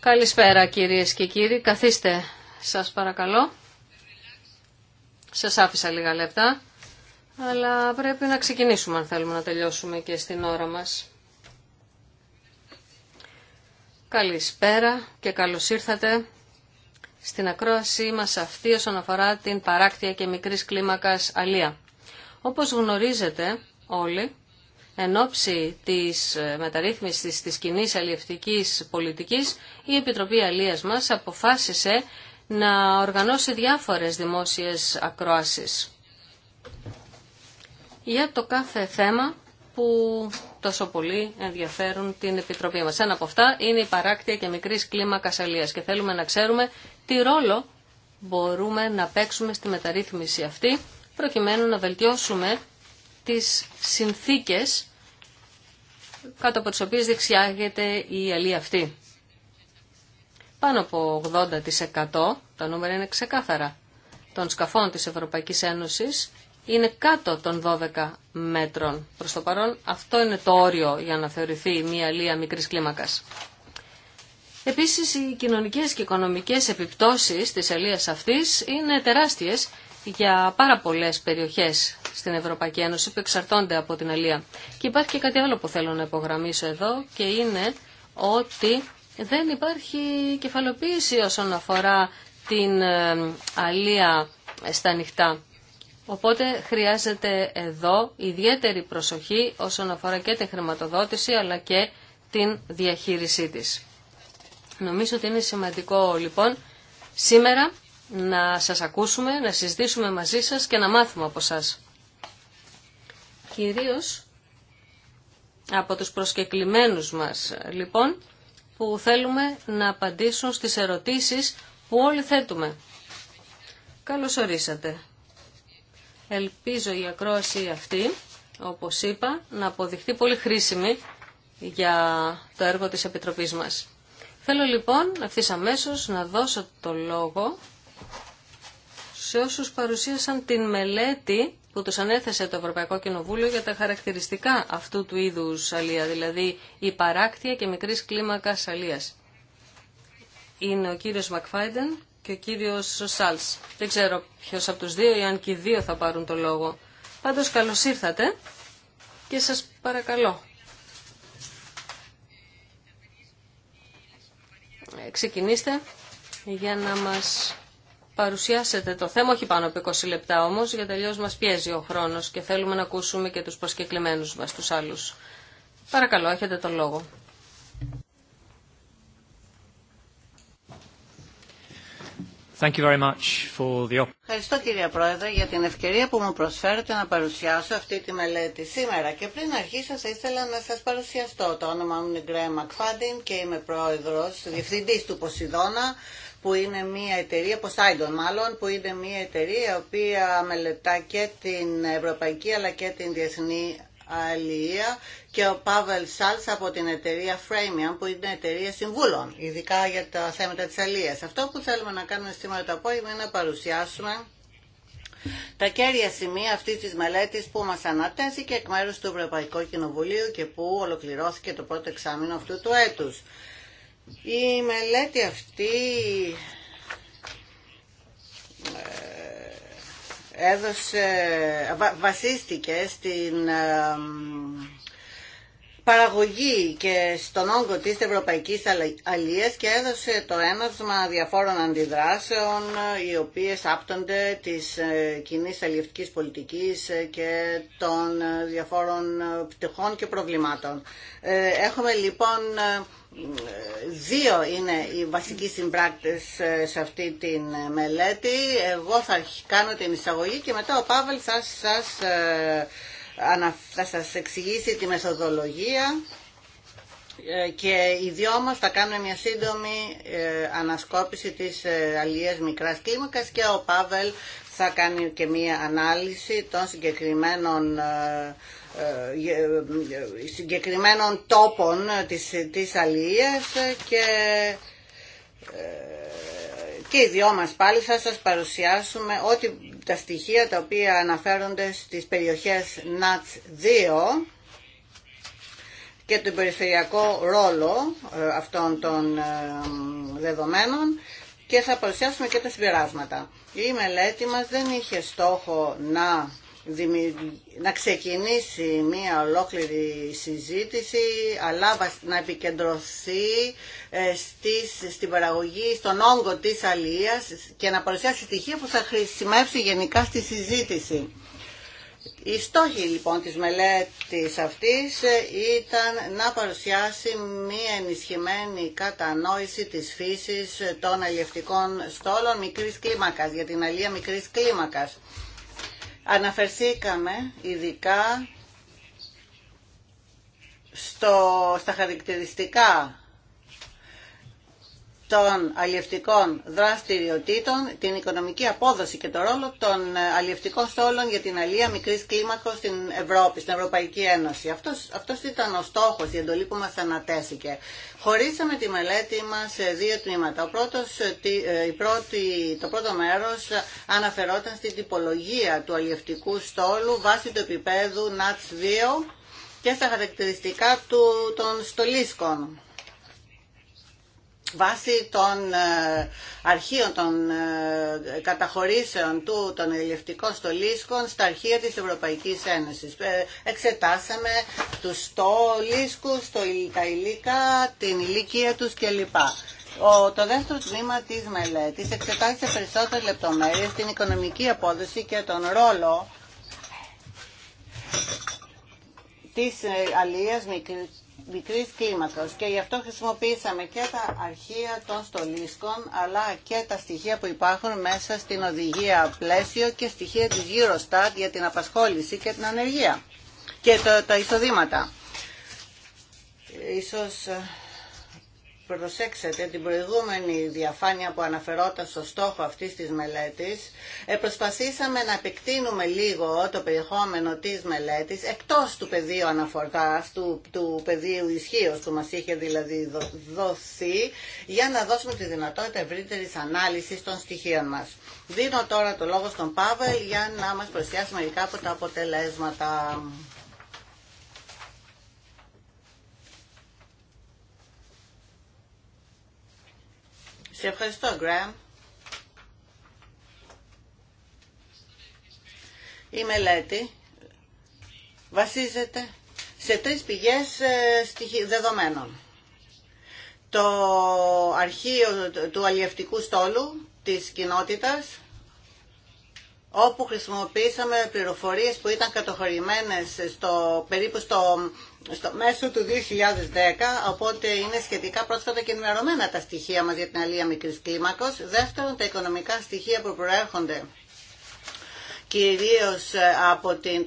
Καλησπέρα κυρίες και κύριοι. Καθίστε σας παρακαλώ. Σας άφησα λίγα λεπτά, αλλά πρέπει να ξεκινήσουμε αν θέλουμε να τελειώσουμε και στην ώρα μας. Καλησπέρα και καλώς ήρθατε στην ακρόασή μας αυτή όσον αφορά την παράκτεια και μικρής κλίμακας αλία. Όπως γνωρίζετε όλοι, εν ώψη της ε, μεταρρύθμισης της κοινή αλλιευτικής πολιτικής, η Επιτροπή Αλίας μας αποφάσισε να οργανώσει διάφορες δημόσιες ακροάσεις για το κάθε θέμα που τόσο πολύ ενδιαφέρουν την Επιτροπή μας. Ένα από αυτά είναι η παράκτεια και μικρής κλίμακας αλίας και θέλουμε να ξέρουμε τι ρόλο μπορούμε να παίξουμε στη μεταρρύθμιση αυτή προκειμένου να βελτιώσουμε τις συνθήκες κάτω από τις οποίες δεξιάγεται η αλή αυτή. Πάνω από 80% τα νούμερα είναι ξεκάθαρα των σκαφών της Ευρωπαϊκής Ένωσης είναι κάτω των 12 μέτρων. Προς το παρόν αυτό είναι το όριο για να θεωρηθεί μια αλία μικρής κλίμακας. Επίσης οι κοινωνικές και οικονομικές επιπτώσεις της αλίας αυτής είναι τεράστιες για πάρα πολλές περιοχές στην Ευρωπαϊκή Ένωση που εξαρτώνται από την αλία. Και υπάρχει και κάτι άλλο που θέλω να υπογραμμίσω εδώ και είναι ότι δεν υπάρχει κεφαλοποίηση όσον αφορά την ε, αλία στα νυχτά. Οπότε χρειάζεται εδώ ιδιαίτερη προσοχή όσον αφορά και την χρηματοδότηση αλλά και την διαχείρισή της. Νομίζω ότι είναι σημαντικό λοιπόν σήμερα να σας ακούσουμε, να συζητήσουμε μαζί σας και να μάθουμε από σας κυρίως από τους προσκεκλημένους μας λοιπόν που θέλουμε να απαντήσουν στις ερωτήσεις που όλοι θέτουμε. Καλώς ορίσατε. Ελπίζω η ακρόαση αυτή, όπως είπα, να αποδειχθεί πολύ χρήσιμη για το έργο της Επιτροπής μας. Θέλω λοιπόν ευθύ αμέσω να δώσω το λόγο σε όσους παρουσίασαν την μελέτη που τους ανέθεσε το Ευρωπαϊκό Κοινοβούλιο για τα χαρακτηριστικά αυτού του είδους αλία, δηλαδή η παράκτια και μικρής κλίμακας αλίας. Είναι ο κύριος Μακφάιντεν και ο κύριος Σάλς. Δεν ξέρω ποιος από τους δύο ή αν και οι δύο θα πάρουν το λόγο. Πάντως καλώς ήρθατε και σας παρακαλώ. Ε, ξεκινήστε για να μας παρουσιάσετε το θέμα, όχι πάνω από 20 λεπτά όμως, γιατί αλλιώ μας πιέζει ο χρόνος και θέλουμε να ακούσουμε και τους προσκεκλημένους μας, τους άλλους. Παρακαλώ, έχετε τον λόγο. Thank you very much for the... Ευχαριστώ κυρία Πρόεδρε για την ευκαιρία που μου προσφέρετε να παρουσιάσω αυτή τη μελέτη σήμερα και πριν αρχίσω θα ήθελα να σα παρουσιαστώ. Το όνομα μου είναι Γκρέ Μακφάντιν και είμαι πρόεδρος, διευθυντής του Ποσειδώνα που είναι μια εταιρεία, Poseidon μάλλον, που είναι μια εταιρεία η οποία μελετά και την ευρωπαϊκή αλλά και την διεθνή αλληλεία και ο Πάβελ Σάλτ από την εταιρεία Framian που είναι εταιρεία συμβούλων, ειδικά για τα θέματα της αλληλείας. Αυτό που θέλουμε να κάνουμε σήμερα το απόγευμα είναι να παρουσιάσουμε τα κέρια σημεία αυτή τη μελέτη που μα ανατέθηκε εκ μέρου του Ευρωπαϊκού Κοινοβουλίου και που ολοκληρώθηκε το πρώτο εξάμεινο αυτού του έτου. Η μελέτη αυτή ε, έδωσε, βασίστηκε στην ε, παραγωγή και στον όγκο της Ευρωπαϊκής Αλλίας και έδωσε το ένασμα διαφόρων αντιδράσεων οι οποίες άπτονται της ε, κοινή αλληλευτικής πολιτικής και των διαφόρων πτυχών και προβλημάτων. Έχουμε λοιπόν Δύο είναι οι βασικοί συμπράκτες ε, σε αυτή τη ε, μελέτη. Εγώ θα κάνω την εισαγωγή και μετά ο Πάβελ θα σας, ε, θα σας εξηγήσει τη μεθοδολογία και οι δυο μας θα κάνουμε μια σύντομη ανασκόπηση της αλλιές μικράς κλίμακας και ο Πάβελ θα κάνει και μια ανάλυση των συγκεκριμένων ε, ε, συγκεκριμένων τόπων της, της και, ε, και οι δυο μας πάλι θα σας παρουσιάσουμε ό,τι τα στοιχεία τα οποία αναφέρονται στις περιοχές ΝΑΤΣ 2 και τον περιφερειακό ρόλο αυτών των δεδομένων και θα παρουσιάσουμε και τα συμπεράσματα. Η μελέτη μας δεν είχε στόχο να να ξεκινήσει μία ολόκληρη συζήτηση αλλά να επικεντρωθεί ε, στις, στην παραγωγή, στον όγκο της αλίας και να παρουσιάσει στοιχεία που θα χρησιμεύσει γενικά στη συζήτηση. Η στόχη λοιπόν της μελέτης αυτής ε, ήταν να παρουσιάσει μία ενισχυμένη κατανόηση της φύσης ε, των αλλιευτικών στόλων μικρής κλίμακας, για την αλία μικρής κλίμακας Αναφερθήκαμε ειδικά στο, στα χαρακτηριστικά των αλλιευτικών δραστηριοτήτων, την οικονομική απόδοση και το ρόλο των ε, αλλιευτικών στόλων για την αλλία μικρής κλίμακος στην Ευρώπη, στην Ευρωπαϊκή Ένωση. Αυτός, αυτός ήταν ο στόχος, η εντολή που μας ανατέθηκε. Χωρίσαμε τη μελέτη μας σε δύο τμήματα. Ο πρώτος, ε, ε, το πρώτο μέρος αναφερόταν στην τυπολογία του αλλιευτικού στόλου βάσει του επίπεδου NATS 2 και στα χαρακτηριστικά του, των στολίσκων βάσει των ε, αρχείων των ε, καταχωρήσεων του των ελευτικών στολίσκων στα αρχεία της Ευρωπαϊκής Ένωσης. Ε, εξετάσαμε τους στολίσκους, τα υλικά, την ηλικία τους κλπ. Ο, το δεύτερο τμήμα της μελέτης εξετάζει σε περισσότερες λεπτομέρειες την οικονομική απόδοση και τον ρόλο της αλίας μικρής μικρής κλίμακας και γι' αυτό χρησιμοποιήσαμε και τα αρχεία των στολίσκων αλλά και τα στοιχεία που υπάρχουν μέσα στην οδηγία πλαίσιο και στοιχεία της Eurostat για την απασχόληση και την ανεργία και τα εισοδήματα. Ίσως ε, προσέξετε την προηγούμενη διαφάνεια που αναφερόταν στο στόχο αυτής της μελέτης, ε, προσπαθήσαμε να επεκτείνουμε λίγο το περιεχόμενο της μελέτης εκτός του πεδίου αναφοράς, του, του πεδίου ισχύω που μας είχε δηλαδή δοθεί, για να δώσουμε τη δυνατότητα ευρύτερη ανάλυσης των στοιχείων μας. Δίνω τώρα το λόγο στον Πάβελ για να μας προσιάσει μερικά από τα αποτελέσματα. Σε ευχαριστώ, Γκραμ. Η μελέτη βασίζεται σε τρεις πηγές ε, δεδομένων. Το αρχείο του αλλιευτικού στόλου της κοινότητας, όπου χρησιμοποίησαμε πληροφορίες που ήταν κατοχωρημένες στο, περίπου στο στο μέσο του 2010, οπότε είναι σχετικά πρόσφατα και ενημερωμένα τα στοιχεία μας για την αλία μικρής κλίμακος. Δεύτερον, τα οικονομικά στοιχεία που προέρχονται κυρίως ε, από την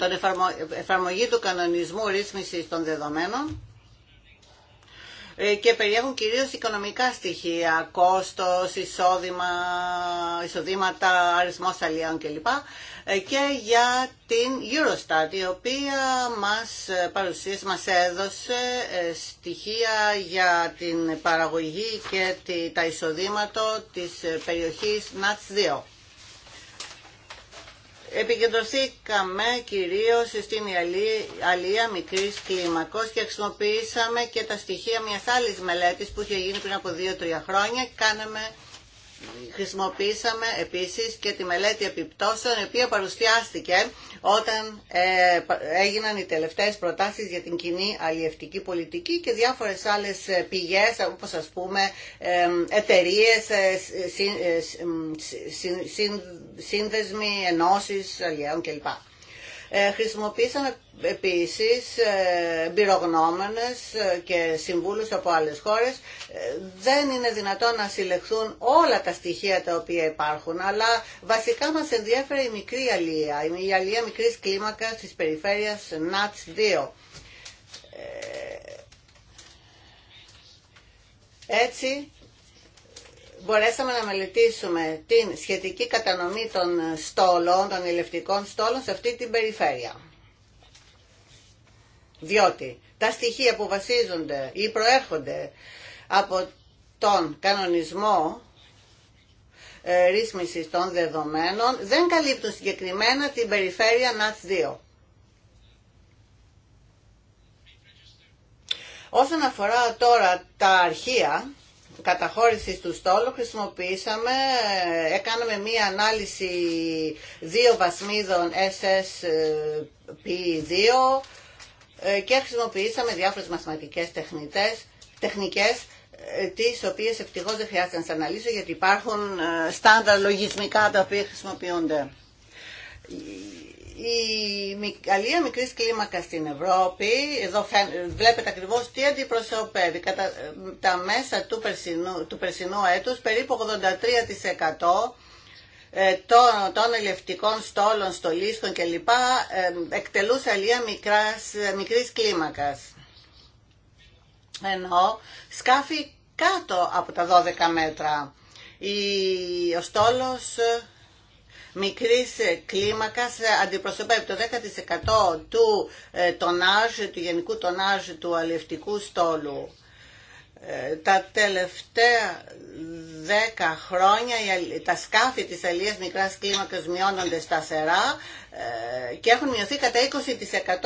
εφαρμογή του κανονισμού ρύθμισης των δεδομένων ε, και περιέχουν κυρίως οικονομικά στοιχεία, κόστος, εισόδημα, εισοδήματα, αριθμός αλλιών κλπ. Ε, και για την Eurostat, η οποία μας ε, παρουσίασε, μας έδωσε στοιχεία για την παραγωγή και τα εισοδήματα της περιοχής ΝΑΤΣ 2. Επικεντρωθήκαμε κυρίως στην αλία μικρής κλίμακος και χρησιμοποιήσαμε και τα στοιχεία μιας άλλης μελέτης που είχε γίνει πριν απο δυο 2-3 χρόνια. Κάναμε χρησιμοποίησαμε επίσης και τη μελέτη επιπτώσεων η οποία παρουσιάστηκε όταν ε, έγιναν οι τελευταίες προτάσεις για την κοινή αλλιευτική πολιτική και διάφορες άλλες ε, πηγές όπως ας πούμε ε, εταιρείες, σύνδεσμοι, ενώσεις αλλιέων κλπ. Ε, χρησιμοποίησαμε επίσης ε, πυρογνώμενε ε, και συμβούλους από άλλες χώρες. Δεν είναι δυνατόν να συλλεχθούν όλα τα στοιχεία τα οποία υπάρχουν, αλλά βασικά μας ενδιαφέρει η μικρή αλία, η αλία μικρής κλίμακας της περιφέρειας ΝΑΤΣ 2. Έτσι, μπορέσαμε να μελετήσουμε την σχετική κατανομή των στόλων, των ελευτικών στόλων σε αυτή την περιφέρεια. Διότι τα στοιχεία που βασίζονται ή προέρχονται από τον κανονισμό ε, των δεδομένων δεν καλύπτουν συγκεκριμένα την περιφέρεια ΝΑΤΣ 2. Όσον αφορά τώρα τα αρχεία, Καταχώρηση του στόλου χρησιμοποίησαμε, έκαναμε μία ανάλυση δύο βασμίδων SSP2 ε, και χρησιμοποιήσαμε διάφορες μαθηματικές τεχνητές, τεχνικές ε, τις οποίες ευτυχώς δεν χρειάζεται να σας αναλύσω γιατί υπάρχουν ε, στάνταρ λογισμικά τα οποία χρησιμοποιούνται η αλία μικρής κλίμακα στην Ευρώπη, εδώ βλέπετε ακριβώς τι αντιπροσωπεύει. Κατά τα μέσα του περσινού, του περσινού έτους, περίπου 83% ε, των, των ελευτικών στόλων, στολίσκων κλπ. Ε, εκτελούσε αλία μικράς, μικρής κλίμακας. Ενώ σκάφη κάτω από τα 12 μέτρα. Η, ο στόλος μικρής ε, κλίμακας ε, αντιπροσωπεύει το 10% του ε, τονάζ, του γενικού τονάζ του αλευτικού στόλου. Τα τελευταία 10 χρόνια τα σκάφη της αλίας μικράς κλίμακας μειώνονται σταθερά και έχουν μειωθεί κατά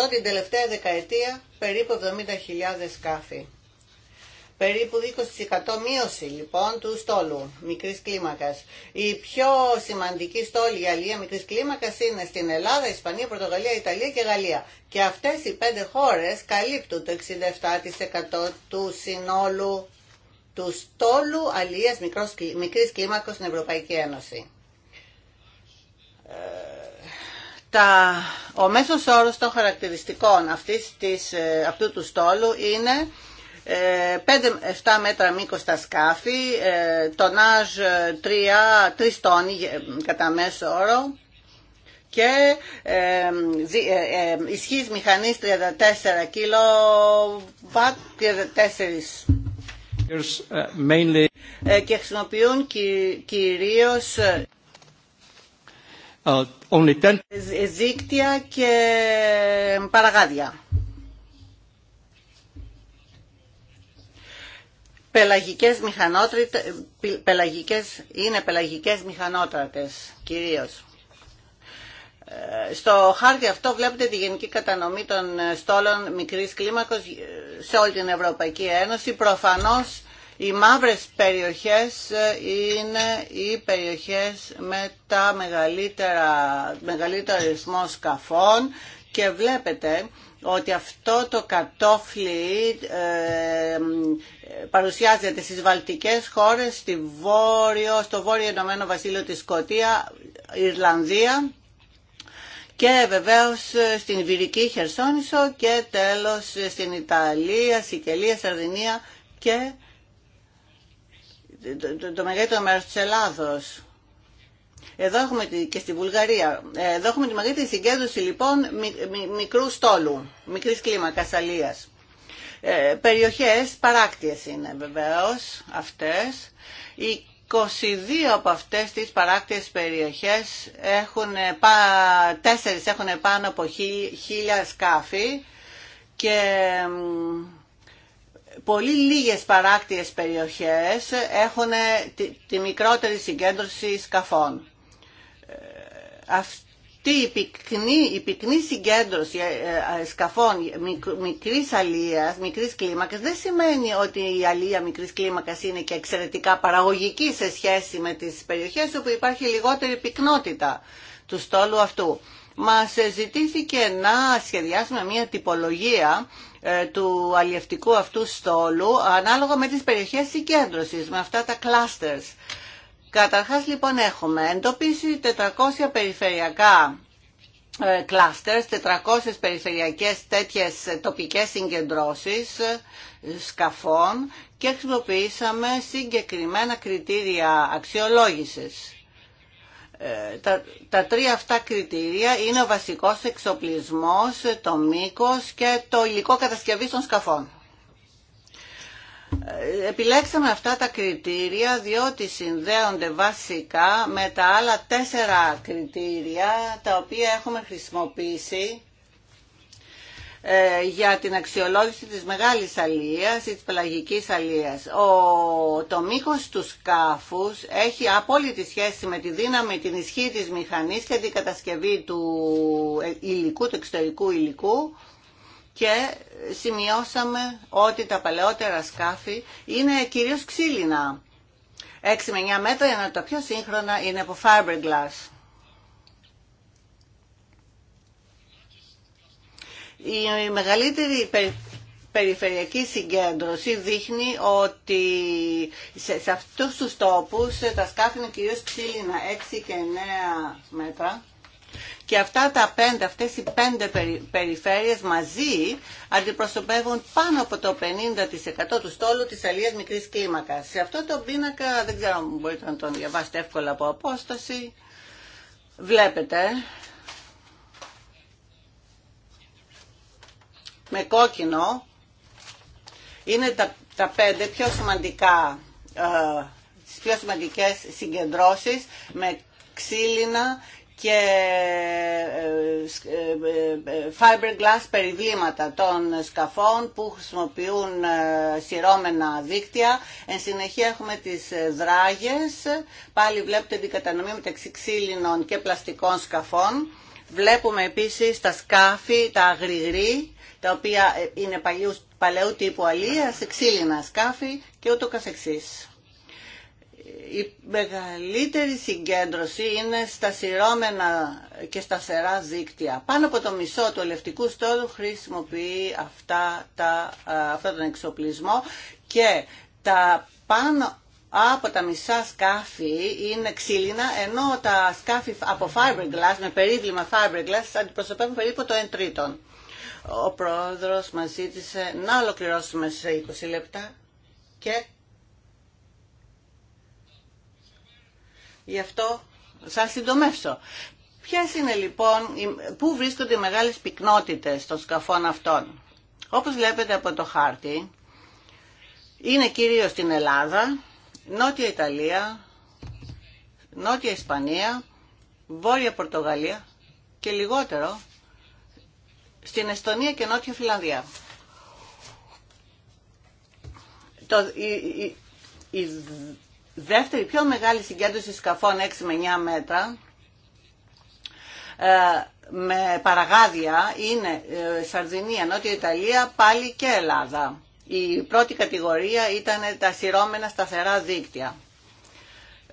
20% την τελευταία δεκαετία περίπου 70.000 σκάφη περίπου 20% μείωση λοιπόν του στόλου μικρής κλίμακας. Η πιο σημαντική στόλη για αλληλεία μικρής κλίμακας είναι στην Ελλάδα, Ισπανία, Πορτογαλία, Ιταλία και Γαλλία. Και αυτές οι πέντε χώρες καλύπτουν το 67% του συνόλου του στόλου αλληλείας μικρής κλίμακας στην Ευρωπαϊκή Ένωση. Ε, τα, ο μέσος όρος των χαρακτηριστικών ε, αυτού του στόλου είναι 5-7 ε, μέτρα μήκο τα σκάφη, ε, τονάζ 3, ε, 3 τόνοι κατά μέσο όρο και ε, ε, ισχύς μηχανής 34 κιλό βατ, 34 και χρησιμοποιούν κυ, κυρίως uh, only 10... ζήκτια και παραγάδια. πελαγικές πελαγικές, είναι πελαγικές μηχανότρατες κυρίως. Ε, στο χάρτη αυτό βλέπετε τη γενική κατανομή των ε, στόλων μικρής κλίμακος ε, σε όλη την Ευρωπαϊκή Ένωση. Προφανώς οι μαύρες περιοχές είναι οι περιοχές με τα μεγαλύτερα, μεγαλύτερο αριθμό σκαφών και βλέπετε ότι αυτό το κατόφλι ε, παρουσιάζεται στις Βαλτικές χώρες, στη Βόρειο, στο Βόρειο Ενωμένο Βασίλειο της Σκοτία, Ιρλανδία και βεβαίως στην Βυρική Χερσόνησο και τέλος στην Ιταλία, Σικελία, Σαρδινία και το, το, το μεγαλύτερο μέρος της Ελλάδος. Εδώ έχουμε και στη Βουλγαρία. Ε, εδώ έχουμε τη μεγαλύτερη συγκέντρωση λοιπόν μικρού στόλου, μικρής κλίμακας αλίας. Ε, περιοχές παράκτιες είναι βεβαίως αυτές. 22 από αυτές τις παράκτιες περιοχές έχουν, ε, τέσσερις έχουν πάνω από χίλια σκάφη και πολύ λίγες παράκτιες περιοχές έχουν ε, τη, τη μικρότερη συγκέντρωση σκαφών. Αυτή η πυκνή, η πυκνή συγκέντρωση ε, ε, ε, σκαφών μικρής αλίας, μικρής κλίμακας δεν σημαίνει ότι η αλία μικρής κλίμακας είναι και εξαιρετικά παραγωγική σε σχέση με τις περιοχές όπου υπάρχει λιγότερη πυκνότητα του στόλου αυτού. Μας ζητήθηκε να σχεδιάσουμε μια τυπολογία του αλλιευτικού αυτού στόλου ανάλογα με τις περιοχές συγκέντρωσης, με αυτά τα clusters. Καταρχάς λοιπόν έχουμε εντοπίσει 400 περιφερειακά ε, κλάστερς, 400 περιφερειακές τέτοιες τοπικές συγκεντρώσεις ε, σκαφών και χρησιμοποιήσαμε συγκεκριμένα κριτήρια αξιολόγησης. Ε, τα, τα τρία αυτά κριτήρια είναι ο βασικός εξοπλισμός, το μήκος και το υλικό κατασκευής των σκαφών. Επιλέξαμε αυτά τα κριτήρια διότι συνδέονται βασικά με τα άλλα τέσσερα κριτήρια τα οποία έχουμε χρησιμοποιήσει ε, για την αξιολόγηση της μεγάλης αλίας ή της πελαγικής αλίας. Ο, το μήκος του σκάφους έχει απόλυτη σχέση με τη δύναμη, την ισχύ της μηχανής και την κατασκευή του ε, υλικού, του εξωτερικού υλικού και σημειώσαμε ότι τα παλαιότερα σκάφη είναι κυρίως ξύλινα. 6 με 9 μέτρα, ενώ τα πιο σύγχρονα είναι από fiberglass. Η μεγαλύτερη περιφερειακή συγκέντρωση δείχνει ότι σε, σε αυτούς τους τόπους τα σκάφη είναι κυρίως ξύλινα 6 και 9 μέτρα και αυτά τα πέντε, αυτές οι πέντε περιφέρειες μαζί αντιπροσωπεύουν πάνω από το 50% του στόλου της αλίας μικρής κλίμακας. Σε αυτό το πίνακα, δεν ξέρω αν μπορείτε να τον διαβάσετε εύκολα από απόσταση, βλέπετε με κόκκινο είναι τα, πέντε πιο σημαντικά ε, πιο σημαντικές συγκεντρώσεις με ξύλινα και ε, ε, ε, fiberglass περιβλήματα των σκαφών που χρησιμοποιούν σειρώμενα δίκτυα. Εν συνεχεία έχουμε τις δράγες. Πάλι βλέπετε την κατανομή μεταξύ ξύλινων και πλαστικών σκαφών. Βλέπουμε επίσης τα σκάφη, τα αγριγρή, τα οποία είναι παλαιού τύπου αλίας, ξύλινα σκάφη και ούτω καθεξής η μεγαλύτερη συγκέντρωση είναι στα σειρώμενα και σταθερά δίκτυα. Πάνω από το μισό του ελευτικού στόλου χρησιμοποιεί αυτά τα, αυτόν τον εξοπλισμό και τα πάνω από τα μισά σκάφη είναι ξύλινα, ενώ τα σκάφη από fiberglass, με περίβλημα fiberglass, αντιπροσωπεύουν περίπου το 1 τρίτον. Ο πρόεδρος μας ζήτησε να ολοκληρώσουμε σε 20 λεπτά και Γι' αυτό σας συντομεύσω. Ποιε είναι λοιπόν, πού βρίσκονται οι μεγάλες πυκνότητες των σκαφών αυτών. Όπως βλέπετε από το χάρτη, είναι κυρίως στην Ελλάδα, Νότια Ιταλία, Νότια Ισπανία, Βόρεια Πορτογαλία και λιγότερο στην Εστονία και Νότια Φιλανδία. Το, δεύτερη πιο μεγάλη συγκέντρωση σκαφών 6 με 9 μέτρα ε, με παραγάδια είναι ε, Σαρδινία, Νότια Ιταλία, πάλι και Ελλάδα. Η πρώτη κατηγορία ήταν τα σειρώμενα σταθερά δίκτυα.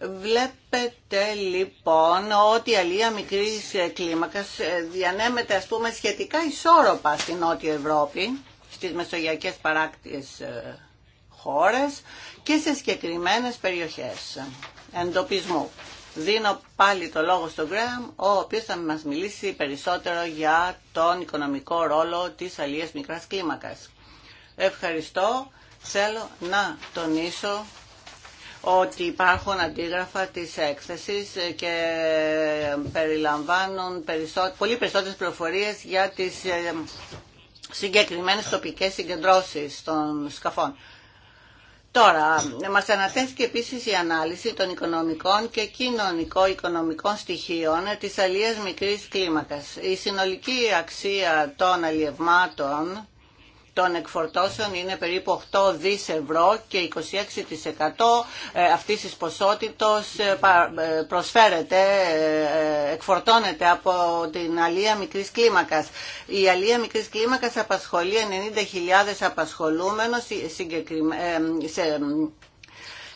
Βλέπετε λοιπόν ότι η αλία μικρής ε, κλίμακας διανέμεται ας πούμε σχετικά ισόρροπα στην Νότια Ευρώπη, στις μεσογειακές παράκτιες χώρες και σε συγκεκριμένες περιοχές εντοπισμού. Δίνω πάλι το λόγο στον Γκρέαμ, ο οποίος θα μας μιλήσει περισσότερο για τον οικονομικό ρόλο της αλίας μικράς κλίμακας. Ευχαριστώ. Θέλω να τονίσω ότι υπάρχουν αντίγραφα της έκθεσης και περιλαμβάνουν πολύ περισσότερες πληροφορίες για τις ε, συγκεκριμένες τοπικές συγκεντρώσεις των σκαφών. Τώρα, μας ανατέθηκε επίσης η ανάλυση των οικονομικών και κοινωνικο-οικονομικών στοιχείων της αλλίας μικρής κλίμακας. Η συνολική αξία των αλλιευμάτων των εκφορτώσεων είναι περίπου 8 δις ευρώ και 26% ε, αυτής της ποσότητας ε, ε, προσφέρεται, εκφορτώνεται από την αλία μικρής κλίμακας. Η αλία μικρής κλίμακας απασχολεί 90.000 απασχολούμενους συγκεκριμένα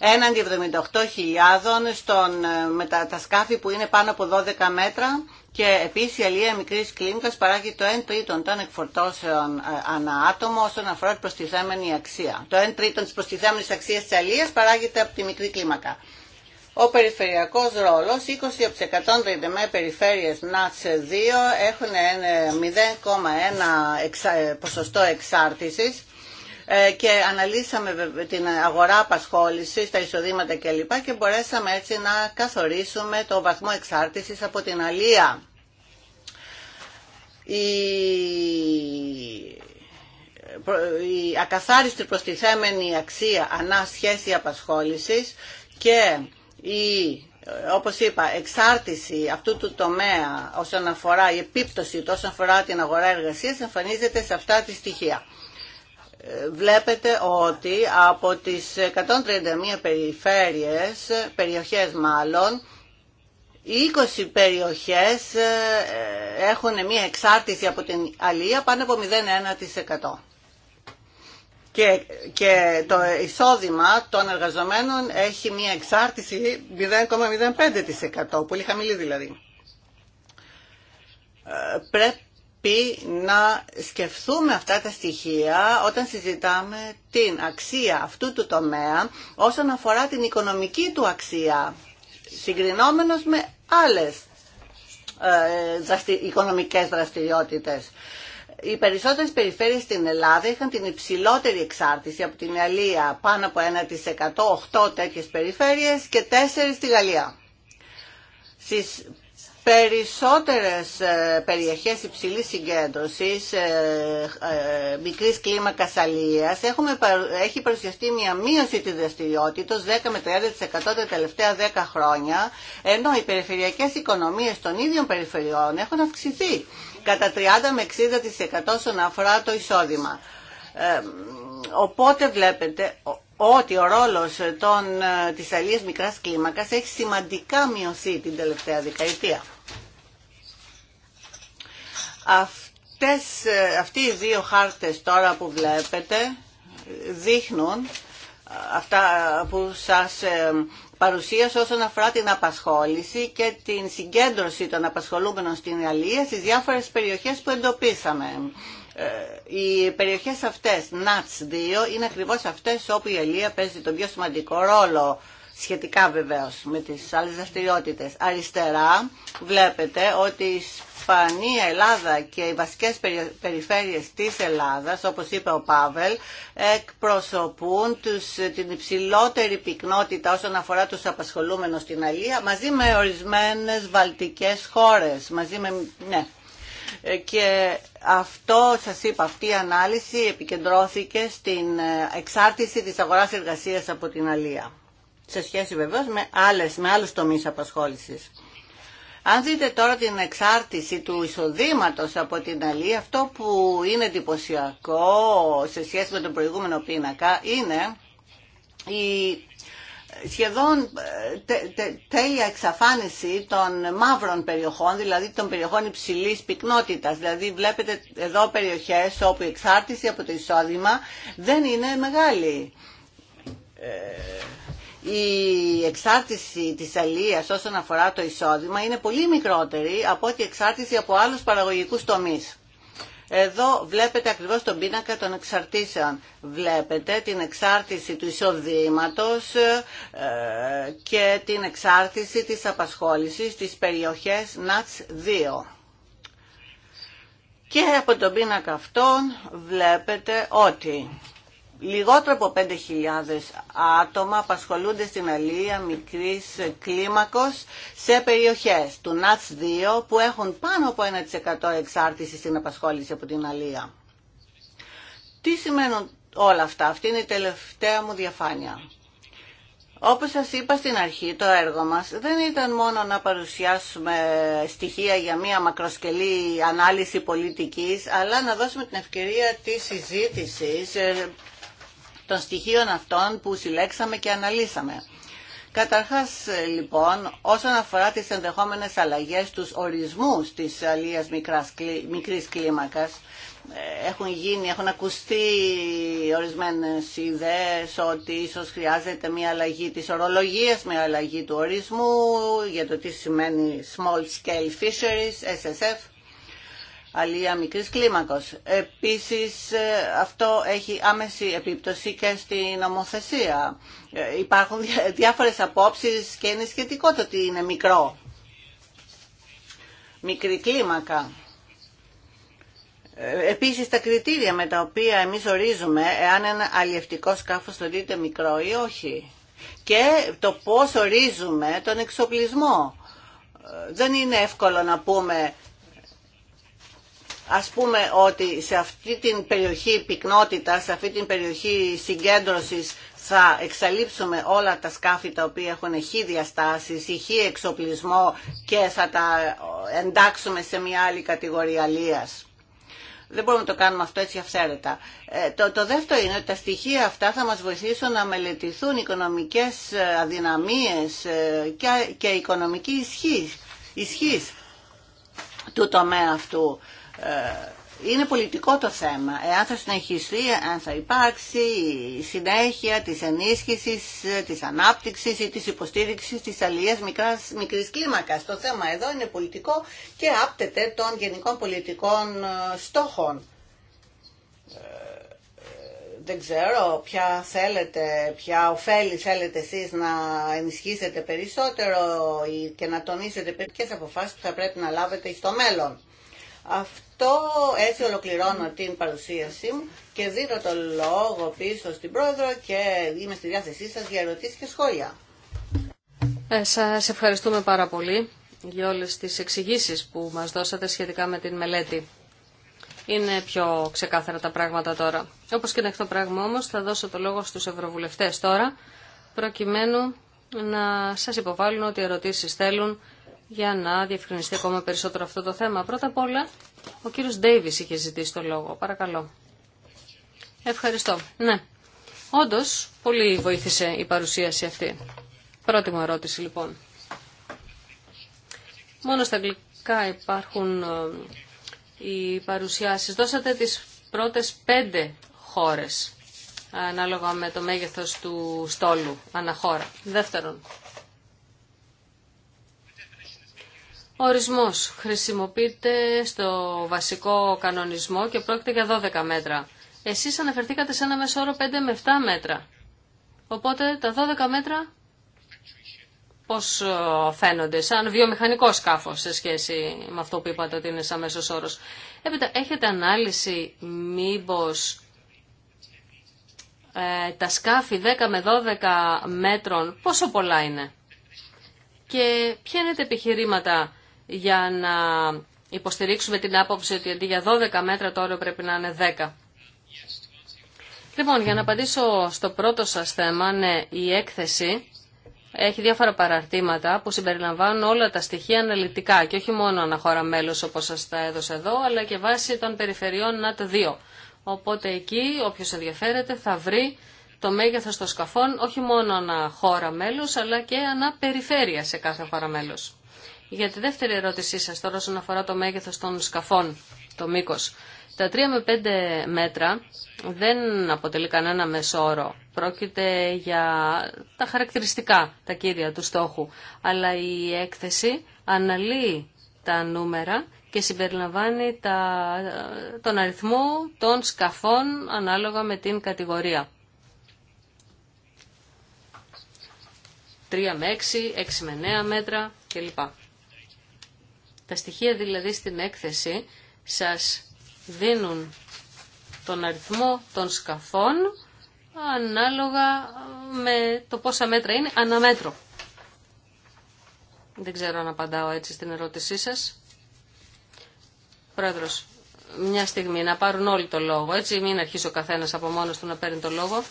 έναντι 78.000 στον, ε, με τα, τα, σκάφη που είναι πάνω από 12 μέτρα και επίσης η αλία μικρής κλίμακας παράγει το 1 τρίτον των εκφορτώσεων ε, ανά άτομο όσον αφορά την προστιθέμενη αξία. Το 1 τρίτον της προστιθέμενης αξίας της αλίας παράγεται από τη μικρή κλίμακα. Ο περιφερειακός ρόλος, 20% των ΔΕΔΕΜΕ περιφέρειες ΝΑΤΣ 2 έχουν 0,1 ε, ποσοστό εξάρτησης ε, και αναλύσαμε την αγορά απασχόλησης, τα εισοδήματα κλπ. και μπορέσαμε έτσι να καθορίσουμε το βαθμό εξάρτησης από την αλία. Η ακαθάριστη προστιθέμενη αξία ανά σχέση απασχόλησης και η, όπως είπα, εξάρτηση αυτού του τομέα όσον αφορά η επίπτωση όσον αφορά την αγορά εργασίας εμφανίζεται σε αυτά τη στοιχεία βλέπετε ότι από τις 131 περιφέρειες, περιοχές μάλλον, 20 περιοχές ε, έχουν μια εξάρτηση από την αλία πάνω από 0,1%. Και, και το εισόδημα των εργαζομένων έχει μια εξάρτηση 0,05%, πολύ χαμηλή δηλαδή. Ε, πρέπει πρέπει να σκεφτούμε αυτά τα στοιχεία όταν συζητάμε την αξία αυτού του τομέα όσον αφορά την οικονομική του αξία, συγκρινόμενος με άλλες ε, οικονομικές δραστηριότητες. Οι περισσότερες περιφέρειες στην Ελλάδα είχαν την υψηλότερη εξάρτηση από την Αλία, πάνω από 1%, 8 τέτοιες περιφέρειες και 4 στη Γαλλία. Στις Περισσότερες ε, περιοχές υψηλής συγκέντρωσης, ε, ε, μικρής κλίμακας αλίας, έχει παρουσιαστεί μια μείωση της δραστηριότητα 10 με 30% τα τελευταία 10 χρόνια, ενώ οι περιφερειακές οικονομίες των ίδιων περιφερειών έχουν αυξηθεί κατά 30 με 60% στον αφορά το εισόδημα. οπότε βλέπετε ότι ο ρόλος των, ε, της αλλίας μικράς κλίμακας έχει σημαντικά μειωθεί την τελευταία δεκαετία. Αυτές, ε, αυτοί οι δύο χάρτες τώρα που βλέπετε δείχνουν ε, αυτά που σας παρουσίασε όσον αφορά την απασχόληση και την συγκέντρωση των απασχολούμενων στην Αλία στις διάφορες περιοχές που εντοπίσαμε. Ε, οι περιοχές αυτές, ΝΑΤΣ 2, είναι ακριβώς αυτές όπου η Ελία παίζει τον πιο σημαντικό ρόλο σχετικά βεβαίως με τις άλλες δραστηριότητε. Αριστερά βλέπετε ότι η Ισπανία, Ελλάδα και οι βασικές περιφέρειες της Ελλάδας, όπως είπε ο Πάβελ, εκπροσωπούν τους, την υψηλότερη πυκνότητα όσον αφορά τους απασχολούμενους στην Αλία, μαζί με ορισμένες βαλτικές χώρες, μαζί με, ναι, ε, και αυτό, σας είπα, αυτή η ανάλυση επικεντρώθηκε στην ε, εξάρτηση της αγοράς εργασίας από την αλία. Σε σχέση βεβαίως με, άλλες, με άλλους τομείς απασχόλησης. Αν δείτε τώρα την εξάρτηση του εισοδήματος από την αλία, αυτό που είναι εντυπωσιακό σε σχέση με τον προηγούμενο πίνακα είναι σχεδόν ε, τέλεια εξαφάνιση των μαύρων περιοχών, δηλαδή των περιοχών υψηλής πυκνότητας. Δηλαδή βλέπετε εδώ περιοχές όπου η εξάρτηση από το εισόδημα δεν είναι μεγάλη. Ε, η εξάρτηση της αλίας όσον αφορά το εισόδημα είναι πολύ μικρότερη από ό,τι εξάρτηση από άλλους παραγωγικούς τομείς. Εδώ βλέπετε ακριβώς τον πίνακα των εξαρτήσεων. Βλέπετε την εξάρτηση του εισοδήματος ε, και την εξάρτηση της απασχόλησης στις περιοχές ΝΑΤΣ 2. Και από τον πίνακα αυτόν βλέπετε ότι λιγότερο από 5.000 άτομα απασχολούνται στην αλία μικρής κλίμακος σε περιοχές του ΝΑΤΣ 2 που έχουν πάνω από 1% εξάρτηση στην απασχόληση από την αλία. Τι σημαίνουν όλα αυτά. Αυτή είναι η τελευταία μου διαφάνεια. Όπως σας είπα στην αρχή, το έργο μας δεν ήταν μόνο να παρουσιάσουμε στοιχεία για μια μακροσκελή ανάλυση πολιτικής, αλλά να δώσουμε την ευκαιρία της συζήτησης ε, των στοιχείων αυτών που συλλέξαμε και αναλύσαμε. Καταρχάς λοιπόν όσον αφορά τις ενδεχόμενες αλλαγές τους ορισμούς της αλίας μικράς, μικρής κλίμακας ε, έχουν γίνει, έχουν ακουστεί ορισμένες ιδέες ότι ίσως χρειάζεται μια αλλαγή της ορολογίας, μια αλλαγή του ορισμού για το τι σημαίνει small scale fisheries, SSF αλία μικρής κλίμακος. Επίσης ε, αυτό έχει άμεση επίπτωση και στην νομοθεσία. Ε, υπάρχουν διάφορες απόψεις και είναι σχετικό το ότι είναι μικρό. Μικρή κλίμακα. Ε, επίσης τα κριτήρια με τα οποία εμείς ορίζουμε εάν ένα αλλιευτικό σκάφος δείτε μικρό ή όχι. Και το πώς ορίζουμε τον εξοπλισμό. Δεν είναι εύκολο να πούμε ας πούμε ότι σε αυτή την περιοχή πυκνότητα, σε αυτή την περιοχή συγκέντρωσης θα εξαλείψουμε όλα τα σκάφη τα οποία έχουν χι διαστάσεις ή εξοπλισμό και θα τα εντάξουμε σε μια άλλη κατηγορία λίας. Δεν μπορούμε να το κάνουμε αυτό έτσι αυθαίρετα. Ε, το, δεύτερο είναι ότι τα στοιχεία αυτά θα μας βοηθήσουν να μελετηθούν οικονομικές ε, αδυναμίες ε, και, οικονομική ισχύ, του τομέα αυτού. Ε, είναι πολιτικό το θέμα. Εάν θα συνεχιστεί, αν θα υπάρξει η συνέχεια της ενίσχυσης, της ανάπτυξης ή της υποστήριξης της αλληλίας μικράς, μικρής κλίμακας. Το θέμα εδώ είναι πολιτικό και άπτεται των γενικών πολιτικών ε, στόχων. Ε, δεν ξέρω ποια θέλετε, ποια ωφέλη θέλετε εσείς να ενισχύσετε περισσότερο και να τονίσετε ποιες αποφάσεις που θα πρέπει να λάβετε στο μέλλον. Αυτό έτσι ολοκληρώνω την παρουσίασή μου και δίνω το λόγο πίσω στην πρόεδρο και είμαι στη διάθεσή σας για ερωτήσεις και σχόλια. Ε, σας ευχαριστούμε πάρα πολύ για όλες τις εξηγήσει που μας δώσατε σχετικά με την μελέτη. Είναι πιο ξεκάθαρα τα πράγματα τώρα. Όπως και είναι το πράγμα όμως θα δώσω το λόγο στους ευρωβουλευτές τώρα προκειμένου να σας υποβάλουν ό,τι ερωτήσεις θέλουν για να διευκρινιστεί ακόμα περισσότερο αυτό το θέμα. Πρώτα απ' όλα, ο κύριος Ντέιβις είχε ζητήσει το λόγο. Παρακαλώ. Ευχαριστώ. Ναι. Όντως, πολύ βοήθησε η παρουσίαση αυτή. Πρώτη μου ερώτηση, λοιπόν. Μόνο στα αγγλικά υπάρχουν ε, οι παρουσιάσεις. Δώσατε τις πρώτες πέντε χώρες, ανάλογα με το μέγεθος του στόλου, αναχώρα. Δεύτερον, Ορισμός χρησιμοποιείται στο βασικό κανονισμό και πρόκειται για 12 μέτρα. Εσείς αναφερθήκατε σε ένα μέσο όρο 5 με 7 μέτρα. Οπότε τα 12 μέτρα πώς ε, φαίνονται, σαν βιομηχανικό σκάφος σε σχέση με αυτό που είπατε ότι είναι σαν μέσος όρος. Έπειτα, έχετε ανάλυση μήπως ε, τα σκάφη 10 με 12 μέτρων πόσο πολλά είναι και ποια είναι τα επιχειρήματα για να υποστηρίξουμε την άποψη ότι αντί για 12 μέτρα το όριο πρέπει να είναι 10. Λοιπόν, για να απαντήσω στο πρώτο σας θέμα, ναι, η έκθεση έχει διάφορα παραρτήματα που συμπεριλαμβάνουν όλα τα στοιχεία αναλυτικά και όχι μόνο αναχώρα μέλος όπως σας τα έδωσα εδώ, αλλά και βάσει των περιφερειών ΝΑΤ2. Οπότε εκεί όποιος ενδιαφέρεται θα βρει το μέγεθος των σκαφών όχι μόνο ανά χώρα μέλος αλλά και ανά σε κάθε χώρα μέλος. Για τη δεύτερη ερώτησή σας τώρα όσον αφορά το μέγεθος των σκαφών, το μήκος. Τα 3 με 5 μέτρα δεν αποτελεί κανένα μεσόρο. Πρόκειται για τα χαρακτηριστικά, τα κύρια του στόχου. Αλλά η έκθεση αναλύει τα νούμερα και συμπεριλαμβάνει τα, τον αριθμό των σκαφών ανάλογα με την κατηγορία. 3 με 6, 6 με 9 μέτρα κλπ. Τα στοιχεία δηλαδή στην έκθεση σας δίνουν τον αριθμό των σκαφών ανάλογα με το πόσα μέτρα είναι αναμέτρο. Δεν ξέρω αν απαντάω έτσι στην ερώτησή σας. Πρόεδρος, μια στιγμή να πάρουν όλοι το λόγο, έτσι μην αρχίσει ο καθένας από μόνος του να παίρνει το λόγο.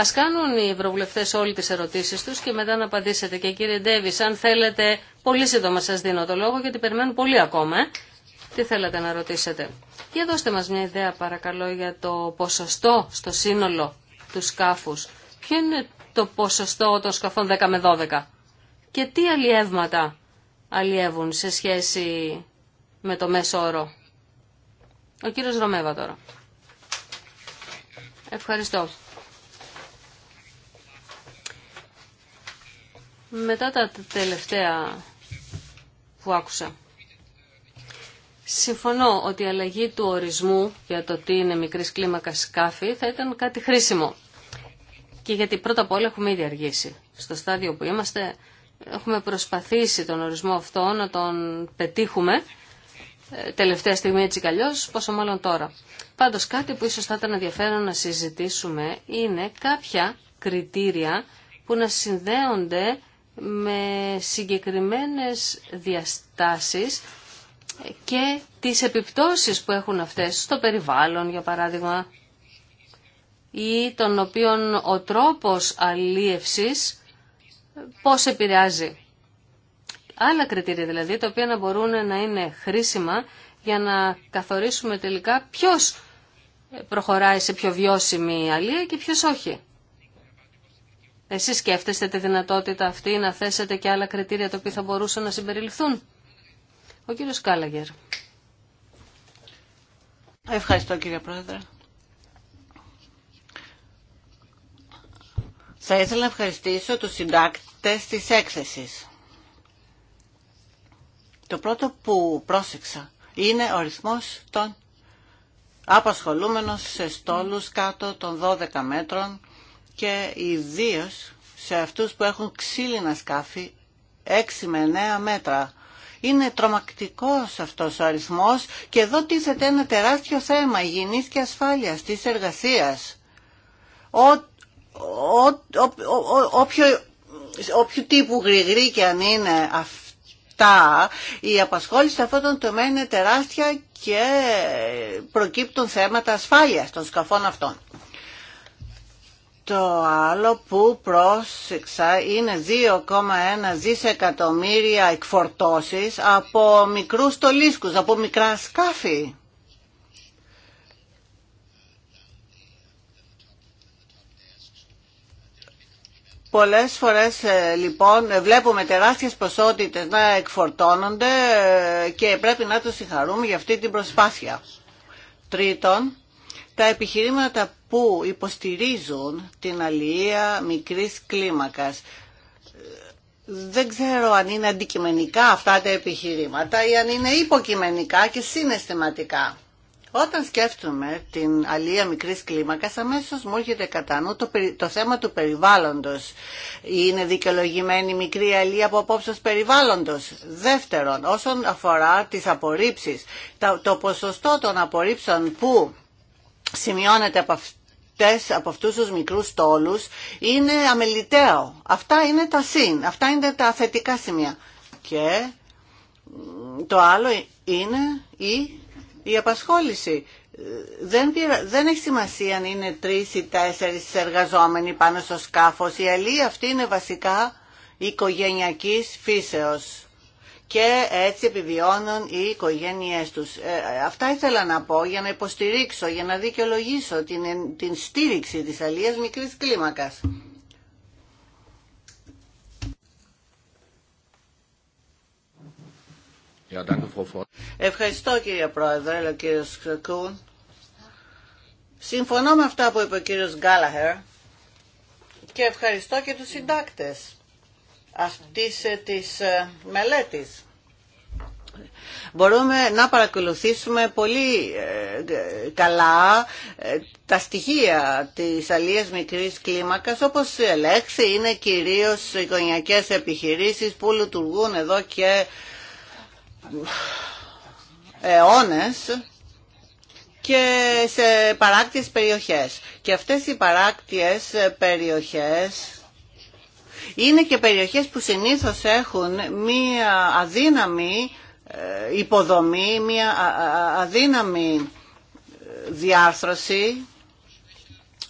Α κάνουν οι ευρωβουλευτέ όλες τις ερωτήσεις τους και μετά να απαντήσετε. Και κύριε Ντέβι, αν θέλετε, πολύ σύντομα σα δίνω το λόγο γιατί περιμένουν πολύ ακόμα. Ε. Τι θέλετε να ρωτήσετε. Και δώστε μας μια ιδέα παρακαλώ για το ποσοστό στο σύνολο του σκάφου. Ποιο είναι το ποσοστό των σκαφών 10 με 12. Και τι αλλιεύματα αλλιεύουν σε σχέση με το μέσο όρο. Ο κύριος Ρωμέβα τώρα. Ευχαριστώ. μετά τα τελευταία που άκουσα. Συμφωνώ ότι η αλλαγή του ορισμού για το τι είναι μικρής κλίμακα σκάφη θα ήταν κάτι χρήσιμο. Και γιατί πρώτα απ' όλα έχουμε ήδη αργήσει. Στο στάδιο που είμαστε έχουμε προσπαθήσει τον ορισμό αυτό να τον πετύχουμε ε, τελευταία στιγμή έτσι καλλιώς, πόσο μάλλον τώρα. Πάντως κάτι που ίσως θα ήταν ενδιαφέρον να συζητήσουμε είναι κάποια κριτήρια που να συνδέονται με συγκεκριμένες διαστάσεις και τις επιπτώσεις που έχουν αυτές στο περιβάλλον, για παράδειγμα, ή τον οποίον ο τρόπος αλίευσης πώς επηρεάζει. Άλλα κριτήρια δηλαδή, τα οποία να μπορούν να είναι χρήσιμα για να καθορίσουμε τελικά ποιος προχωράει σε πιο βιώσιμη αλία και ποιος όχι. Εσείς σκέφτεστε τη δυνατότητα αυτή να θέσετε και άλλα κριτήρια τα οποία θα μπορούσαν να συμπεριληφθούν. Ο κύριος Κάλαγερ. Ευχαριστώ κύριε Πρόεδρε. Θα ήθελα να ευχαριστήσω τους συντάκτες της έκθεσης. Το πρώτο που πρόσεξα είναι ο αριθμός των απασχολούμενων σε στόλους κάτω των 12 μέτρων και ιδίω σε αυτούς που έχουν ξύλινα σκάφη 6 με 9 μέτρα. Είναι τρομακτικός αυτός ο αριθμός και εδώ τίθεται ένα τεράστιο θέμα υγιεινής και ασφάλειας της εργασίας. Όποιο τύπου γρηγρή και αν είναι αυτά, η απασχόληση σε αυτόν τον τομέα είναι τεράστια και προκύπτουν θέματα ασφάλειας των σκαφών αυτών το άλλο που πρόσεξα είναι 2,1 δισεκατομμύρια εκφορτώσεις από μικρούς τολίσκους, από μικρά σκάφη. Πολλές φορές ε, λοιπόν βλέπουμε τεράστιες ποσότητες να εκφορτώνονται ε, και πρέπει να τους συγχαρούμε για αυτή την προσπάθεια. Τρίτον, τα επιχειρήματα που υποστηρίζουν την αλληλεία μικρής κλίμακας. Δεν ξέρω αν είναι αντικειμενικά αυτά τα επιχειρήματα ή αν είναι υποκειμενικά και συναισθηματικά. Όταν σκέφτομαι την αλληλεία μικρής κλίμακας, αμέσως μου έρχεται κατά νου το, το θέμα του περιβάλλοντος. Είναι δικαιολογημένη μικρή αλληλεία από απόψεως περιβάλλοντος. Δεύτερον, όσον αφορά τις απορρίψεις, το, το ποσοστό των απορρίψεων που σημειώνεται από αυτή από αυτούς τους μικρούς τόλους είναι αμεληταίο. Αυτά είναι τα συν, αυτά είναι τα θετικά σημεία. Και το άλλο είναι η, η απασχόληση. Δεν, δεν έχει σημασία αν είναι τρεις ή τέσσερις εργαζόμενοι πάνω στο σκάφος. Η αλή αυτή είναι βασικά οικογενειακής φύσεως και έτσι επιβιώνουν οι οικογένειές τους. Ε, αυτά ήθελα να πω για να υποστηρίξω, για να δικαιολογήσω την, την στήριξη της αλίας μικρής κλίμακας. Ευχαριστώ κύριε Πρόεδρε, ο κύριος Συμφωνώ με αυτά που είπε ο κύριος Γκάλαχερ και ευχαριστώ και τους συντάκτες αυτής ε, της ε, μελέτης. Μπορούμε να παρακολουθήσουμε πολύ ε, καλά τα στοιχεία της αλίας μικρής κλίμακας, όπως ελέξη είναι κυρίως οικογενειακές επιχειρήσεις που λειτουργούν εδώ και αιώνες και σε παράκτιες περιοχές. Και αυτές οι παράκτιες περιοχές είναι και περιοχές που συνήθως έχουν μία αδύναμη ε, υποδομή, μία αδύναμη ε, διάρθρωση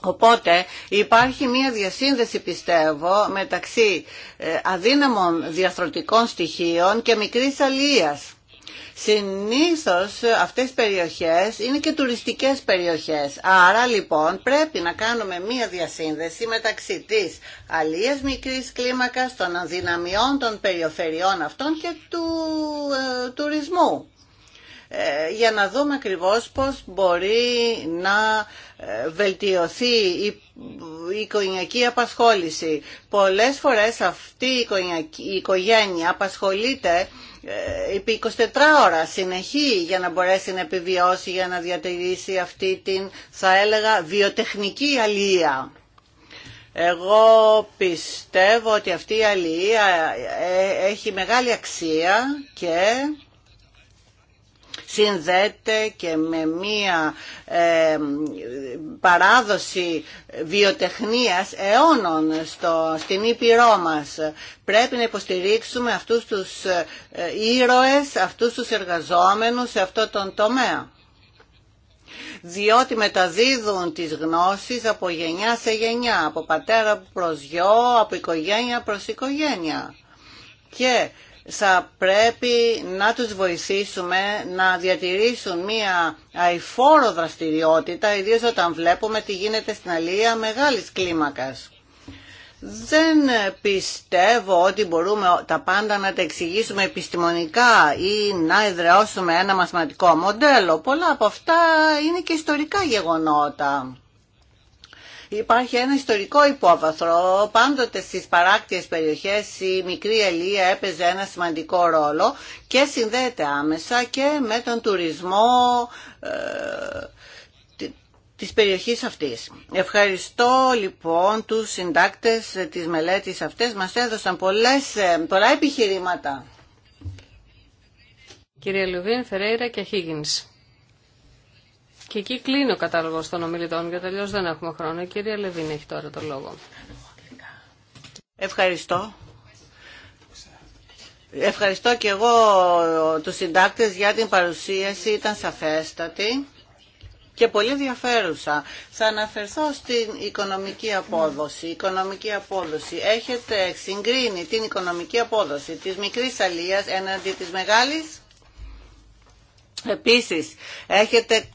Οπότε υπάρχει μία διασύνδεση πιστεύω μεταξύ ε, αδύναμων διαθροτικών στοιχείων και μικρής αλίας. Συνήθως αυτές οι περιοχές είναι και τουριστικές περιοχές. Άρα λοιπόν πρέπει να κάνουμε μία διασύνδεση μεταξύ της αλίας μικρής κλίμακας, των αδυναμιών των περιοφεριών αυτών και του ε, τουρισμού ε, για να δούμε ακριβώς πώς μπορεί να ε, βελτιωθεί η οικογενειακή απασχόληση. Πολλές φορές αυτή η οικογένεια απασχολείται ε, επί 24 ώρα συνεχή για να μπορέσει να επιβιώσει, για να διατηρήσει αυτή την, θα έλεγα, βιοτεχνική αλία. Εγώ πιστεύω ότι αυτή η αλληλεία ε, έχει μεγάλη αξία και συνδέεται και με μία ε, παράδοση βιοτεχνίας αιώνων στο, στην Ήπειρό μας. Πρέπει να υποστηρίξουμε αυτούς τους ε, ήρωες, αυτούς τους εργαζόμενους σε αυτό τον τομέα διότι μεταδίδουν τις γνώσεις από γενιά σε γενιά, από πατέρα προς γιο, από οικογένεια προς οικογένεια. Και θα πρέπει να τους βοηθήσουμε να διατηρήσουν μία αηφόρο δραστηριότητα, ιδίως όταν βλέπουμε τι γίνεται στην αλία μεγάλης κλίμακας. Δεν πιστεύω ότι μπορούμε τα πάντα να τα εξηγήσουμε επιστημονικά ή να εδραιώσουμε ένα μαθηματικό μοντέλο. Πολλά από αυτά είναι και ιστορικά γεγονότα υπάρχει ένα ιστορικό υπόβαθρο. Πάντοτε στις παράκτιες περιοχές η μικρή ελία έπαιζε ένα σημαντικό ρόλο και συνδέεται άμεσα και με τον τουρισμό ε, της περιοχής αυτής. Ευχαριστώ λοιπόν τους συντάκτες της μελέτης αυτές. Μας έδωσαν πολλές, ε, πολλά επιχειρήματα. Κυρία Λουβίν, Φερέιρα και Χίγινς. Και εκεί κλείνει ο κατάλογος των ομιλητών, Για αλλιώ δεν έχουμε χρόνο. Η κυρία Λεβίνη έχει τώρα το λόγο. Ευχαριστώ. Ευχαριστώ και εγώ τους συντάκτες για την παρουσίαση, ήταν σαφέστατη και πολύ ενδιαφέρουσα. Θα αναφερθώ στην οικονομική απόδοση. Η οικονομική απόδοση. Έχετε συγκρίνει την οικονομική απόδοση της μικρής αλίας έναντι της μεγάλης. Επίσης, έχετε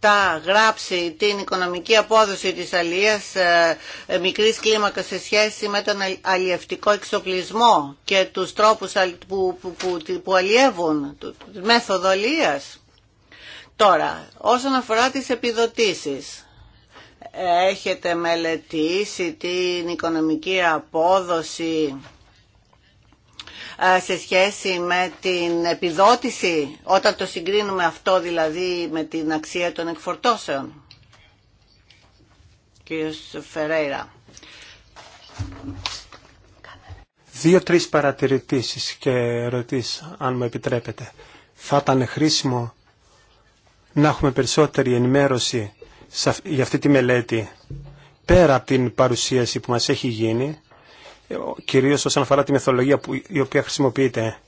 καταγράψει την οικονομική απόδοση της αλίας ε, ε, μικρής κλίμακας σε σχέση με τον αλιευτικό εξοπλισμό και τους τρόπους που, που, που, που αλλιεύουν, τη μέθοδο αλίας. Τώρα, όσον αφορά τις επιδοτήσεις, έχετε μελετήσει την οικονομική απόδοση ε, σε σχέση με την επιδότηση, όταν το συγκρίνουμε αυτό δηλαδή με την αξία των εκφορτώσεων. Κύριος Φερέιρα. Δύο-τρεις παρατηρητήσεις και ερωτήσεις, αν μου επιτρέπετε. Θα ήταν χρήσιμο να έχουμε περισσότερη ενημέρωση για αυτή τη μελέτη πέρα από την παρουσίαση που μας έχει γίνει κυρίως όσον αφορά τη μεθοδολογία που, η οποία χρησιμοποιείται.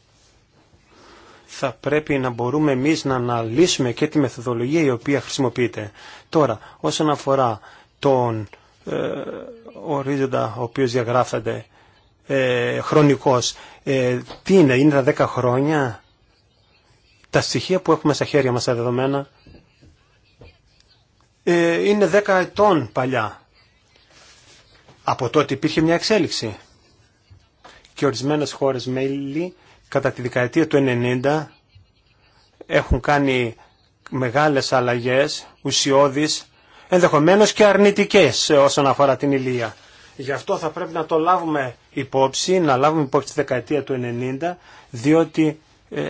Θα πρέπει να μπορούμε εμείς να αναλύσουμε και τη μεθοδολογία η οποία χρησιμοποιείται. Τώρα, όσον αφορά τον ε, ορίζοντα ο οποίος διαγράφεται ε, χρονικός, ε, τι είναι, είναι τα 10 χρόνια, τα στοιχεία που έχουμε στα χέρια μας τα δεδομένα, ε, είναι 10 ετών παλιά. Από τότε υπήρχε μια εξέλιξη και ορισμένες χώρες μέλη κατά τη δεκαετία του 90 έχουν κάνει μεγάλες αλλαγές, ουσιώδεις, ενδεχομένως και αρνητικές όσον αφορά την ηλία. Γι' αυτό θα πρέπει να το λάβουμε υπόψη, να λάβουμε υπόψη τη δεκαετία του 90, διότι ε,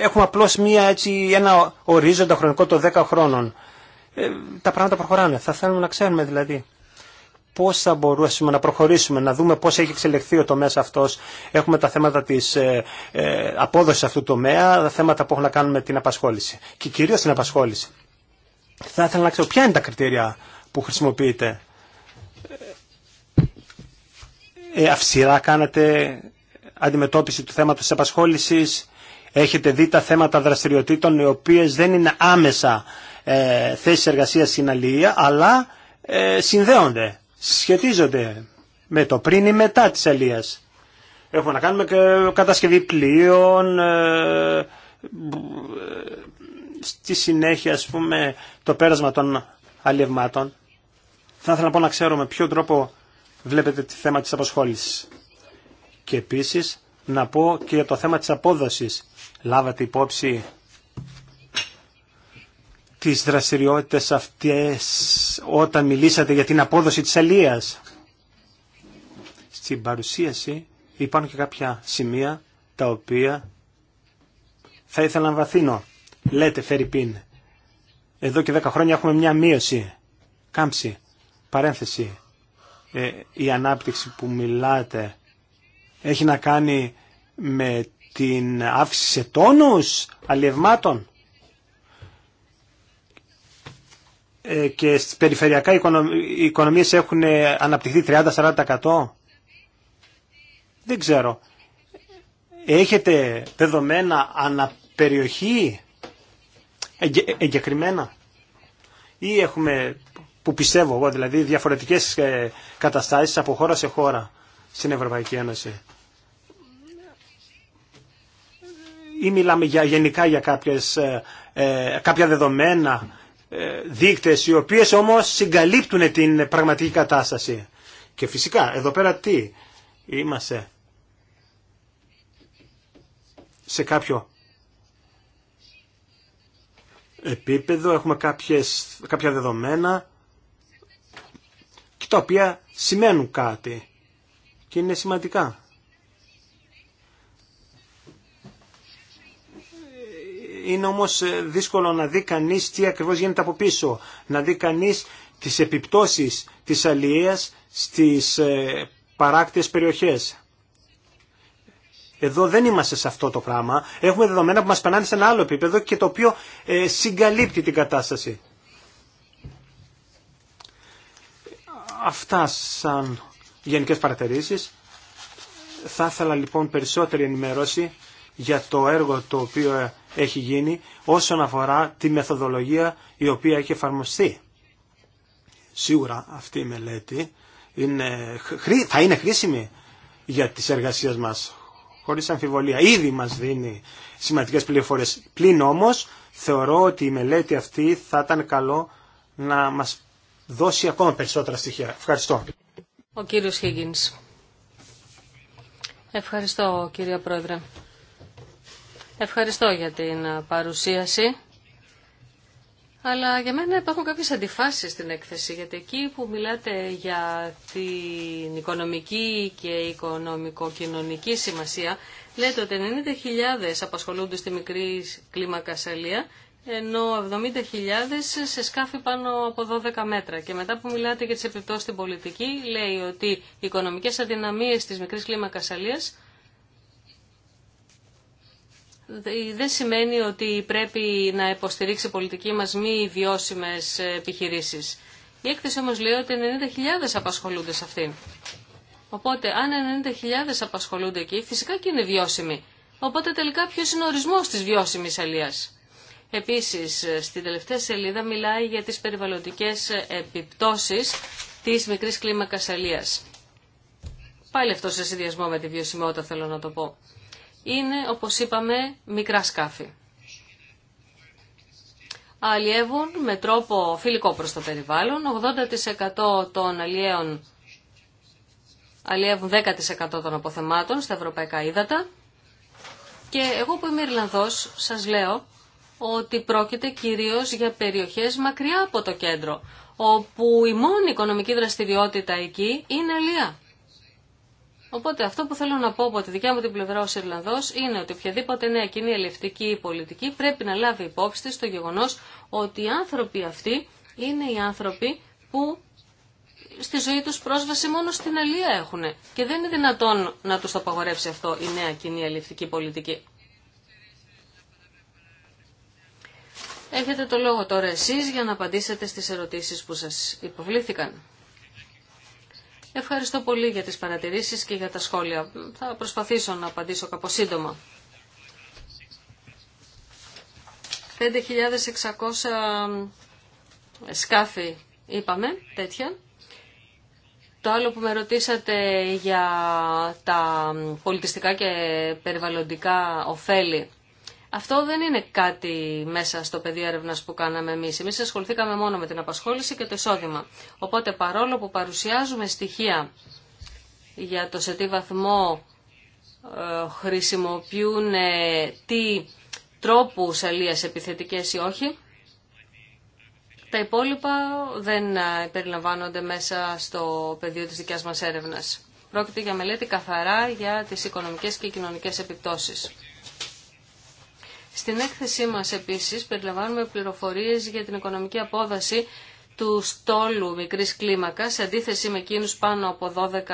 έχουμε απλώς μία, έτσι, ένα ορίζοντα χρονικό των 10 χρόνων. Ε, τα πράγματα προχωράνε. Θα θέλουμε να ξέρουμε δηλαδή πώς θα μπορούσαμε να προχωρήσουμε, να δούμε πώς έχει εξελιχθεί ο τομέας αυτός. Έχουμε τα θέματα της ε, ε, απόδοσης αυτού του τομέα, τα θέματα που έχουν να κάνουν με την απασχόληση και κυρίως την απασχόληση. Θα ήθελα να ξέρω ποια είναι τα κριτήρια που χρησιμοποιείτε. Ε, αυσιρά κάνατε αντιμετώπιση του θέματος της απασχόλησης. Έχετε δει τα θέματα δραστηριοτήτων οι οποίες δεν είναι άμεσα ε, θέσεις εργασίας στην αλληλεία αλλά ε, συνδέονται σχετίζονται με το πριν ή μετά της ελίας. Έχουμε να κάνουμε και κατασκευή πλοίων, ε, ε, στη συνέχεια ας πούμε το πέρασμα των αλλιευμάτων. Θα ήθελα να πω να ξέρω με ποιο τρόπο βλέπετε το θέμα της αποσχόλησης. Και επίσης να πω και το θέμα της απόδοσης. Λάβατε υπόψη τις δραστηριότητες αυτές όταν μιλήσατε για την απόδοση της αλίας. Στην παρουσίαση υπάρχουν και κάποια σημεία τα οποία θα ήθελα να βαθύνω. Λέτε Φερρυπίν, εδώ και 10 χρόνια έχουμε μια μείωση, κάμψη, παρένθεση. Ε, η ανάπτυξη που μιλάτε έχει να κάνει με την αύξηση σε τόνους αλλιευμάτων. Ε, και στις περιφερειακά οι οικονομίες έχουν αναπτυχθεί 30-40%. Δεν ξέρω. Έχετε δεδομένα αναπεριοχή εγκεκριμένα ή έχουμε που πιστεύω εγώ δηλαδή διαφορετικές ε, καταστάσεις από χώρα σε χώρα στην Ευρωπαϊκή Ένωση ή μιλάμε για, γενικά για κάποιες, ε, κάποια δεδομένα ε, δείκτες οι οποίες όμως συγκαλύπτουν την πραγματική κατάσταση. Και φυσικά εδώ πέρα τι είμαστε σε κάποιο επίπεδο, έχουμε κάποιες, κάποια δεδομένα και τα οποία σημαίνουν κάτι και είναι σημαντικά. είναι όμως ε, δύσκολο να δει κανείς τι ακριβώς γίνεται από πίσω. Να δει κανείς τις επιπτώσεις της αλληλείας στις ε, παράκτιες περιοχές. Εδώ δεν είμαστε σε αυτό το πράγμα. Έχουμε δεδομένα που μας περνάνε σε ένα άλλο επίπεδο και το οποίο ε, συγκαλύπτει την κατάσταση. Αυτά σαν γενικές παρατηρήσεις. Θα ήθελα λοιπόν περισσότερη ενημέρωση για το έργο το οποίο έχει γίνει όσον αφορά τη μεθοδολογία η οποία έχει εφαρμοστεί. Σίγουρα αυτή η μελέτη είναι, θα είναι χρήσιμη για τις εργασίες μας, χωρίς αμφιβολία. Ήδη μας δίνει σημαντικές πληροφορίες. Πλην όμως θεωρώ ότι η μελέτη αυτή θα ήταν καλό να μας δώσει ακόμα περισσότερα στοιχεία. Ευχαριστώ. Ο κύριος Higgins. Ευχαριστώ κύριε Πρόεδρε. Ευχαριστώ για την ε, παρουσίαση. Αλλά για μένα υπάρχουν κάποιες αντιφάσεις στην έκθεση, γιατί εκεί που μιλάτε για την οικονομική και οικονομικοκοινωνική σημασία, λέτε ότι 90.000 απασχολούνται στη μικρή κλίμακα σαλία, ενώ 70.000 σε σκάφη πάνω από 12 μέτρα. Και μετά που μιλάτε για τις επιπτώσεις στην πολιτική, λέει ότι οι οικονομικές αδυναμίες της μικρής κλίμακας αλίας δεν σημαίνει ότι πρέπει να υποστηρίξει η πολιτική μας μη βιώσιμες επιχειρήσεις. Η έκθεση όμως λέει ότι 90.000 απασχολούνται σε αυτήν. Οπότε αν 90.000 απασχολούνται εκεί, φυσικά και είναι βιώσιμοι. Οπότε τελικά ποιο είναι ο ορισμός της βιώσιμης αλίας. Επίσης, στην τελευταία σελίδα μιλάει για τις περιβαλλοντικές επιπτώσεις της μικρής κλίμακας αλίας. Πάλι αυτό σε συνδυασμό με τη βιωσιμότητα θέλω να το πω είναι, όπως είπαμε, μικρά σκάφη. Αλλιεύουν με τρόπο φιλικό προς το περιβάλλον. 80% των αλλιέων αλλιεύουν 10% των αποθεμάτων στα ευρωπαϊκά ύδατα. Και εγώ που είμαι Ιρλανδός σας λέω ότι πρόκειται κυρίως για περιοχές μακριά από το κέντρο, όπου η μόνη οικονομική δραστηριότητα εκεί είναι αλλία. Οπότε αυτό που θέλω να πω από τη δικιά μου την πλευρά ως Ιρλανδός είναι ότι οποιαδήποτε νέα κοινή ελευτική πολιτική πρέπει να λάβει υπόψη της το γεγονός ότι οι άνθρωποι αυτοί είναι οι άνθρωποι που στη ζωή τους πρόσβαση μόνο στην αλία έχουν και δεν είναι δυνατόν να τους το απαγορεύσει αυτό η νέα κοινή ελευτική πολιτική. Έχετε το λόγο τώρα εσείς για να απαντήσετε στις ερωτήσεις που σας υποβλήθηκαν. Ευχαριστώ πολύ για τις παρατηρήσεις και για τα σχόλια. Θα προσπαθήσω να απαντήσω κάπως σύντομα. 5.600 σκάφη είπαμε, τέτοια. Το άλλο που με ρωτήσατε για τα πολιτιστικά και περιβαλλοντικά ωφέλη. Αυτό δεν είναι κάτι μέσα στο πεδίο έρευνα που κάναμε εμεί. Εμεί ασχοληθήκαμε μόνο με την απασχόληση και το εισόδημα. Οπότε παρόλο που παρουσιάζουμε στοιχεία για το σε τι βαθμό ε, χρησιμοποιούν ε, τι τρόπους αλίας επιθετικές ή όχι, τα υπόλοιπα δεν ε, περιλαμβάνονται μέσα στο πεδίο της δικιάς μας έρευνας. Πρόκειται για μελέτη καθαρά για τις οικονομικές και κοινωνικές επιπτώσεις. Στην έκθεσή μας επίσης περιλαμβάνουμε πληροφορίες για την οικονομική απόδαση του στόλου μικρής κλίμακας σε αντίθεση με εκείνους πάνω από 12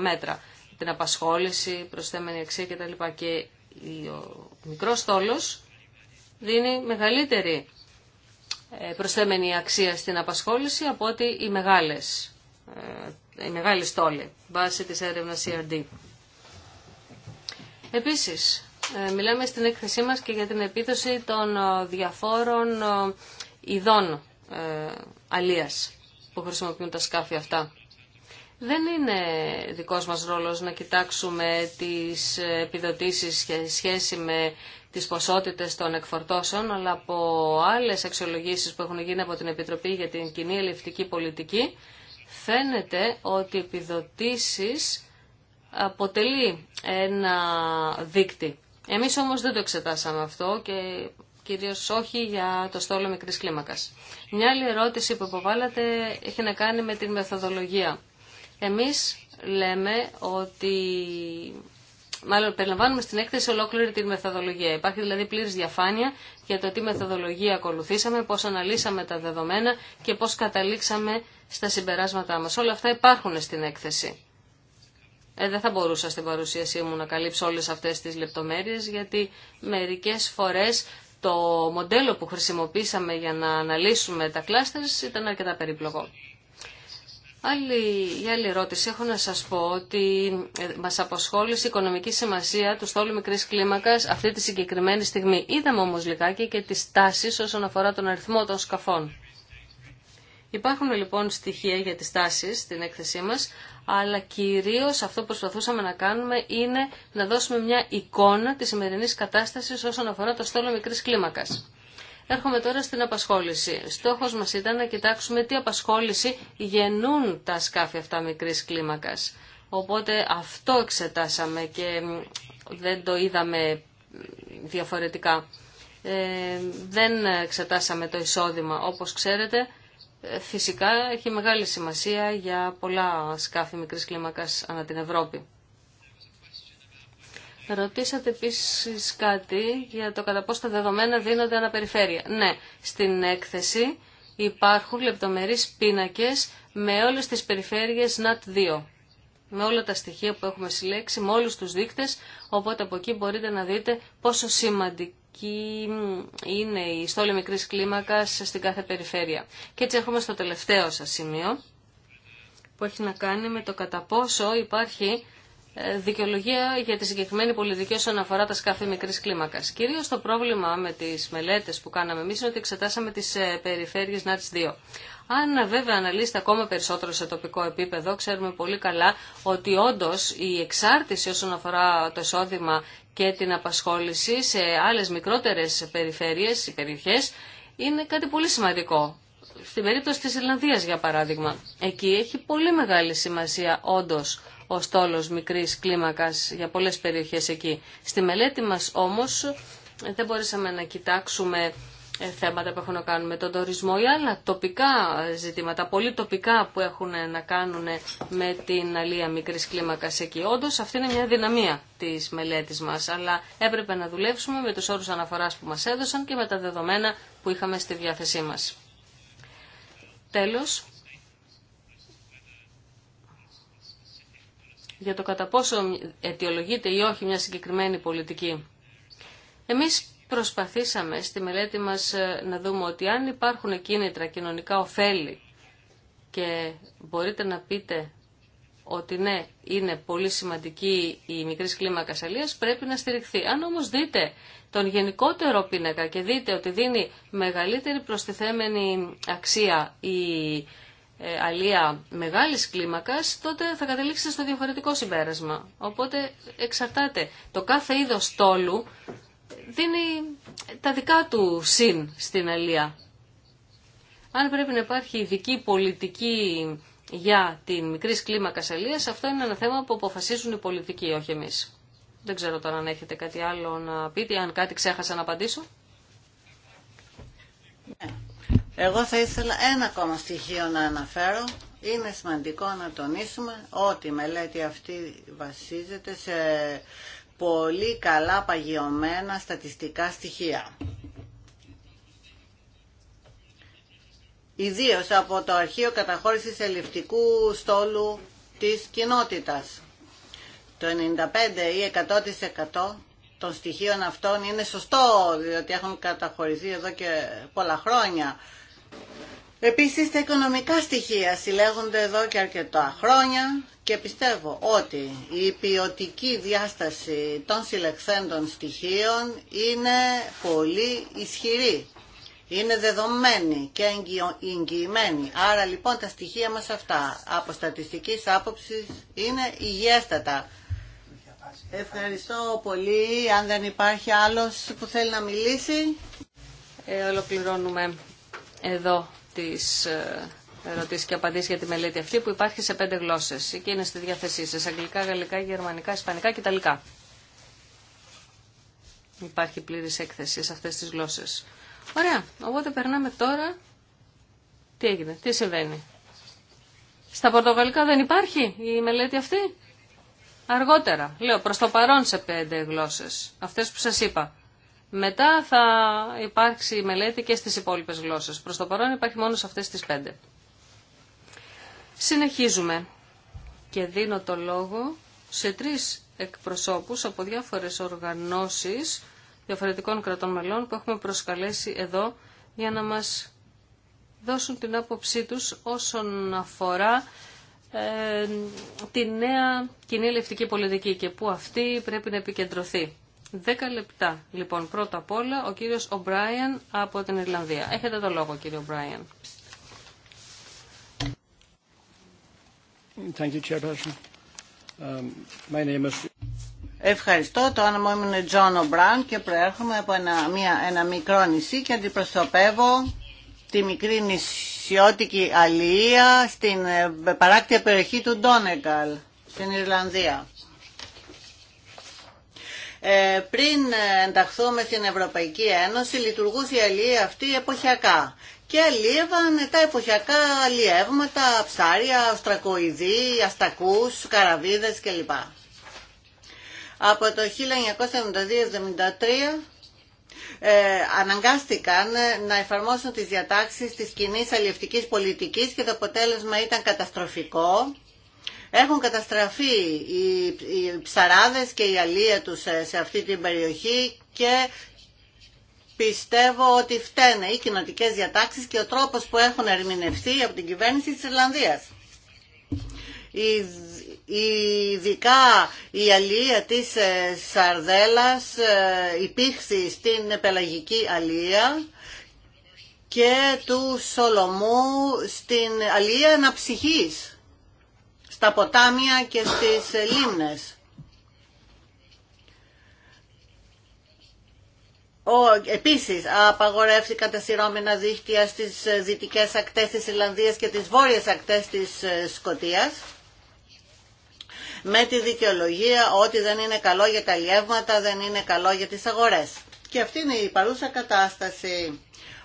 μέτρα. Την απασχόληση, προσθέμενη αξία κτλ. Και ο μικρός στόλος δίνει μεγαλύτερη ε, προσθέμενη αξία στην απασχόληση από ότι οι μεγάλες, ε, οι μεγάλες στόλοι βάσει της έρευνας CRD. Επίσης, ε, μιλάμε στην έκθεσή μας και για την επίδοση των ε, διαφόρων ε, ειδών αλίας που χρησιμοποιούν τα σκάφη αυτά. Δεν είναι δικός μας ρόλος να κοιτάξουμε τις επιδοτήσεις σε σχέση με τις ποσότητες των εκφορτώσεων, αλλά από άλλες αξιολογήσεις που έχουν γίνει από την Επιτροπή για την Κοινή Ελευτική Πολιτική, φαίνεται ότι οι επιδοτήσεις αποτελεί ένα δίκτυ εμείς όμως δεν το εξετάσαμε αυτό και κυρίως όχι για το στόλο μικρής κλίμακας. Μια άλλη ερώτηση που υποβάλλατε έχει να κάνει με την μεθοδολογία. Εμείς λέμε ότι μάλλον περιλαμβάνουμε στην έκθεση ολόκληρη τη μεθοδολογία. Υπάρχει δηλαδή πλήρης διαφάνεια για το τι μεθοδολογία ακολουθήσαμε, πώ αναλύσαμε τα δεδομένα και πώ καταλήξαμε στα συμπεράσματά μα. Όλα αυτά υπάρχουν στην έκθεση. Ε, δεν θα μπορούσα στην παρουσίασή μου να καλύψω όλες αυτές τις λεπτομέρειες γιατί μερικές φορές το μοντέλο που χρησιμοποίησαμε για να αναλύσουμε τα κλάστερς ήταν αρκετά περίπλοκο. Άλλη, η άλλη ερώτηση έχω να σας πω ότι ε, μας αποσχόλησε η οικονομική σημασία του στόλου μικρής κλίμακας αυτή τη συγκεκριμένη στιγμή. Είδαμε όμως λιγάκι και τις τάσεις όσον αφορά τον αριθμό των σκαφών. Υπάρχουν λοιπόν στοιχεία για τις τάσεις στην έκθεσή μας, αλλά κυρίως αυτό που προσπαθούσαμε να κάνουμε είναι να δώσουμε μια εικόνα της σημερινή κατάστασης όσον αφορά το στόλο μικρής κλίμακας. Έρχομαι τώρα στην απασχόληση. Στόχος μας ήταν να κοιτάξουμε τι απασχόληση γεννούν τα σκάφη αυτά μικρής κλίμακας. Οπότε αυτό εξετάσαμε και δεν το είδαμε διαφορετικά. Ε, δεν εξετάσαμε το εισόδημα. Όπως ξέρετε, φυσικά έχει μεγάλη σημασία για πολλά σκάφη μικρής κλίμακας ανά την Ευρώπη. Ρωτήσατε επίσης κάτι για το κατά πόσο τα δεδομένα δίνονται αναπεριφέρεια. Ναι, στην έκθεση υπάρχουν λεπτομερείς πίνακες με όλες τις περιφέρειες NAT2. Με όλα τα στοιχεία που έχουμε συλλέξει, με όλους τους δείκτες, οπότε από εκεί μπορείτε να δείτε πόσο σημαντικό Εκεί είναι η στόλη μικρής κλίμακας στην κάθε περιφέρεια. Και έτσι έχουμε στο τελευταίο σας σημείο που έχει να κάνει με το κατά πόσο υπάρχει ε, δικαιολογία για τη συγκεκριμένη πολιτική όσον αφορά τα σκάφη μικρής κλίμακας. Κυρίως το πρόβλημα με τις μελέτες που κάναμε εμείς είναι ότι εξετάσαμε τις ε, περιφέρειες ΝΑΤΣ 2. Αν βέβαια αναλύσετε ακόμα περισσότερο σε τοπικό επίπεδο, ξέρουμε πολύ καλά ότι όντω η εξάρτηση όσον αφορά το εισόδημα και την απασχόληση σε άλλες μικρότερες περιφέρειες ή περιοχές είναι κάτι πολύ σημαντικό. Στην περίπτωση της Ιρλανδίας για παράδειγμα, εκεί έχει πολύ μεγάλη σημασία όντως ο στόλος μικρής κλίμακας για πολλές περιοχές εκεί. Στη μελέτη μας όμως δεν μπορέσαμε να κοιτάξουμε ε, θέματα που έχουν να κάνουν με τον τουρισμό ή άλλα τοπικά ζητήματα, πολύ τοπικά που έχουν να κάνουν με την αλία μικρή κλίμακα εκεί. Όντω, αυτή είναι μια δυναμία της μελέτης μας, αλλά έπρεπε να δουλέψουμε με τους όρου αναφοράς που μας έδωσαν και με τα δεδομένα που είχαμε στη διάθεσή μας. Τέλος, για το κατά πόσο αιτιολογείται ή όχι μια συγκεκριμένη πολιτική. Εμείς προσπαθήσαμε στη μελέτη μας ε, να δούμε ότι αν υπάρχουν κίνητρα κοινωνικά ωφέλη και μπορείτε να πείτε ότι ναι, είναι πολύ σημαντική η μικρή κλίμακα αλεία, πρέπει να στηριχθεί. Αν όμω δείτε τον γενικότερο πίνακα και δείτε ότι δίνει μεγαλύτερη προστιθέμενη αξία η ε, αλεία μεγάλη κλίμακα, τότε θα καταλήξετε στο διαφορετικό συμπέρασμα. Οπότε εξαρτάται. Το κάθε είδο τόλου δίνει τα δικά του συν στην Αλία. Αν πρέπει να υπάρχει ειδική πολιτική για την μικρή κλίμακα αλία αυτό είναι ένα θέμα που αποφασίζουν οι πολιτικοί, όχι εμείς. Δεν ξέρω τώρα αν έχετε κάτι άλλο να πείτε, αν κάτι ξέχασα να απαντήσω. Ναι. Εγώ θα ήθελα ένα ακόμα στοιχείο να αναφέρω. Είναι σημαντικό να τονίσουμε ότι η μελέτη αυτή βασίζεται σε πολύ καλά παγιωμένα στατιστικά στοιχεία. Ιδίω από το Αρχείο Καταχώρησης Ελληνικού Στόλου της Κοινότητας. Το 95 ή 100% των στοιχείων αυτών είναι σωστό, διότι έχουν καταχωρηθεί εδώ και πολλά χρόνια. Επίσης τα οικονομικά στοιχεία συλλέγονται εδώ και αρκετά χρόνια και πιστεύω ότι η ποιοτική διάσταση των συλλεξέντων στοιχείων είναι πολύ ισχυρή. Είναι δεδομένη και εγγυημένη. Άρα λοιπόν τα στοιχεία μας αυτά από στατιστικής άποψης είναι υγιέστατα. Ευχαριστώ πολύ. Αν δεν υπάρχει άλλος που θέλει να μιλήσει. Ε, ολοκληρώνουμε εδώ τις ε, ερωτήσεις και απαντήσεις για τη μελέτη αυτή που υπάρχει σε πέντε γλώσσες. Εκεί είναι στη διάθεσή σας. Αγγλικά, γαλλικά, γερμανικά, ισπανικά και ιταλικά. Υπάρχει πλήρης έκθεση σε αυτές τις γλώσσες. Ωραία. Οπότε περνάμε τώρα. Τι έγινε, τι συμβαίνει. Στα πορτογαλικά δεν υπάρχει η μελέτη αυτή. Αργότερα, λέω, προς το παρόν σε πέντε γλώσσες. Αυτές που σας είπα. Μετά θα υπάρξει μελέτη και στις υπόλοιπες γλώσσες. Προς το παρόν υπάρχει μόνο σε αυτές τις πέντε. Συνεχίζουμε και δίνω το λόγο σε τρεις εκπροσώπους από διάφορες οργανώσεις διαφορετικών κρατών μελών που έχουμε προσκαλέσει εδώ για να μας δώσουν την άποψή τους όσον αφορά ε, τη νέα κοινή ελευτική πολιτική και που αυτή πρέπει να επικεντρωθεί. Δέκα λεπτά. Λοιπόν, πρώτα απ' όλα ο κύριος Ομπράιαν από την Ιρλανδία. Έχετε το λόγο κύριε Ομπράιαν. Um, Ευχαριστώ. Το όνομα μου είναι Τζον Ομπράν και προέρχομαι από ένα, μια, ένα μικρό νησί και αντιπροσωπεύω τη μικρή νησιώτικη αλληλεία στην ε, παράκτια περιοχή του Ντόνεγκαλ στην Ιρλανδία. Ε, πριν ενταχθούμε στην Ευρωπαϊκή Ένωση λειτουργούσε η αλληλεία αυτή εποχιακά και αλλήλευαν τα εποχιακά αλληλεύματα, ψάρια, αυστρακοειδή, αστακούς, καραβίδες κλπ. Από το 1972-73 ε, αναγκάστηκαν ε, να εφαρμόσουν τις διατάξεις της κοινή αλληλευτικής πολιτικής και το αποτέλεσμα ήταν καταστροφικό έχουν καταστραφεί οι ψαράδες και η αλία τους ε, σε αυτή την περιοχή και πιστεύω ότι φταίνε οι κοινοτικέ διατάξεις και ο τρόπος που έχουν ερμηνευτεί από την κυβέρνηση της Ιρλανδίας. Ειδικά η αλία της ε, Σαρδέλας ε, υπήρξε στην πελαγική αλία και του Σολομού στην αλία αναψυχής στα ποτάμια και στις λίμνες. Ο, επίσης απαγορεύτηκαν τα σειρώμενα δίχτυα στις ε, δυτικές ακτές της Ιλλανδίας και τις βόρειες ακτές της ε, Σκοτίας με τη δικαιολογία ότι δεν είναι καλό για τα λιεύματα, δεν είναι καλό για τις αγορές. Και αυτή είναι η παρούσα κατάσταση.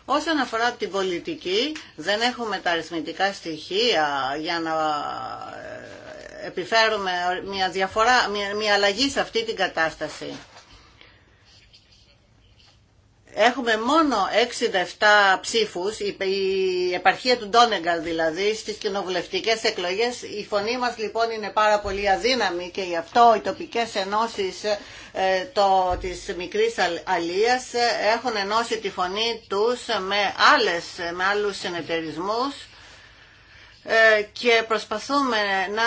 Όσον αφορά την πολιτική, δεν έχουμε τα αριθμητικά στοιχεία για να ε, επιφέρουμε μια, διαφορά, μια, μια αλλαγή σε αυτή την κατάσταση. Έχουμε μόνο 67 ψήφους, η επαρχία του Ντόνεγκα δηλαδή, στις κοινοβουλευτικές εκλογές. Η φωνή μας λοιπόν είναι πάρα πολύ αδύναμη και γι' αυτό οι τοπικές ενώσεις ε, το, της μικρής αλίας ε, έχουν ενώσει τη φωνή τους με, άλλες, με άλλους συνεταιρισμούς ε, και προσπαθούμε να,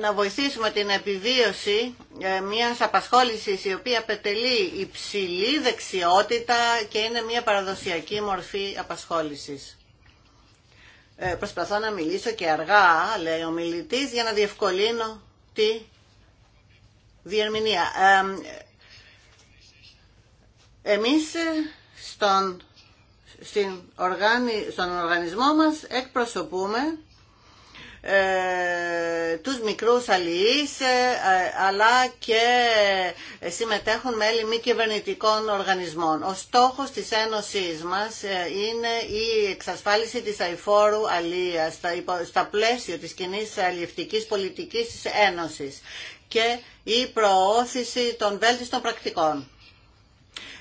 να βοηθήσουμε την επιβίωση ε, μιας απασχόλησης η οποία πετελεί υψηλή δεξιότητα και είναι μια παραδοσιακή μορφή απασχόλησης. Ε, προσπαθώ να μιλήσω και αργά, λέει ο μιλητής, για να διευκολύνω τη διερμηνία. εμείς στον, στην στον οργανισμό μας εκπροσωπούμε ε, τους μικρούς αλληλείς ε, αλλά και συμμετέχουν μέλη μη κυβερνητικών οργανισμών. Ο στόχος της Ένωσης μας ε, είναι η εξασφάλιση της αηφόρου αλληλείας στα πλαίσια της κοινή αλληλευτικής πολιτικής της Ένωσης και η προώθηση των βέλτιστων πρακτικών.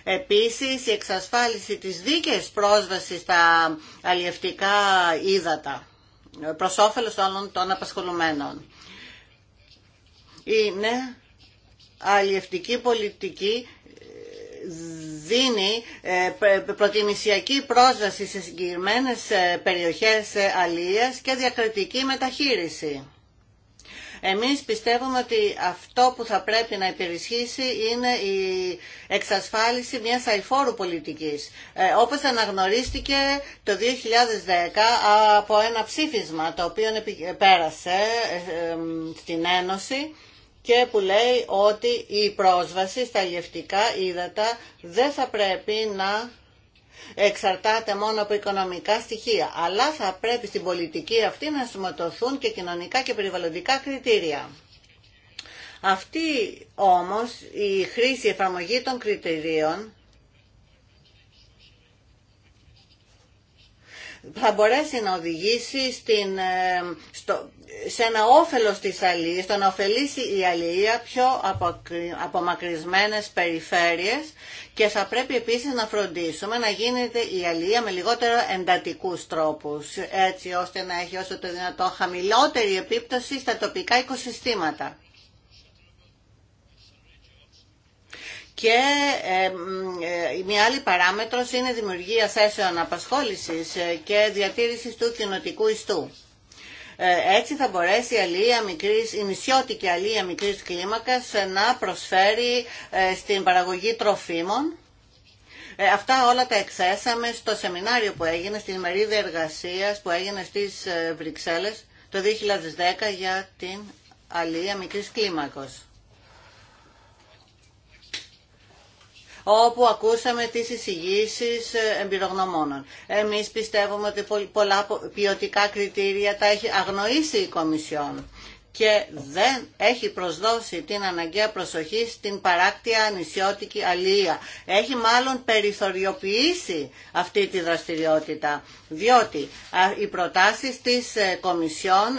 Επίσης, η εξασφάλιση της δίκαιης πρόσβασης στα αλλιευτικά ύδατα προς όφελος όλων των απασχολουμένων. Είναι αλλιευτική πολιτική δίνει ε, προτιμησιακή πρόσβαση σε συγκεκριμένες ε, περιοχές ε, αλίας και διακριτική μεταχείριση. Εμείς πιστεύουμε ότι αυτό που θα πρέπει να υπερισχύσει είναι η εξασφάλιση μιας αηφόρου πολιτικής. Ε, όπως αναγνωρίστηκε το 2010 από ένα ψήφισμα το οποίο πέρασε ε, ε, στην Ένωση και που λέει ότι η πρόσβαση στα γευτικά ύδατα δεν θα πρέπει να εξαρτάται μόνο από οικονομικά στοιχεία, αλλά θα πρέπει στην πολιτική αυτή να σωματωθούν και κοινωνικά και περιβαλλοντικά κριτήρια. Αυτή όμως η χρήση εφαρμογή των κριτηρίων θα μπορέσει να οδηγήσει στην, ε, στο, σε ένα όφελος της αλληλείας, το να ωφελήσει η αλληλεία πιο απομακρυσμένες περιφέρειες και θα πρέπει επίσης να φροντίσουμε να γίνεται η αλληλεία με λιγότερο εντατικούς τρόπους, έτσι ώστε να έχει όσο το δυνατό χαμηλότερη επίπτωση στα τοπικά οικοσυστήματα. Και ε, μια άλλη παράμετρος είναι δημιουργία θέσεων απασχόλησης ε, και διατήρησης του κοινοτικού ιστού. Ε, έτσι θα μπορέσει η, αλία μικρής, η νησιώτικη αλία μικρής κλίμακας να προσφέρει ε, στην παραγωγή τροφίμων ε, αυτά όλα τα εξέσαμε στο σεμινάριο που έγινε, στην μερίδα εργασίας που έγινε στις Βρυξέλλες το 2010 για την αλία μικρής κλίμακος. όπου ακούσαμε τις εισηγήσεις ε, εμπειρογνωμόνων. Εμείς πιστεύουμε ότι πολλά ποιοτικά κριτήρια τα έχει αγνοήσει η Κομισιόν και δεν έχει προσδώσει την αναγκαία προσοχή στην παράκτια ανησιώτικη αλία. Έχει μάλλον περιθωριοποιήσει αυτή τη δραστηριότητα, διότι οι προτάσεις της ε, Κομισιόν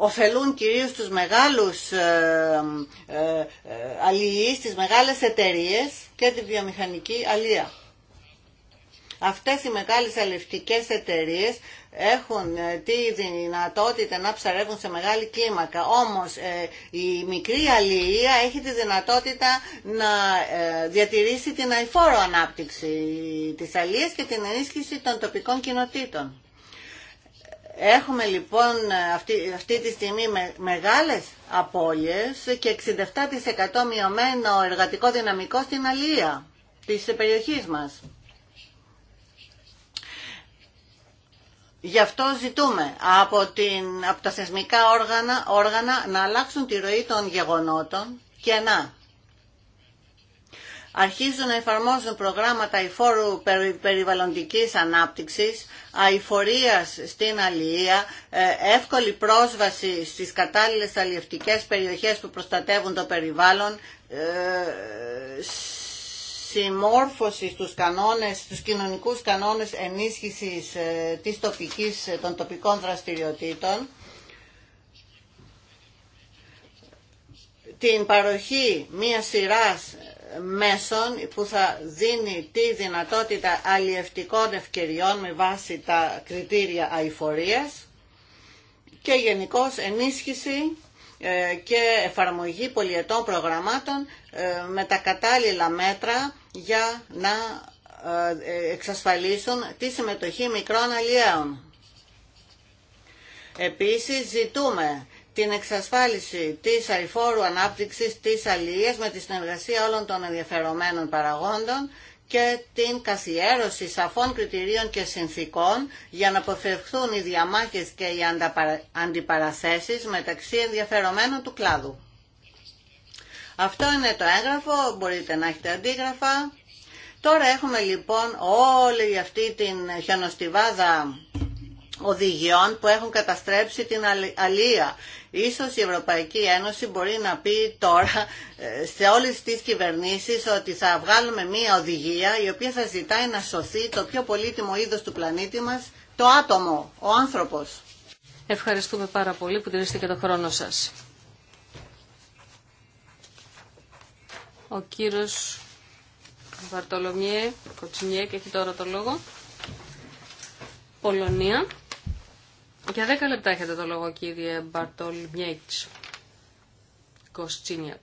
ωφελούν κυρίως τους μεγάλους ε, ε, ε, αλληλείς, τις μεγάλες εταιρείες και τη βιομηχανική αλία. Αυτές οι μεγάλες αλληλευτικές εταιρείες έχουν ε, τη δυνατότητα να ψαρεύουν σε μεγάλη κλίμακα. Όμως ε, η μικρή αλληλεία έχει τη δυνατότητα να διατηρήσει την αηφόρο ανάπτυξη της αλληλείας και την ενίσχυση των τοπικών κοινοτήτων. Έχουμε λοιπόν ε, αυτή, αυτή τη στιγμή με, μεγάλες απώλειες και 67% μειωμένο εργατικό δυναμικό στην αλία της περιοχής μας. Γι' αυτό ζητούμε από, την, από τα θεσμικά όργανα, όργανα να αλλάξουν τη ροή των γεγονότων και να αρχίζουν να εφαρμόζουν προγράμματα υφόρου περιβαλλοντικής ανάπτυξης, αηφορίας στην αλληλεία, ε, εύκολη πρόσβαση στις κατάλληλες αλληλευτικές περιοχές που προστατεύουν το περιβάλλον, ε, συμμόρφωση στους κανόνες, στους κοινωνικούς κανόνες ενίσχυσης ε, της τοπικής, των τοπικών δραστηριοτήτων, την παροχή μιας σειράς μέσων που θα δίνει τη δυνατότητα αλλιευτικών ευκαιριών με βάση τα κριτήρια αηφορίας και γενικώ ενίσχυση ε, και εφαρμογή πολιετών προγραμμάτων ε, με τα κατάλληλα μέτρα για να ε, εξασφαλίσουν τη συμμετοχή μικρών αλλιέων. Επίσης ζητούμε την εξασφάλιση της αηφόρου ανάπτυξης της αλληλείας με τη συνεργασία όλων των ενδιαφερομένων παραγόντων και την καθιέρωση σαφών κριτηρίων και συνθήκων για να αποφευχθούν οι διαμάχες και οι αντιπαραθέσεις μεταξύ ενδιαφερομένων του κλάδου. Αυτό είναι το έγγραφο, μπορείτε να έχετε αντίγραφα. Τώρα έχουμε λοιπόν όλη αυτή την χιονοστιβάδα οδηγιών που έχουν καταστρέψει την αλία. Ίσως η Ευρωπαϊκή Ένωση μπορεί να πει τώρα ε, σε όλες τις κυβερνήσεις ότι θα βγάλουμε μία οδηγία η οποία θα ζητάει να σωθεί το πιο πολύτιμο είδος του πλανήτη μας, το άτομο, ο άνθρωπος. Ευχαριστούμε πάρα πολύ που τηρήσετε και το χρόνο σας. Ο κύριος Βαρτολομιέ Κοτσινιέ και έχει τώρα το λόγο. Πολωνία. Για 10 λεπτά έχετε το λόγο κύριε Μπαρτόλ Μιέιτς Κοστσίνιακ.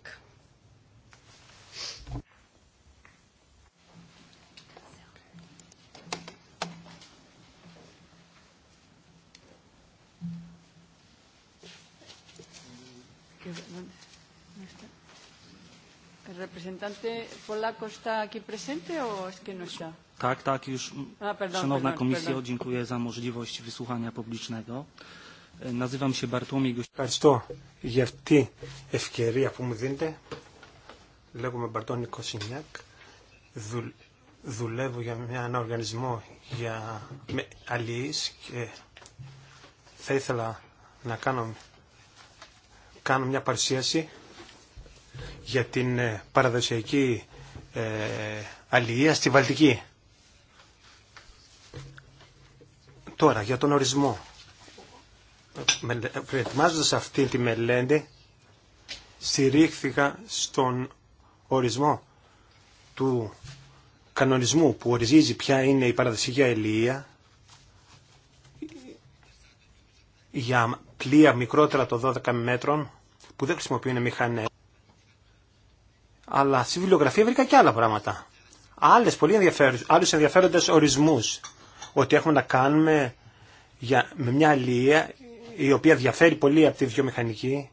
¿El representante polaco está aquí presente o es que no está? Tak, tak, już A, pardon, Szanowna pardon, Komisjo, dziękuję za możliwość wysłuchania publicznego. E, nazywam się Bartłomiej Goś... Δουλεύω για μια, ένα οργανισμό για αλληλείς και θα ήθελα να κάνω, κάνω μια παρουσίαση για την παραδοσιακή ε, αλληλεία στη Βαλτική. Τώρα, για τον ορισμό. Προετοιμάζοντας αυτή τη μελέτη, στηρίχθηκα στον ορισμό του κανονισμού που ορίζει ποια είναι η παραδοσιακή ελεία, για πλοία μικρότερα των 12 μέτρων που δεν χρησιμοποιούν μηχανέ. Αλλά στη βιβλιογραφία βρήκα και άλλα πράγματα. Άλλες πολύ ενδιαφέρον, άλλους ενδιαφέροντες ορισμούς ότι έχουμε να κάνουμε για, με μια αλληλεία η οποία διαφέρει πολύ από τη βιομηχανική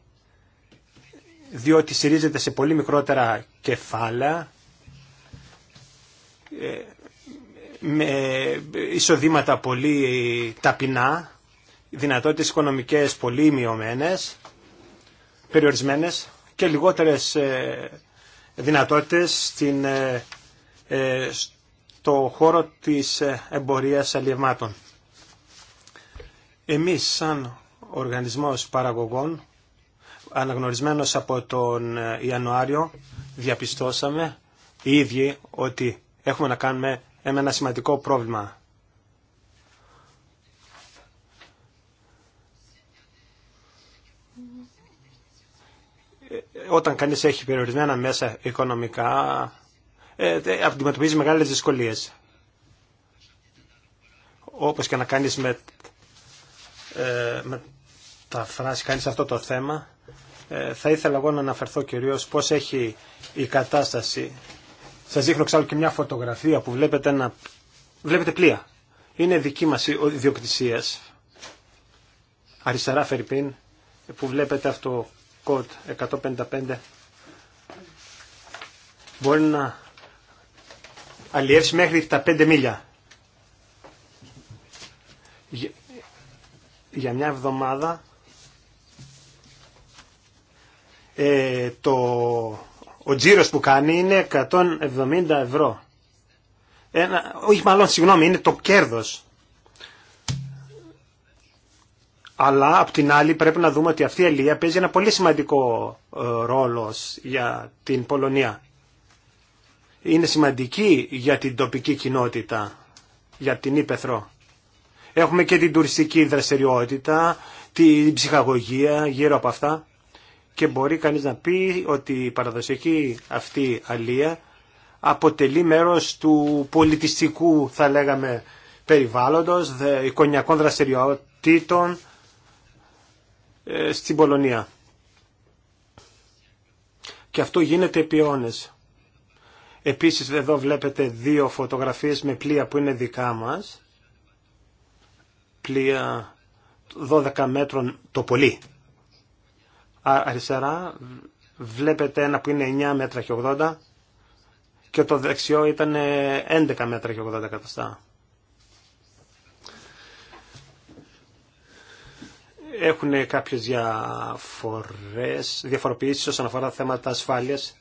διότι συρίζεται σε πολύ μικρότερα κεφάλαια ε, με εισοδήματα πολύ ταπεινά δυνατότητες οικονομικές πολύ μειωμένες περιορισμένες και λιγότερες ε, δυνατότητες στην, ε, το χώρο της εμπορίας αλλιευμάτων. Εμείς σαν οργανισμός παραγωγών, αναγνωρισμένος από τον Ιανουάριο, διαπιστώσαμε οι ίδιοι ότι έχουμε να κάνουμε ένα σημαντικό πρόβλημα. Ε, όταν κανείς έχει περιορισμένα μέσα οικονομικά, ε, αντιμετωπίζει μεγάλες δυσκολίες. Όπως και να κάνεις με, ε, με τα φράση, κάνεις αυτό το θέμα, ε, θα ήθελα εγώ να αναφερθώ κυρίως πώς έχει η κατάσταση. Σας δείχνω ξάλλου και μια φωτογραφία που βλέπετε, ένα, βλέπετε πλοία. Είναι δική μας ιδιοκτησία. Αριστερά Φερρυπίν, που βλέπετε αυτό κοτ 155. Μπορεί να αλλιεύσει μέχρι τα 5 μίλια. Για μια εβδομάδα ε, το, ο τζίρος που κάνει είναι 170 ευρώ. Ένα, όχι μάλλον, συγγνώμη, είναι το κέρδος. Αλλά απ' την άλλη πρέπει να δούμε ότι αυτή η αλληλεία παίζει ένα πολύ σημαντικό ε, ρόλο για την Πολωνία είναι σημαντική για την τοπική κοινότητα, για την Ήπεθρο. Έχουμε και την τουριστική δραστηριότητα, την ψυχαγωγία γύρω από αυτά και μπορεί κανείς να πει ότι η παραδοσιακή αυτή αλία αποτελεί μέρος του πολιτιστικού, θα λέγαμε, περιβάλλοντος, εικονιακών δραστηριοτήτων ε, στην Πολωνία. Και αυτό γίνεται επί αιώνες. Επίσης εδώ βλέπετε δύο φωτογραφίες με πλοία που είναι δικά μας. Πλοία 12 μέτρων το πολύ. Αριστερά βλέπετε ένα που είναι 9 μέτρα και 80 και το δεξιό ήταν 11 μέτρα και 80 καταστά. Έχουν κάποιες διαφορές, διαφοροποιήσεις όσον αφορά θέματα ασφάλειας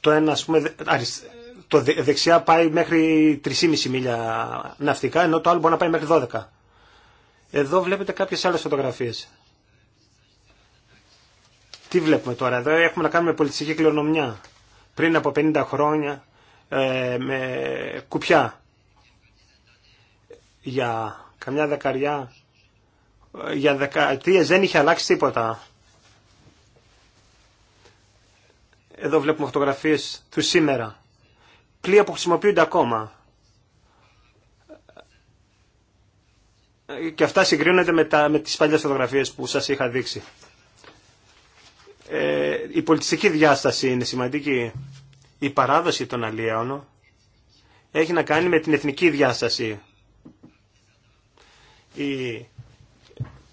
το, ένα ας πούμε, το δεξιά πάει μέχρι 3,5 μίλια ναυτικά, ενώ το άλλο μπορεί να πάει μέχρι 12. Εδώ βλέπετε κάποιες άλλες φωτογραφίες. Τι βλέπουμε τώρα, εδώ έχουμε να κάνουμε πολιτιστική κληρονομιά. Πριν από 50 χρόνια, ε, με κουπιά. Για καμιά δεκαριά, ε, για δεκαετίες δεν είχε αλλάξει τίποτα. Εδώ βλέπουμε φωτογραφίες του σήμερα. Πλοία που χρησιμοποιούνται ακόμα. Και αυτά συγκρίνονται με, τα, με τις παλιές φωτογραφίες που σας είχα δείξει. Ε, η πολιτιστική διάσταση είναι σημαντική. Η παράδοση των αλλιέων έχει να κάνει με την εθνική διάσταση. Η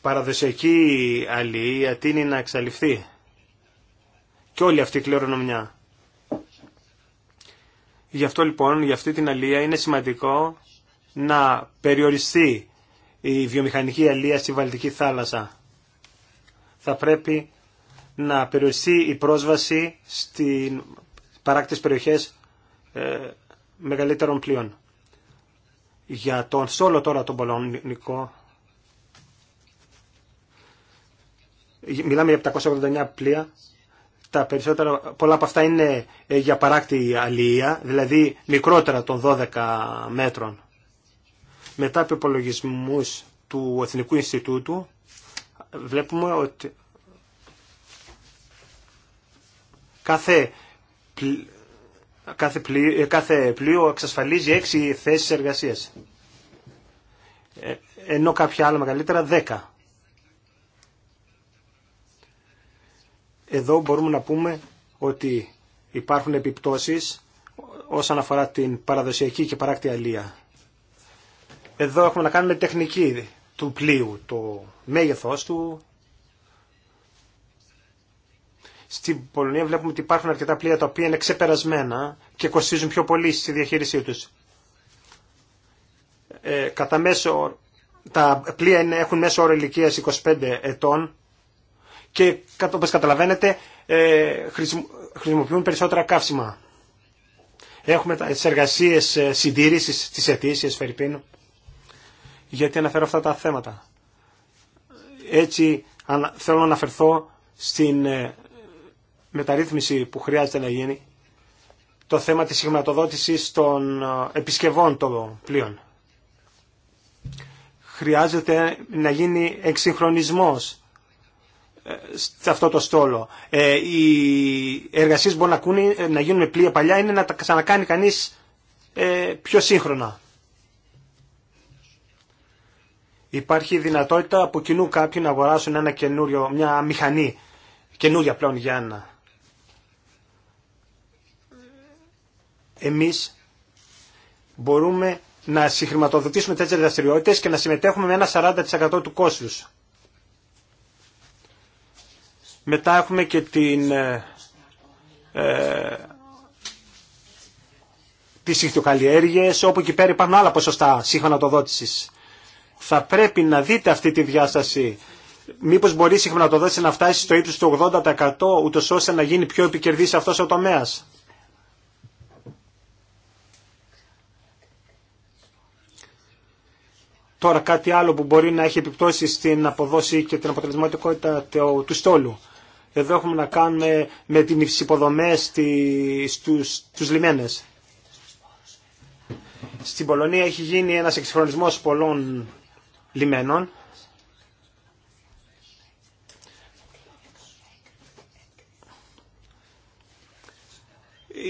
παραδοσιακή αλληλεία τίνει να εξαλειφθεί και όλη αυτή η κληρονομιά. Γι' αυτό λοιπόν, για αυτή την αλία είναι σημαντικό να περιοριστεί η βιομηχανική αλία στη Βαλτική θάλασσα. Θα πρέπει να περιοριστεί η πρόσβαση στην παράκτης περιοχές ε, μεγαλύτερων πλοίων. Για τον σόλο τώρα τον πολωνικό μιλάμε για 789 πλοία τα πολλά από αυτά είναι ε, για παράκτη αλληλεία, δηλαδή μικρότερα των 12 μέτρων. Μετά από υπολογισμού του Εθνικού Ινστιτούτου, βλέπουμε ότι κάθε, κάθε, πλοίο, ε, κάθε πλοίο εξασφαλίζει 6 θέσεις εργασίας. Ε, ενώ κάποια άλλα μεγαλύτερα 10. Εδώ μπορούμε να πούμε ότι υπάρχουν επιπτώσεις όσον αφορά την παραδοσιακή και παράκτη αλία. Εδώ έχουμε να κάνουμε τεχνική του πλοίου, το μέγεθός του. Στην Πολωνία βλέπουμε ότι υπάρχουν αρκετά πλοία τα οποία είναι ξεπερασμένα και κοστίζουν πιο πολύ στη διαχείρισή τους. Ε, κατά μέσο, τα πλοία είναι, έχουν μέσο όρο ηλικίας 25 ετών και όπως καταλαβαίνετε ε, χρησιμοποιούν περισσότερα καύσιμα. Έχουμε τις εργασίες ε, συντήρησης της αιτήσιας Φερρυπίνου. Γιατί αναφέρω αυτά τα θέματα. Έτσι θέλω να αναφερθώ στην ε, μεταρρύθμιση που χρειάζεται να γίνει το θέμα της χρηματοδότησης των επισκευών των πλοίων. Χρειάζεται να γίνει εξυγχρονισμός σε αυτό το στόλο. Ε, οι εργασίες μπορούν να, να γίνουν με πλοία παλιά είναι να τα ξανακάνει κανείς ε, πιο σύγχρονα. Υπάρχει δυνατότητα από κοινού κάποιοι να αγοράσουν ένα καινούριο, μια μηχανή, καινούρια πλέον για να Εμείς μπορούμε να συγχρηματοδοτήσουμε τέτοιες δραστηριότητες και να συμμετέχουμε με ένα 40% του κόστους. Μετά έχουμε και την, ε, ε τις όπου εκεί πέρα υπάρχουν άλλα ποσοστά συγχρονατοδότησης. Θα πρέπει να δείτε αυτή τη διάσταση. Μήπως μπορεί η συγχρονατοδότηση να φτάσει στο ύψος του 80% ούτως ώστε να γίνει πιο επικερδής αυτός ο τομέας. Τώρα κάτι άλλο που μπορεί να έχει επιπτώσει στην αποδόση και την αποτελεσματικότητα του στόλου. Εδώ έχουμε να κάνουμε με την υψηποδομέ στους, στους λιμένες. Στην Πολωνία έχει γίνει ένας εξυγχρονισμός πολλών λιμένων.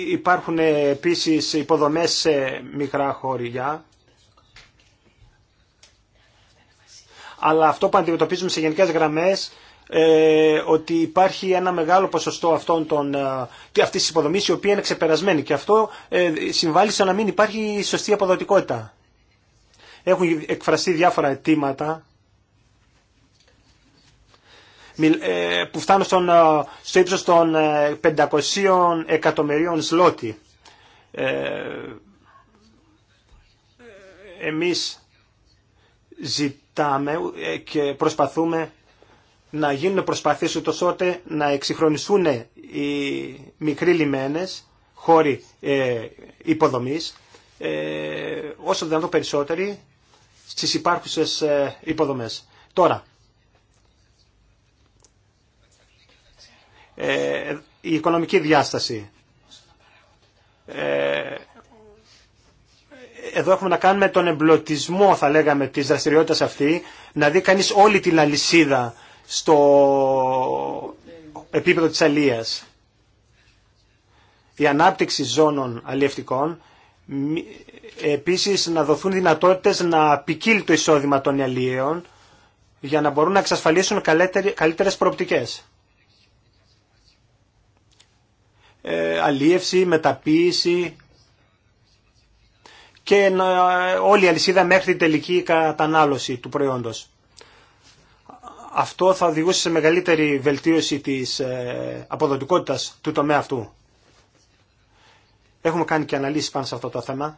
Υπάρχουν επίσης υποδομές σε μικρά χωριά. Αλλά αυτό που αντιμετωπίζουμε σε γενικές γραμμές ε, ότι υπάρχει ένα μεγάλο ποσοστό αυτών των, ε, αυτής της υποδομής η οποία είναι ξεπερασμένη και αυτό ε, συμβάλλει στο να μην υπάρχει σωστή αποδοτικότητα. Έχουν εκφραστεί διάφορα αιτήματα που φτάνουν στον, στο ύψος των 500 εκατομμυρίων σλότη. εμείς ζητάμε και προσπαθούμε να γίνουν προσπαθήσεις ούτως ώστε να εξυγχρονιστούν οι μικροί λιμένες, χώροι ε, υποδομής, ε, όσο δυνατόν περισσότεροι στις υπάρχουσες ε, υποδομές. Τώρα, ε, η οικονομική διάσταση. Ε, εδώ έχουμε να κάνουμε τον εμπλωτισμό, θα λέγαμε, της δραστηριότητας αυτή, να δει κανείς όλη την αλυσίδα στο επίπεδο της αλίας. Η ανάπτυξη ζώνων αλλιευτικών επίσης να δοθούν δυνατότητες να ποικίλει το εισόδημα των αλλιέων για να μπορούν να εξασφαλίσουν καλύτερες προοπτικές. Ε, αλίευση, μεταποίηση και όλη η αλυσίδα μέχρι την τελική κατανάλωση του προϊόντος αυτό θα οδηγούσε σε μεγαλύτερη βελτίωση της ε, αποδοτικότητας του τομέα αυτού. Έχουμε κάνει και αναλύσεις πάνω σε αυτό το θέμα.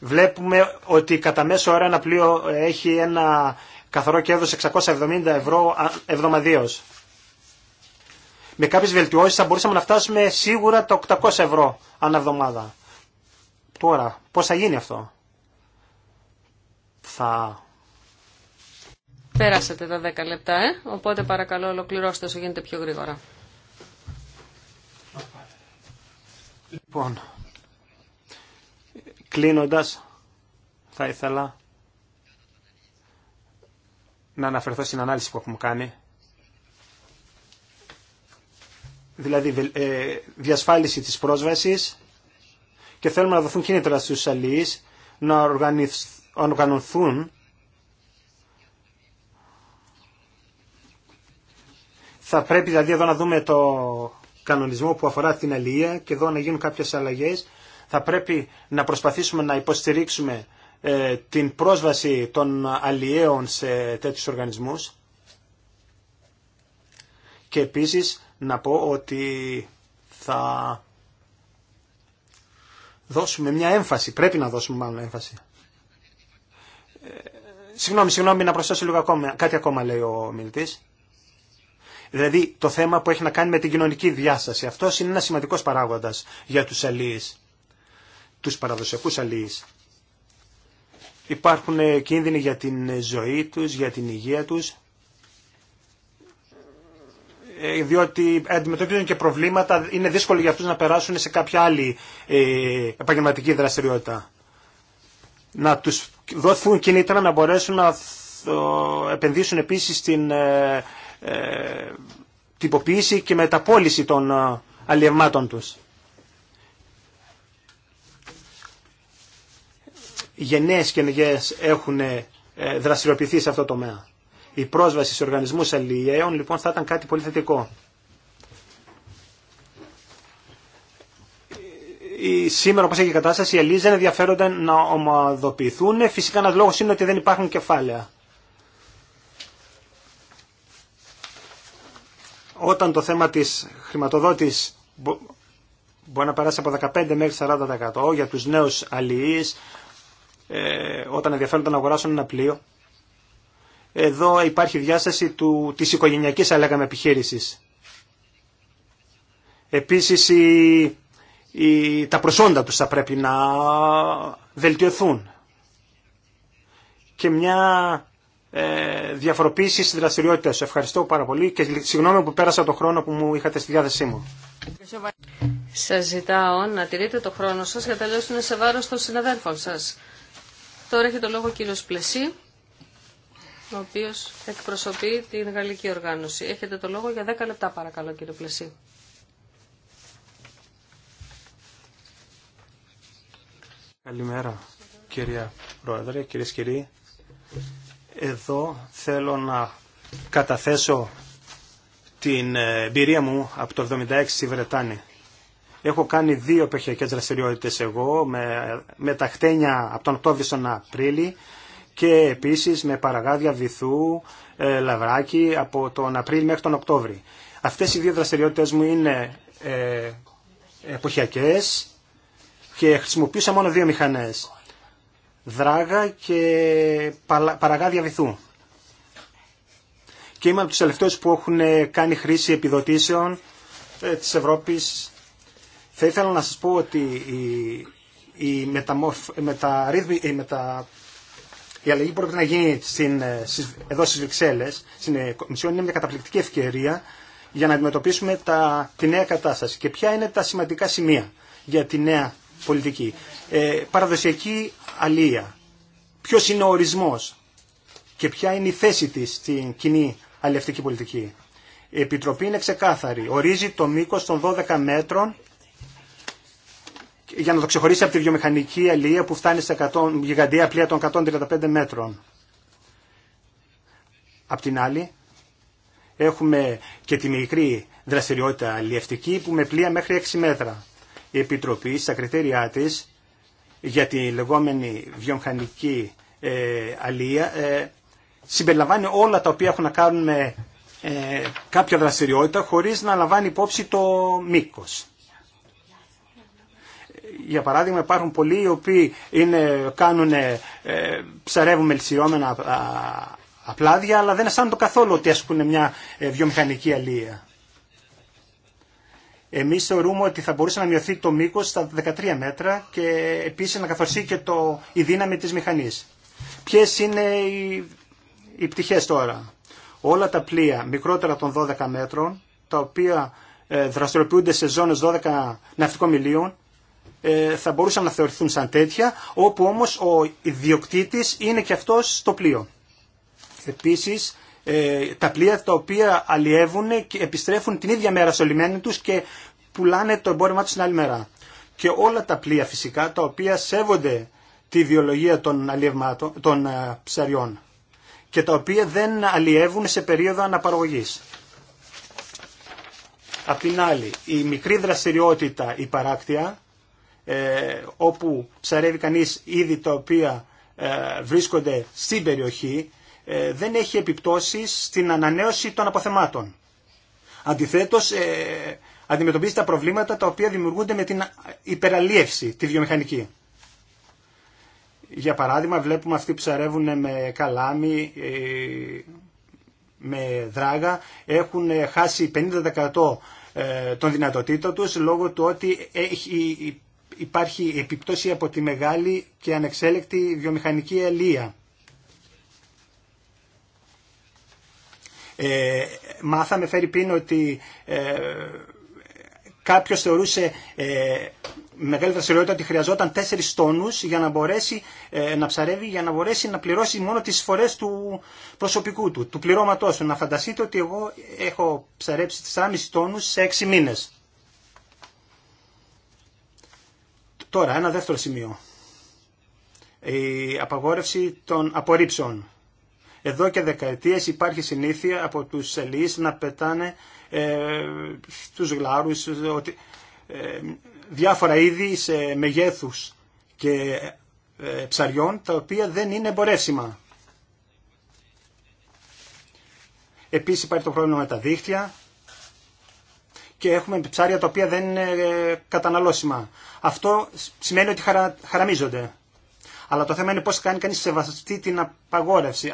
Βλέπουμε ότι κατά μέσο ώρα ένα πλοίο έχει ένα καθαρό κέρδος 670 ευρώ εβδομαδίως με κάποιε βελτιώσει θα μπορούσαμε να φτάσουμε σίγουρα τα 800 ευρώ ανά εβδομάδα. Τώρα, πώ θα γίνει αυτό. Θα... Πέρασατε τα 10 λεπτά, ε. οπότε παρακαλώ ολοκληρώστε όσο γίνεται πιο γρήγορα. Λοιπόν, κλείνοντας, θα ήθελα να αναφερθώ στην ανάλυση που έχουμε κάνει δηλαδή ε, διασφάλιση της πρόσβασης και θέλουμε να δοθούν κίνητρα στους αλληλείς να οργανωθούν Θα πρέπει δηλαδή εδώ να δούμε το κανονισμό που αφορά την αλληλεία και εδώ να γίνουν κάποιες αλλαγές. Θα πρέπει να προσπαθήσουμε να υποστηρίξουμε ε, την πρόσβαση των αλλιέων σε τέτοιους οργανισμούς και επίσης να πω ότι θα δώσουμε μια έμφαση, πρέπει να δώσουμε μάλλον έμφαση. Ε, συγγνώμη, συγγνώμη, να προσθέσω λίγο ακόμα, κάτι ακόμα λέει ο μιλητής. Δηλαδή το θέμα που έχει να κάνει με την κοινωνική διάσταση. Αυτό είναι ένα σημαντικός παράγοντας για τους αλίες, τους παραδοσιακούς αλίες. Υπάρχουν κίνδυνοι για την ζωή τους, για την υγεία τους. Ε, διότι αντιμετωπίζουν και προβλήματα, είναι δύσκολο για αυτούς να περάσουν σε κάποια άλλη ε, επαγγελματική δραστηριότητα. Να τους δοθούν κινήτρα να μπορέσουν να επενδύσουν επίσης στην ε, τυποποίηση και μεταπόληση των αλλιευμάτων τους. Γενναίες και νεγές έχουν δραστηριοποιηθεί σε αυτό το τομέα η πρόσβαση σε οργανισμούς αλληλεγγύων λοιπόν θα ήταν κάτι πολύ θετικό. Ε, ε, σήμερα όπως έχει η κατάσταση οι αλληλείς δεν ενδιαφέρονται να ομαδοποιηθούν. Φυσικά ένας λόγος είναι ότι δεν υπάρχουν κεφάλαια. Όταν το θέμα της χρηματοδότης μπορεί να περάσει από 15 μέχρι 40% για τους νέους αλληλεί, ε, όταν ενδιαφέρονται να αγοράσουν ένα πλοίο εδώ υπάρχει διάσταση του, της οικογενειακής λέγαμε επιχείρησης. Επίσης η, τα προσόντα τους θα πρέπει να βελτιωθούν και μια ε, διαφοροποίηση στις δραστηριότητες. Ευχαριστώ πάρα πολύ και συγγνώμη που πέρασα το χρόνο που μου είχατε στη διάθεσή μου. Σας ζητάω να τηρείτε το χρόνο σας για να σε βάρος των συναδέλφων σας. Τώρα έχει το λόγο ο κύριος Πλεσί ο οποίο εκπροσωπεί την γαλλική οργάνωση. Έχετε το λόγο για 10 λεπτά παρακαλώ κύριε Πλεσί. Καλημέρα κυρία Πρόεδρε, κύριε και κύριοι. Εδώ θέλω να καταθέσω την εμπειρία μου από το 76 στη Βρετάνη. Έχω κάνει δύο παιχνιακές δραστηριότητες εγώ με, με τα χτένια από τον Οκτώβριο στον Απρίλη και επίσης με παραγάδια βυθού, ε, λαβράκι από τον Απρίλιο μέχρι τον Οκτώβριο. Αυτές οι δύο δραστηριότητες μου είναι ε, εποχιακές και χρησιμοποιούσα μόνο δύο μηχανές. Δράγα και παραγάδια βυθού. Και είμαι από τους τελευταίους που έχουν κάνει χρήση επιδοτήσεων ε, της Ευρώπης. Θα ήθελα να σας πω ότι η, η, μεταμορφ, η η αλλαγή που πρέπει να γίνει στην, ε, εδώ στι Βρυξέλλε, στην ε, Κομισιόν, είναι μια καταπληκτική ευκαιρία για να αντιμετωπίσουμε τα, τη νέα κατάσταση. Και ποια είναι τα σημαντικά σημεία για τη νέα πολιτική. Ε, παραδοσιακή αλία. Ποιο είναι ο ορισμό και ποια είναι η θέση τη στην κοινή αλληλευτική πολιτική. Η Επιτροπή είναι ξεκάθαρη. Ορίζει το μήκο των 12 μέτρων για να το ξεχωρίσει από τη βιομηχανική αλληλεία που φτάνει σε 100, γιγαντία πλοία των 135 μέτρων. Απ' την άλλη, έχουμε και τη μικρή δραστηριότητα αλληλευτική που με πλοία μέχρι 6 μέτρα. Η Επιτροπή στα κριτήριά της για τη λεγόμενη βιομηχανική ε, αλληλεία ε, συμπεριλαμβάνει όλα τα οποία έχουν να κάνουν με ε, κάποια δραστηριότητα χωρίς να λαμβάνει υπόψη το μήκος για παράδειγμα υπάρχουν πολλοί οι οποίοι είναι, κάνουν, ε, ψαρεύουν απλάδια αλλά δεν αισθάνονται καθόλου ότι ασκούν μια ε, βιομηχανική αλία. Εμείς θεωρούμε ότι θα μπορούσε να μειωθεί το μήκος στα 13 μέτρα και επίσης να καθοριστεί και το, η δύναμη της μηχανής. Ποιες είναι οι, οι πτυχές τώρα. Όλα τα πλοία μικρότερα των 12 μέτρων, τα οποία ε, δραστηριοποιούνται σε ζώνες 12 ναυτικών μιλίων, ε, θα μπορούσαν να θεωρηθούν σαν τέτοια, όπου όμως ο ιδιοκτήτης είναι και αυτός στο πλοίο. Επίσης, ε, τα πλοία τα οποία αλλιεύουν και επιστρέφουν την ίδια μέρα στο λιμένι τους και πουλάνε το εμπόρευμα τους την άλλη μέρα. Και όλα τα πλοία φυσικά τα οποία σέβονται τη βιολογία των, των ε, ψαριών και τα οποία δεν αλλιεύουν σε περίοδο αναπαραγωγής. Απ' την άλλη, η μικρή δραστηριότητα, η ε, όπου ψαρεύει κανείς είδη τα οποία ε, βρίσκονται στην περιοχή ε, δεν έχει επιπτώσεις στην ανανέωση των αποθεμάτων. Αντιθέτως αντιμετωπίζει τα προβλήματα τα οποία δημιουργούνται με την υπεραλίευση, τη βιομηχανική. Για παράδειγμα βλέπουμε αυτοί που ψαρεύουν με καλάμι, με δράγα, έχουν χάσει 50% των δυνατοτήτων τους λόγω του ότι υπάρχει επιπτώση από τη μεγάλη και ανεξέλεκτη βιομηχανική ελία. Ε, μάθαμε φέρει πίν ότι ε, κάποιος θεωρούσε ε, μεγάλη δραστηριότητα ότι χρειαζόταν τέσσερις τόνους για να μπορέσει ε, να ψαρεύει, για να μπορέσει να πληρώσει μόνο τις φορές του προσωπικού του, του πληρώματός του. Να φανταστείτε ότι εγώ έχω ψαρέψει 4,5 τόνους σε 6 μήνες. Τώρα, ένα δεύτερο σημείο. Η απαγόρευση των απορρίψεων. Εδώ και δεκαετίες υπάρχει συνήθεια από τους ελείς να πετάνε ε, στους γλάρους ότι, ε, διάφορα είδη σε μεγέθους και ε, ψαριών τα οποία δεν είναι εμπορεύσιμα. Επίσης υπάρχει το πρόβλημα με τα δίχτυα και έχουμε ψάρια τα οποία δεν είναι ε, καταναλώσιμα. Αυτό σημαίνει ότι χαραμίζονται. Αλλά το θέμα είναι πώς κάνει κανείς σεβαστή την απαγόρευση.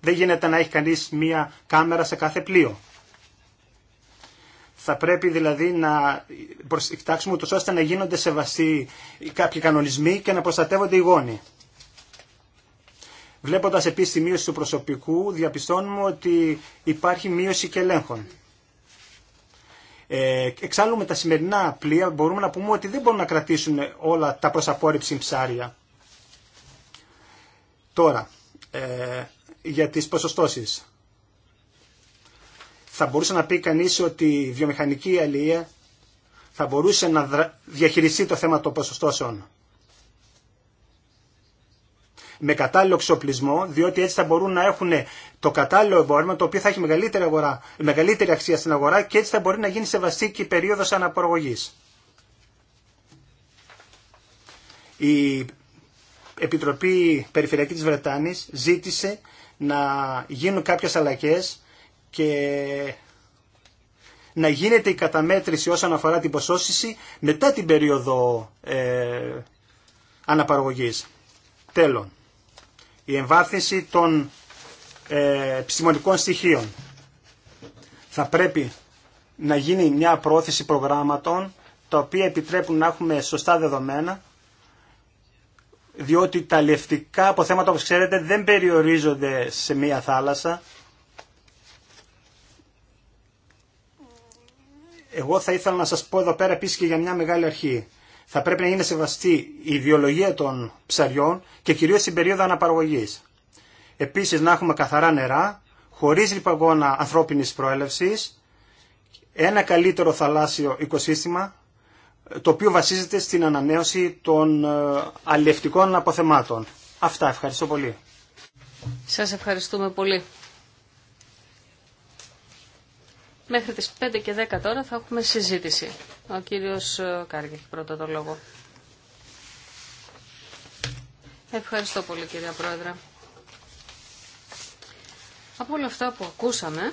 Δεν γίνεται να έχει κανείς μία κάμερα σε κάθε πλοίο. Θα πρέπει δηλαδή να κοιτάξουμε ούτως ώστε να γίνονται σεβαστοί κάποιοι κανονισμοί και να προστατεύονται οι γόνοι. Βλέποντας επίσης τη μείωση του προσωπικού, διαπιστώνουμε ότι υπάρχει μείωση και ελέγχων. Ε, εξάλλου με τα σημερινά πλοία μπορούμε να πούμε ότι δεν μπορούν να κρατήσουν όλα τα προσαπόρριψη ψάρια. Τώρα, ε, για τις ποσοστώσεις. Θα μπορούσε να πει κανείς ότι η βιομηχανική αλληλεία θα μπορούσε να διαχειριστεί το θέμα των ποσοστώσεων με κατάλληλο εξοπλισμό, διότι έτσι θα μπορούν να έχουν το κατάλληλο εμπόρευμα, το οποίο θα έχει μεγαλύτερη, μεγαλύτερη αξία στην αγορά και έτσι θα μπορεί να γίνει σεβαστή και η περίοδος αναπαραγωγή. Η Επιτροπή Περιφερειακή της Βρετάνης ζήτησε να γίνουν κάποιες αλλαγές και να γίνεται η καταμέτρηση όσον αφορά την ποσόστηση μετά την περίοδο ε, αναπαραγωγής. Τέλος η εμβάθυνση των ε, επιστημονικών στοιχείων. Θα πρέπει να γίνει μια πρόθεση προγράμματων τα οποία επιτρέπουν να έχουμε σωστά δεδομένα διότι τα λευτικά αποθέματα όπως ξέρετε δεν περιορίζονται σε μία θάλασσα. Εγώ θα ήθελα να σας πω εδώ πέρα επίσης και για μια μεγάλη αρχή θα πρέπει να είναι σεβαστή η βιολογία των ψαριών και κυρίως στην περίοδο αναπαραγωγής. Επίσης να έχουμε καθαρά νερά, χωρί λιπαγόνα ανθρώπινη προέλευσης, ένα καλύτερο θαλάσσιο οικοσύστημα, το οποίο βασίζεται στην ανανέωση των ε, αλληλευτικών αποθεμάτων. Αυτά, ευχαριστώ πολύ. Σας ευχαριστούμε πολύ. Μέχρι τις 5 και 10 τώρα θα έχουμε συζήτηση. Ο κύριος ε, Κάργη πρώτα το λόγο. Ευχαριστώ πολύ κυρία Πρόεδρε. Από όλα αυτά που ακούσαμε,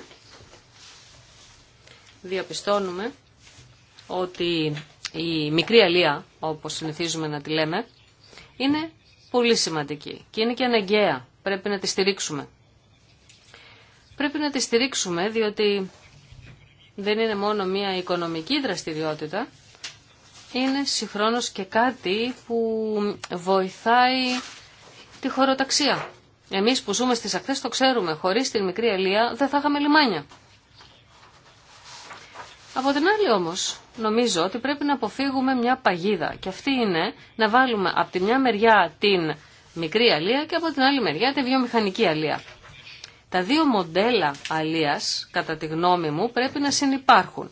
διαπιστώνουμε ότι η μικρή αλία, όπως συνηθίζουμε να τη λέμε, είναι πολύ σημαντική και είναι και αναγκαία. Πρέπει να τη στηρίξουμε. Πρέπει να τη στηρίξουμε διότι δεν είναι μόνο μια οικονομική δραστηριότητα, είναι συγχρόνως και κάτι που βοηθάει τη χωροταξία. Εμείς που ζούμε στις ακτές το ξέρουμε, χωρίς την μικρή Ελία δεν θα είχαμε λιμάνια. Από την άλλη όμως, νομίζω ότι πρέπει να αποφύγουμε μια παγίδα και αυτή είναι να βάλουμε από τη μια μεριά την μικρή αλία και από την άλλη μεριά τη βιομηχανική αλία. Τα δύο μοντέλα αλίας, κατά τη γνώμη μου, πρέπει να συνεπάρχουν.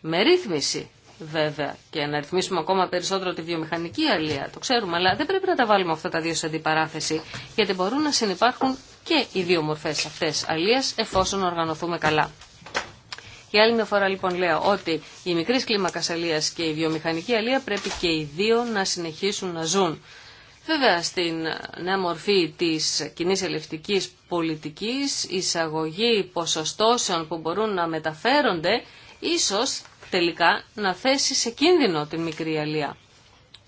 Με ρύθμιση βέβαια και να ρυθμίσουμε ακόμα περισσότερο τη βιομηχανική αλία, το ξέρουμε, αλλά δεν πρέπει να τα βάλουμε αυτά τα δύο σε αντιπαράθεση, γιατί μπορούν να συνεπάρχουν και οι δύο μορφές αυτές αλίας, εφόσον οργανωθούμε καλά. Για άλλη μια φορά λοιπόν λέω ότι η μικρή κλίμακα αλεία και η βιομηχανική αλεία πρέπει και οι δύο να συνεχίσουν να ζουν. Βέβαια, στην νέα μορφή της κοινή ελευτικής πολιτικής, εισαγωγή ποσοστώσεων που μπορούν να μεταφέρονται, ίσως τελικά να θέσει σε κίνδυνο την μικρή αλία.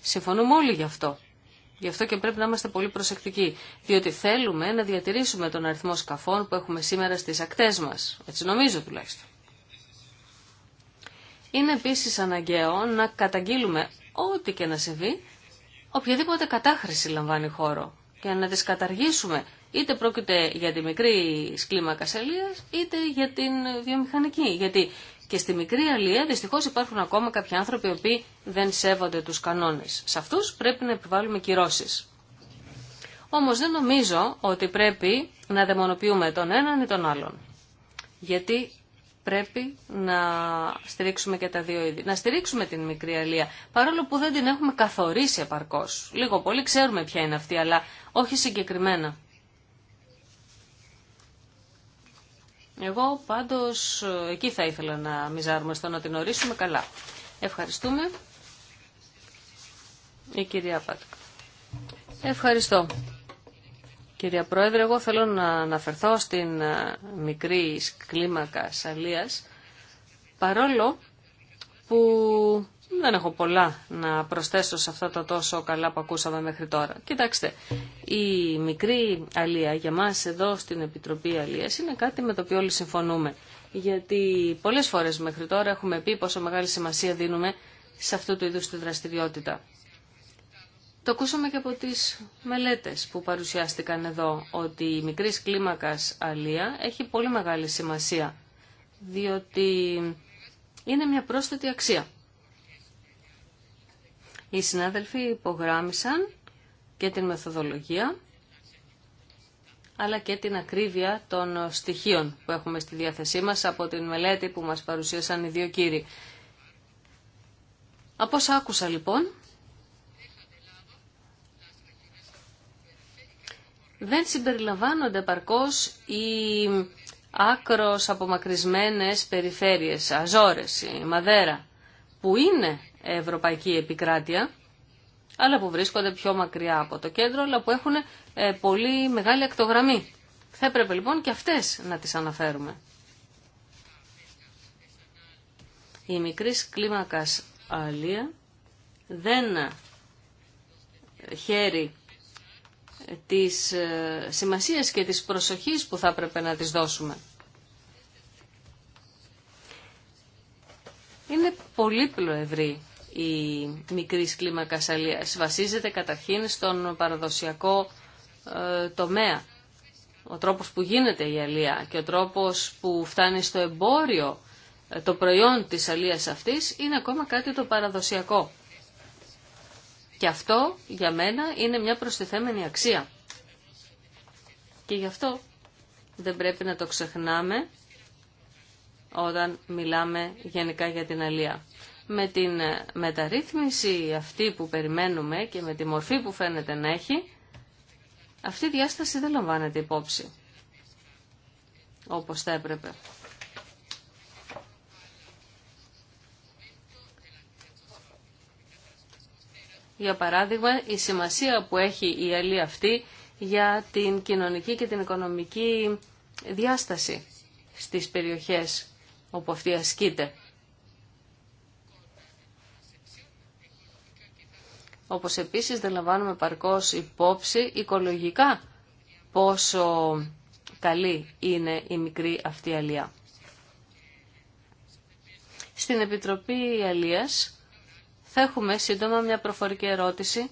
Συμφωνούμε όλοι γι' αυτό. Γι' αυτό και πρέπει να είμαστε πολύ προσεκτικοί, διότι θέλουμε να διατηρήσουμε τον αριθμό σκαφών που έχουμε σήμερα στις ακτές μας. Έτσι νομίζω τουλάχιστον. Είναι επίσης αναγκαίο να καταγγείλουμε ό,τι και να συμβεί, οποιαδήποτε κατάχρηση λαμβάνει χώρο και να τις καταργήσουμε είτε πρόκειται για τη μικρή σκλήμα κασελίας είτε για την βιομηχανική. Γιατί και στη μικρή αλία δυστυχώς υπάρχουν ακόμα κάποιοι άνθρωποι οι οποίοι δεν σέβονται τους κανόνες. Σε αυτούς πρέπει να επιβάλλουμε κυρώσεις. Όμως δεν νομίζω ότι πρέπει να δαιμονοποιούμε τον έναν ή τον άλλον. Γιατί πρέπει να στηρίξουμε και τα δύο είδη. Να στηρίξουμε την μικρή αλία, παρόλο που δεν την έχουμε καθορίσει επαρκώς. Λίγο πολύ ξέρουμε ποια είναι αυτή, αλλά όχι συγκεκριμένα. Εγώ πάντως εκεί θα ήθελα να μιζάρουμε στο να την ορίσουμε καλά. Ευχαριστούμε. Η κυρία Πάτκ. Ευχαριστώ. Κυρία Πρόεδρε, εγώ θέλω να αναφερθώ στην ε, μικρή κλίμακα σαλίας, παρόλο που δεν έχω πολλά να προσθέσω σε αυτά τα τόσο καλά που ακούσαμε μέχρι τώρα. Κοιτάξτε, η μικρή αλία για μας εδώ στην Επιτροπή Αλίας είναι κάτι με το οποίο όλοι συμφωνούμε. Γιατί πολλές φορές μέχρι τώρα έχουμε πει πόσο μεγάλη σημασία δίνουμε σε αυτού του είδους τη δραστηριότητα. Το ακούσαμε και από τις μελέτες που παρουσιάστηκαν εδώ, ότι η μικρής κλίμακας αλία έχει πολύ μεγάλη σημασία, διότι είναι μια πρόσθετη αξία. Οι συνάδελφοι υπογράμμισαν και την μεθοδολογία, αλλά και την ακρίβεια των στοιχείων που έχουμε στη διάθεσή μας από την μελέτη που μας παρουσίασαν οι δύο κύριοι. Από όσα άκουσα λοιπόν, δεν συμπεριλαμβάνονται παρκώς οι άκρος απομακρυσμένες περιφέρειες, Αζόρες, η Μαδέρα, που είναι ευρωπαϊκή επικράτεια, αλλά που βρίσκονται πιο μακριά από το κέντρο, αλλά που έχουν ε, πολύ μεγάλη ακτογραμμή. Θα έπρεπε λοιπόν και αυτές να τις αναφέρουμε. Η μικρής κλίμακας αλία δεν χαίρει της ε, σημασίας και της προσοχής που θα έπρεπε να τις δώσουμε. Είναι πολύ πλοευρή η μικρή κλίμακα αλίας. Βασίζεται καταρχήν στον παραδοσιακό ε, τομέα. Ο τρόπος που γίνεται η αλία και ο τρόπος που φτάνει στο εμπόριο ε, το προϊόν της αλίας αυτής είναι ακόμα κάτι το παραδοσιακό. Και αυτό για μένα είναι μια προστιθέμενη αξία. Και γι' αυτό δεν πρέπει να το ξεχνάμε όταν μιλάμε γενικά για την αλία. Με την μεταρρύθμιση αυτή που περιμένουμε και με τη μορφή που φαίνεται να έχει, αυτή η διάσταση δεν λαμβάνεται υπόψη όπως θα έπρεπε. για παράδειγμα, η σημασία που έχει η Αλία αυτή για την κοινωνική και την οικονομική διάσταση στις περιοχές όπου αυτή ασκείται. Όπως επίσης δεν λαμβάνουμε παρκώς υπόψη οικολογικά πόσο καλή είναι η μικρή αυτή αλία. Στην Επιτροπή Αλίας θα έχουμε σύντομα μια προφορική ερώτηση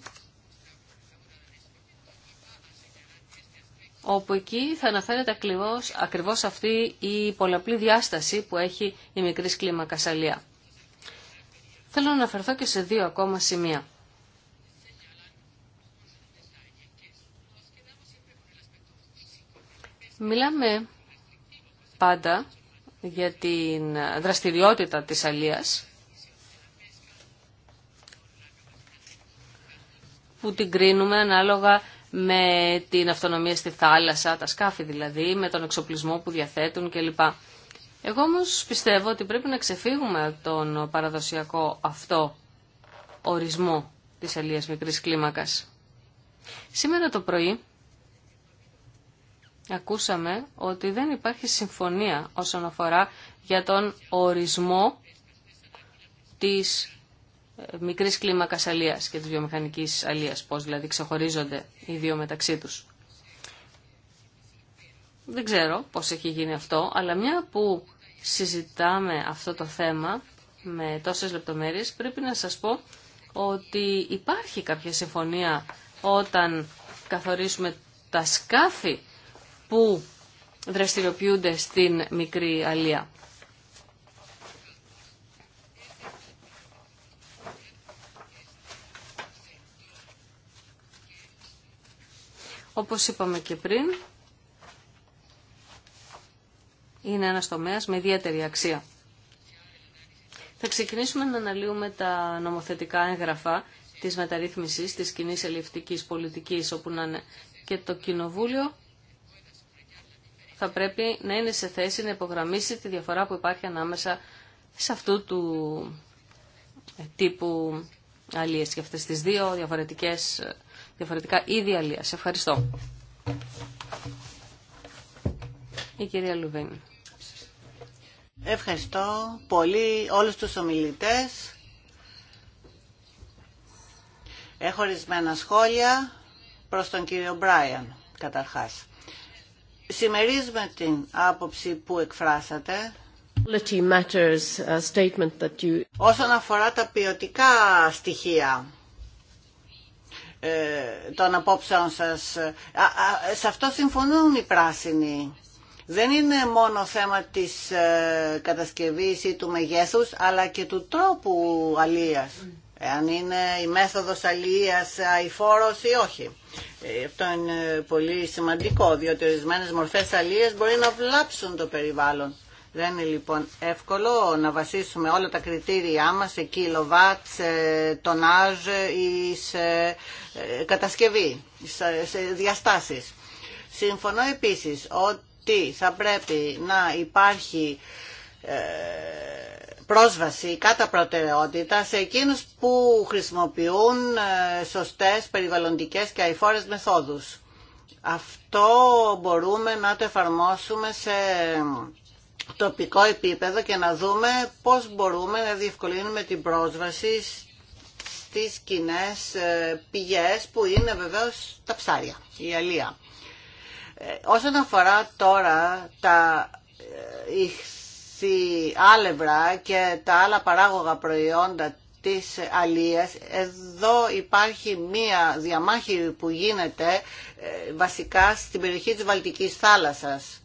όπου εκεί θα αναφέρεται ακριβώς, ακριβώς αυτή η πολλαπλή διάσταση που έχει η μικρή κλίμακα σαλία. Θέλω να αναφερθώ και σε δύο ακόμα σημεία. Μιλάμε πάντα για την δραστηριότητα της αλίας που την κρίνουμε ανάλογα με την αυτονομία στη θάλασσα, τα σκάφη δηλαδή, με τον εξοπλισμό που διαθέτουν κλπ. Εγώ όμω πιστεύω ότι πρέπει να ξεφύγουμε τον παραδοσιακό αυτό ορισμό της αλίας μικρής κλίμακας. Σήμερα το πρωί ακούσαμε ότι δεν υπάρχει συμφωνία όσον αφορά για τον ορισμό της Μικρή κλίμακα αλεία και τη βιομηχανική αλίας, πώς δηλαδή ξεχωρίζονται οι δύο μεταξύ τους. Δεν ξέρω πώς έχει γίνει αυτό, αλλά μια που συζητάμε αυτό το θέμα με τόσες λεπτομέρειες, πρέπει να σας πω ότι υπάρχει κάποια συμφωνία όταν καθορίσουμε τα σκάφη που δραστηριοποιούνται στην μικρή αλία. Όπως είπαμε και πριν, είναι ένας τομέας με ιδιαίτερη αξία. Θα ξεκινήσουμε να αναλύουμε τα νομοθετικά έγγραφα της μεταρρύθμισης της κοινή ελευθερικής πολιτικής όπου να είναι και το Κοινοβούλιο θα πρέπει να είναι σε θέση να υπογραμμίσει τη διαφορά που υπάρχει ανάμεσα σε αυτού του τύπου αλλιές και αυτές τις δύο διαφορετικές ε, διαφορετικά ήδη σε Ευχαριστώ. Η κυρία Λουβένη. Ευχαριστώ πολύ όλους τους ομιλητές. Έχω ορισμένα σχόλια προς τον κύριο Μπράιαν, καταρχάς. Συμμερίζουμε την άποψη που εκφράσατε uh, Όσον αφορά τα ποιοτικά στοιχεία ε, των απόψεων σας. Σε αυτό συμφωνούν οι πράσινοι. Δεν είναι μόνο θέμα της ε, κατασκευής ή του μεγέθους, αλλά και του τρόπου αλίας. Αν είναι η μέθοδος αλίας αηφόρος ή όχι. Ε, αυτό είναι πολύ σημαντικό, διότι ορισμένε μορφές αλίας μπορεί να βλάψουν το περιβάλλον. Δεν είναι λοιπόν εύκολο να βασίσουμε όλα τα κριτήριά μας σε κιλοβάτ, σε τονάζ ή σε ε, κατασκευή, σε διαστάσεις. Συμφωνώ επίσης ότι θα πρέπει να υπάρχει ε, πρόσβαση κατά προτεραιότητα σε εκείνους που χρησιμοποιούν ε, σωστές περιβαλλοντικές και αηφόρες μεθόδους. Αυτό μπορούμε να το εφαρμόσουμε σε τοπικό επίπεδο και να δούμε πώς μπορούμε να διευκολύνουμε την πρόσβαση στις κοινέ ε, πηγές που είναι βεβαίως τα ψάρια, η αλία. Ε, όσον αφορά τώρα τα ε, άλευρα και τα άλλα παράγωγα προϊόντα της αλίας, εδώ υπάρχει μία διαμάχη που γίνεται βασικά στην περιοχή της Βαλτικής θάλασσας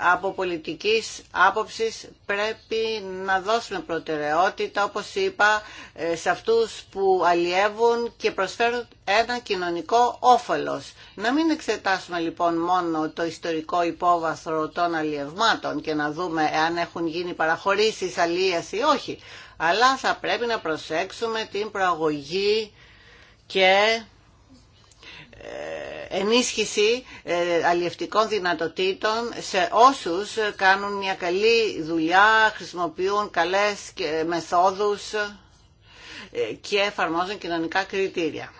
από πολιτικής άποψης πρέπει να δώσουμε προτεραιότητα, όπως είπα, ε, σε αυτούς που αλλιεύουν και προσφέρουν ένα κοινωνικό όφελος. Να μην εξετάσουμε λοιπόν μόνο το ιστορικό υπόβαθρο των αλλιευμάτων και να δούμε αν έχουν γίνει παραχωρήσεις αλλίες ή όχι, αλλά θα πρέπει να προσέξουμε την προαγωγή και ενίσχυση ε, αλλιευτικών δυνατοτήτων σε όσους κάνουν μια καλή δουλειά, χρησιμοποιούν καλές μεθόδους ε, και εφαρμόζουν κοινωνικά κριτήρια.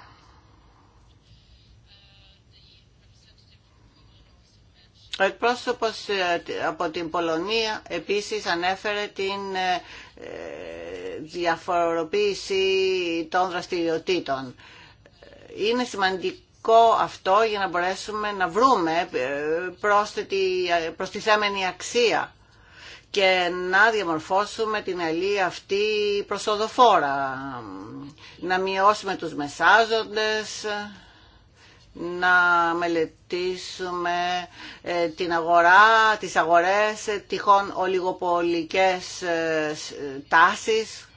Ο εκπρόσωπος ε, από την Πολωνία επίσης ανέφερε την διαφοροποίηση των δραστηριοτήτων. Είναι σημαντικό σημαντικό αυτό για να μπορέσουμε να βρούμε ε, πρόσθετη, ε, προστιθέμενη αξία και να διαμορφώσουμε την αλή αυτή προσοδοφόρα, να μειώσουμε τους μεσάζοντες, να μελετήσουμε ε, την αγορά, τις αγορές, τυχόν ολιγοπολικές τάσεις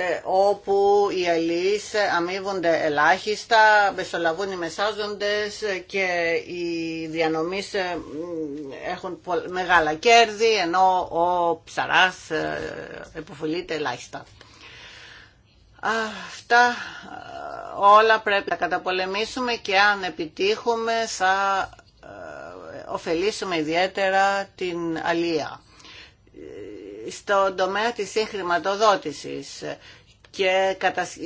ε, όπου οι αλληλείς αμείβονται ελάχιστα, μεσολαβούν οι μεσάζοντες και οι διανομής ε, έχουν μεγάλα κέρδη, ενώ ο ψαράς ε, επωφελείται ελάχιστα. Αυτά όλα πρέπει να καταπολεμήσουμε και αν επιτύχουμε θα ωφελήσουμε ιδιαίτερα την αλία στον τομέα της συγχρηματοδότησης και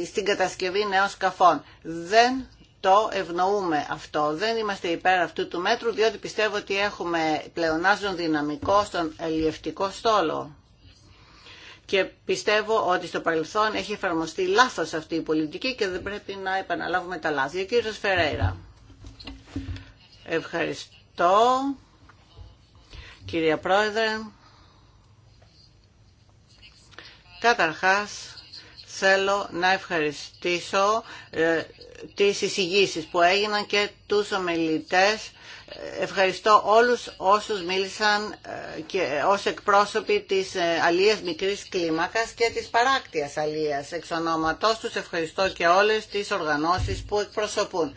στην κατασκευή νέων σκαφών. Δεν το ευνοούμε αυτό. Δεν είμαστε υπέρ αυτού του μέτρου, διότι πιστεύω ότι έχουμε πλεονάζον δυναμικό στον ελιευτικό στόλο. Και πιστεύω ότι στο παρελθόν έχει εφαρμοστεί λάθος αυτή η πολιτική και δεν πρέπει να επαναλάβουμε τα λάθη. Ο κύριος Ευχαριστώ. Κυρία Πρόεδρε. Καταρχάς, θέλω να ευχαριστήσω ε, τις εισηγήσεις που έγιναν και τους ομιλητές. Ευχαριστώ όλους όσους μίλησαν ε, και ως εκπρόσωποι της ε, αλίας μικρής κλίμακας και της παράκτιας αλίας. Εξ ονόματός τους ευχαριστώ και όλες τις οργανώσεις που εκπροσωπούν.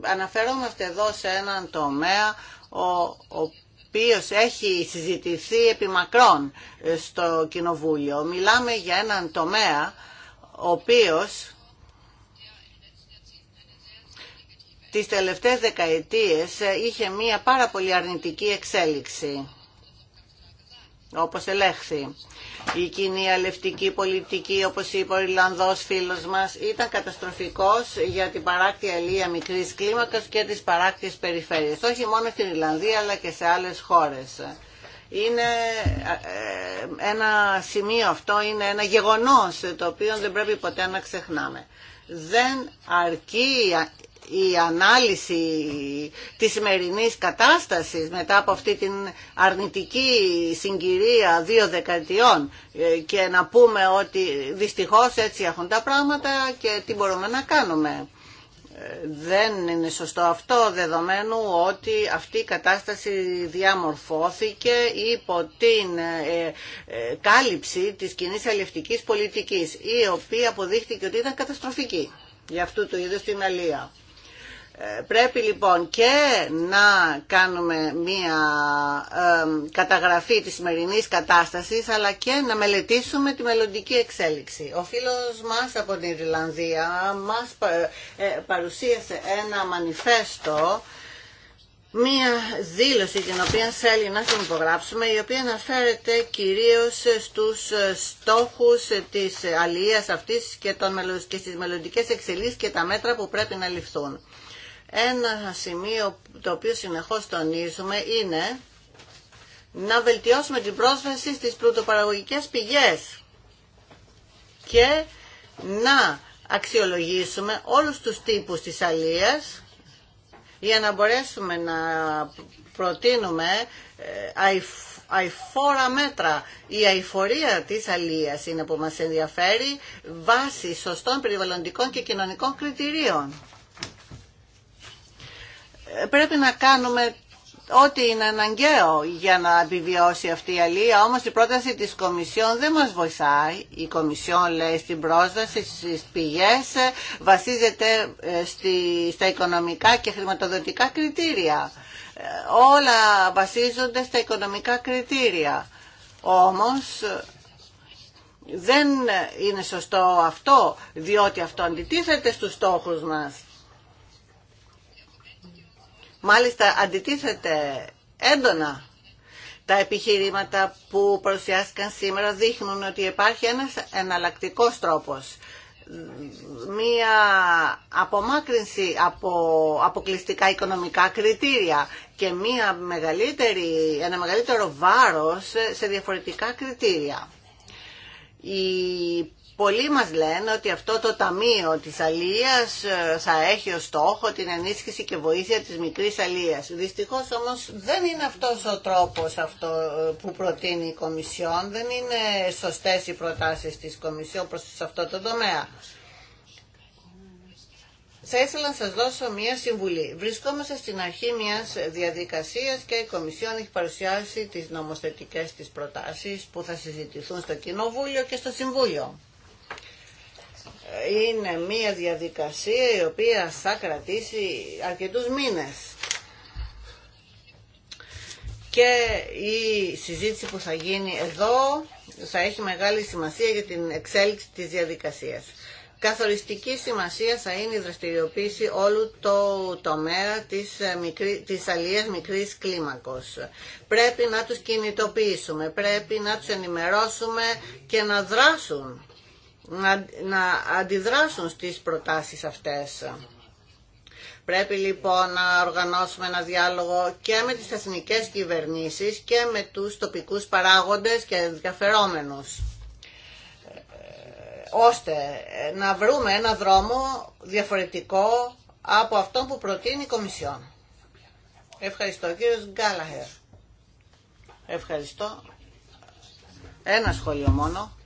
Αναφερόμαστε εδώ σε έναν τομέα ο οποίος έχει συζητηθεί επιμακρών ε, στο Κοινοβούλιο. Μιλάμε για έναν τομέα ο οποίος τις τελευταίες δεκαετίες ε, είχε μία πάρα πολύ αρνητική εξέλιξη όπως ελέγχθη. Η κοινή αλευτική πολιτική, όπως είπε ο Ιρλανδός φίλος μας, ήταν καταστροφικός για την παράκτη αλία μικρής κλίμακας και τις παράκτιες περιφέρειες. Όχι μόνο στην Ιρλανδία, αλλά και σε άλλες χώρες. Είναι ε, ένα σημείο αυτό, είναι ένα γεγονός το οποίο δεν πρέπει ποτέ να ξεχνάμε. Δεν αρκεί η ανάλυση της σημερινής κατάστασης μετά από αυτή την αρνητική συγκυρία δύο δεκαετιών ε, και να πούμε ότι δυστυχώς έτσι έχουν τα πράγματα και τι μπορούμε να κάνουμε. Ε, δεν είναι σωστό αυτό δεδομένου ότι αυτή η κατάσταση διαμορφώθηκε υπό την ε, κάλυψη της κοινής αλληλευτικής πολιτικής η οποία αποδείχθηκε ότι ήταν καταστροφική για αυτού του είδους την αλία. Ε, πρέπει λοιπόν και να κάνουμε μία καταγραφή της σημερινής κατάστασης αλλά και να μελετήσουμε τη μελλοντική εξέλιξη. Ο φίλος μας από την Ιρλανδία μας ε, ε, παρουσίασε ένα μανιφέστο, μία δήλωση την οποία θέλει να την υπογράψουμε η οποία αναφέρεται κυρίως στους στόχους της αλληλείας αυτής και, των, και στις μελλοντικές εξελίξεις και τα μέτρα που πρέπει να ληφθούν. Ένα σημείο το οποίο συνεχώς τονίζουμε είναι να βελτιώσουμε την πρόσβαση στις πλουτοπαραγωγικές πηγές και να αξιολογήσουμε όλους τους τύπους της αλίας για να μπορέσουμε να προτείνουμε ε, αηφόρα μέτρα. Η αηφορία της αλίας είναι που μας ενδιαφέρει βάσει σωστών περιβαλλοντικών και κοινωνικών κριτηρίων πρέπει να κάνουμε ό,τι είναι αναγκαίο για να επιβιώσει αυτή η αλία. Όμως η πρόταση της Κομισιόν δεν μας βοηθάει. Η Κομισιόν λέει στην πρόσβαση στις πηγές ε, βασίζεται ε, στα οικονομικά και χρηματοδοτικά κριτήρια. Ε, όλα βασίζονται στα οικονομικά κριτήρια. Όμως δεν είναι σωστό αυτό, διότι αυτό αντιτίθεται στους στόχους μας. Μάλιστα αντιτίθεται έντονα τα επιχειρήματα που παρουσιάστηκαν σήμερα δείχνουν ότι υπάρχει ένας εναλλακτικό τρόπος. Μία απομάκρυνση από αποκλειστικά οικονομικά κριτήρια και μία μεγαλύτερη, ένα μεγαλύτερο βάρος σε διαφορετικά κριτήρια. Η Πολλοί μας λένε ότι αυτό το ταμείο της αλίας ε, θα έχει ως στόχο την ενίσχυση και βοήθεια της μικρής αλίας. Δυστυχώς όμως δεν είναι αυτός ο τρόπος αυτό ε, που προτείνει η Κομισιόν, δεν είναι σωστές οι προτάσεις της Κομισιόν προς αυτό το τομέα. Θα ήθελα να σας δώσω μία συμβουλή. Βρισκόμαστε στην αρχή μιας διαδικασίας και η Κομισιόν έχει παρουσιάσει τις νομοθετικές της προτάσεις που θα συζητηθούν στο Κοινοβούλιο και στο Συμβούλιο είναι μία διαδικασία η οποία θα κρατήσει αρκετούς μήνες. Και η συζήτηση που θα γίνει εδώ θα έχει μεγάλη σημασία για την εξέλιξη της διαδικασίας. Καθοριστική σημασία θα είναι η δραστηριοποίηση όλου το τομέα της, ε, μικρή, της αλλίας μικρής κλίμακος. Πρέπει να τους κινητοποιήσουμε, πρέπει να τους ενημερώσουμε και να δράσουν να αντιδράσουν στις προτάσεις αυτές. Πρέπει λοιπόν να οργανώσουμε ένα διάλογο και με τις εθνικές κυβερνήσεις και με τους τοπικούς παράγοντες και ενδιαφερόμενους ώστε να βρούμε ένα δρόμο διαφορετικό από αυτό που προτείνει η Κομισιόν. Ευχαριστώ κύριος Γκάλαχερ. Ευχαριστώ. Ένα σχόλιο μόνο.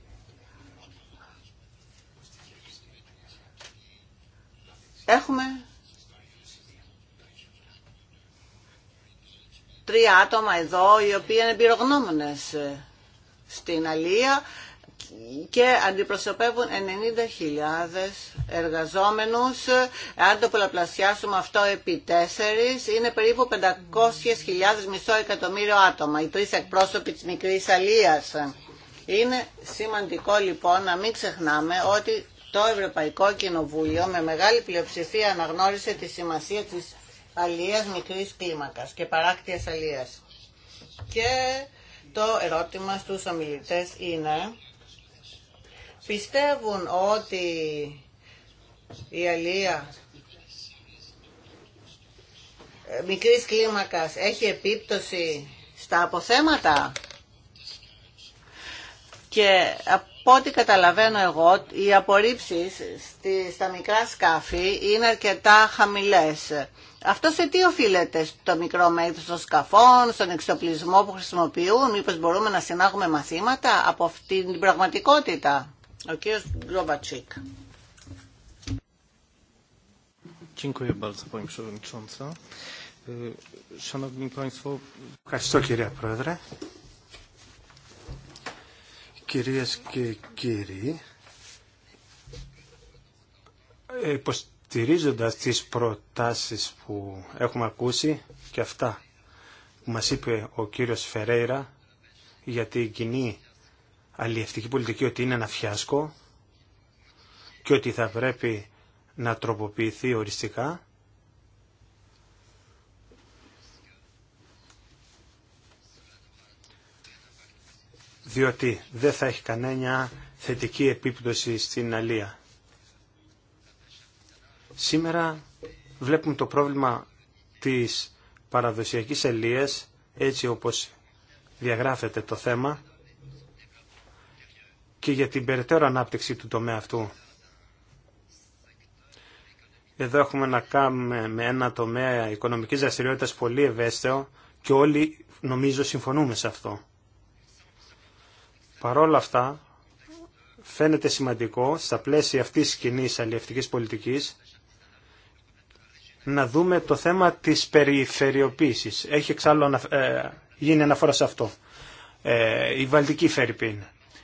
έχουμε τρία άτομα εδώ οι οποίοι είναι πυρογνώμονες ε, στην Αλία και αντιπροσωπεύουν 90.000 εργαζόμενους. Αν το πολλαπλασιάσουμε αυτό επί τέσσερις, είναι περίπου 500.000 μισό εκατομμύριο άτομα, οι τρεις εκπρόσωποι της μικρής αλίας. Είναι σημαντικό λοιπόν να μην ξεχνάμε ότι το Ευρωπαϊκό Κοινοβούλιο με μεγάλη πλειοψηφία αναγνώρισε τη σημασία της αλίας μικρής κλίμακας και παράκτιας αλίας. Και το ερώτημα στους ομιλητές είναι πιστεύουν ότι η αλία μικρής κλίμακας έχει επίπτωση στα αποθέματα και από ό,τι καταλαβαίνω εγώ, οι απορρίψεις στα μικρά σκάφη είναι αρκετά χαμηλές. Αυτό σε τι οφείλεται, στο μικρό μέγεθος των σκαφών, στον εξοπλισμό που χρησιμοποιούν, μήπως μπορούμε να συνάγουμε μαθήματα από αυτήν την πραγματικότητα. Ο κ. Γκρόβατσικ. Ευχαριστώ κυρία Πρόεδρε. Κυρίες και κύριοι, υποστηρίζοντας τις προτάσεις που έχουμε ακούσει και αυτά που μας είπε ο κύριος Φερέιρα για την κοινή αλλιευτική πολιτική ότι είναι ένα φιάσκο και ότι θα πρέπει να τροποποιηθεί οριστικά, διότι δεν θα έχει κανένα θετική επίπτωση στην αλία. Σήμερα βλέπουμε το πρόβλημα της παραδοσιακής αλίας έτσι όπως διαγράφεται το θέμα και για την περαιτέρω ανάπτυξη του τομέα αυτού. Εδώ έχουμε να κάνουμε με ένα τομέα οικονομικής δραστηριότητας πολύ ευαίσθητο και όλοι νομίζω συμφωνούμε σε αυτό. Παρόλα αυτά, φαίνεται σημαντικό στα πλαίσια αυτής της κοινή αλληλευτικής πολιτικής να δούμε το θέμα της περιφερειοποίησης. Έχει εξάλλου ε, γίνει αναφορά σε αυτό. Ε, η Βαλτική Φερρυπίν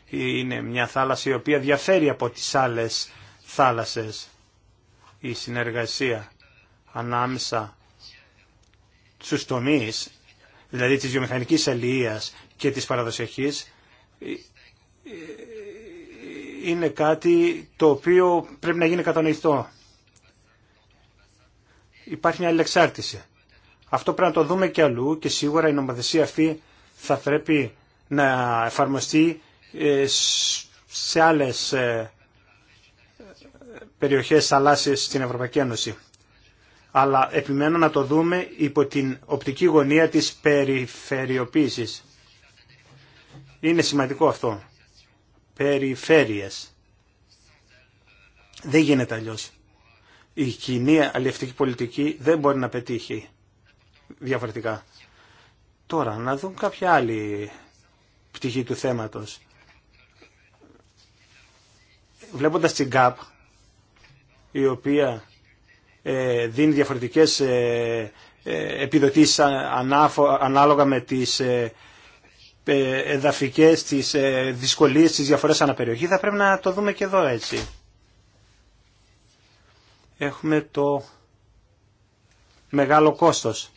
είναι μια θάλασσα η οποία διαφέρει από τις άλλες θάλασσες. Η συνεργασία ανάμεσα στους τομείς, δηλαδή της βιομηχανικής αλληλείας και της παραδοσιακής, είναι κάτι το οποίο πρέπει να γίνει κατανοητό. Υπάρχει μια αλληλεξάρτηση. Αυτό πρέπει να το δούμε και αλλού και σίγουρα η νομοθεσία αυτή θα πρέπει να εφαρμοστεί ε, σε άλλες ε, περιοχές θαλάσσιες στην Ευρωπαϊκή Ένωση. Αλλά επιμένω να το δούμε υπό την οπτική γωνία της περιφερειοποίησης. Είναι σημαντικό αυτό. Περιφέρειες. Δεν γίνεται αλλιώ. Η κοινή αλληλευτική πολιτική δεν μπορεί να πετύχει διαφορετικά. Τώρα, να δουν κάποια άλλη πτυχή του θέματος. Βλέποντας την ΚΑΠ, η οποία ε, δίνει διαφορετικές ε, ε, ε ανάλογα με τις ε, εδαφικές, τις ε, δυσκολίες, τις διαφορές αναπεριοχή, θα πρέπει να το δούμε και εδώ έτσι. Έχουμε το μεγάλο κόστος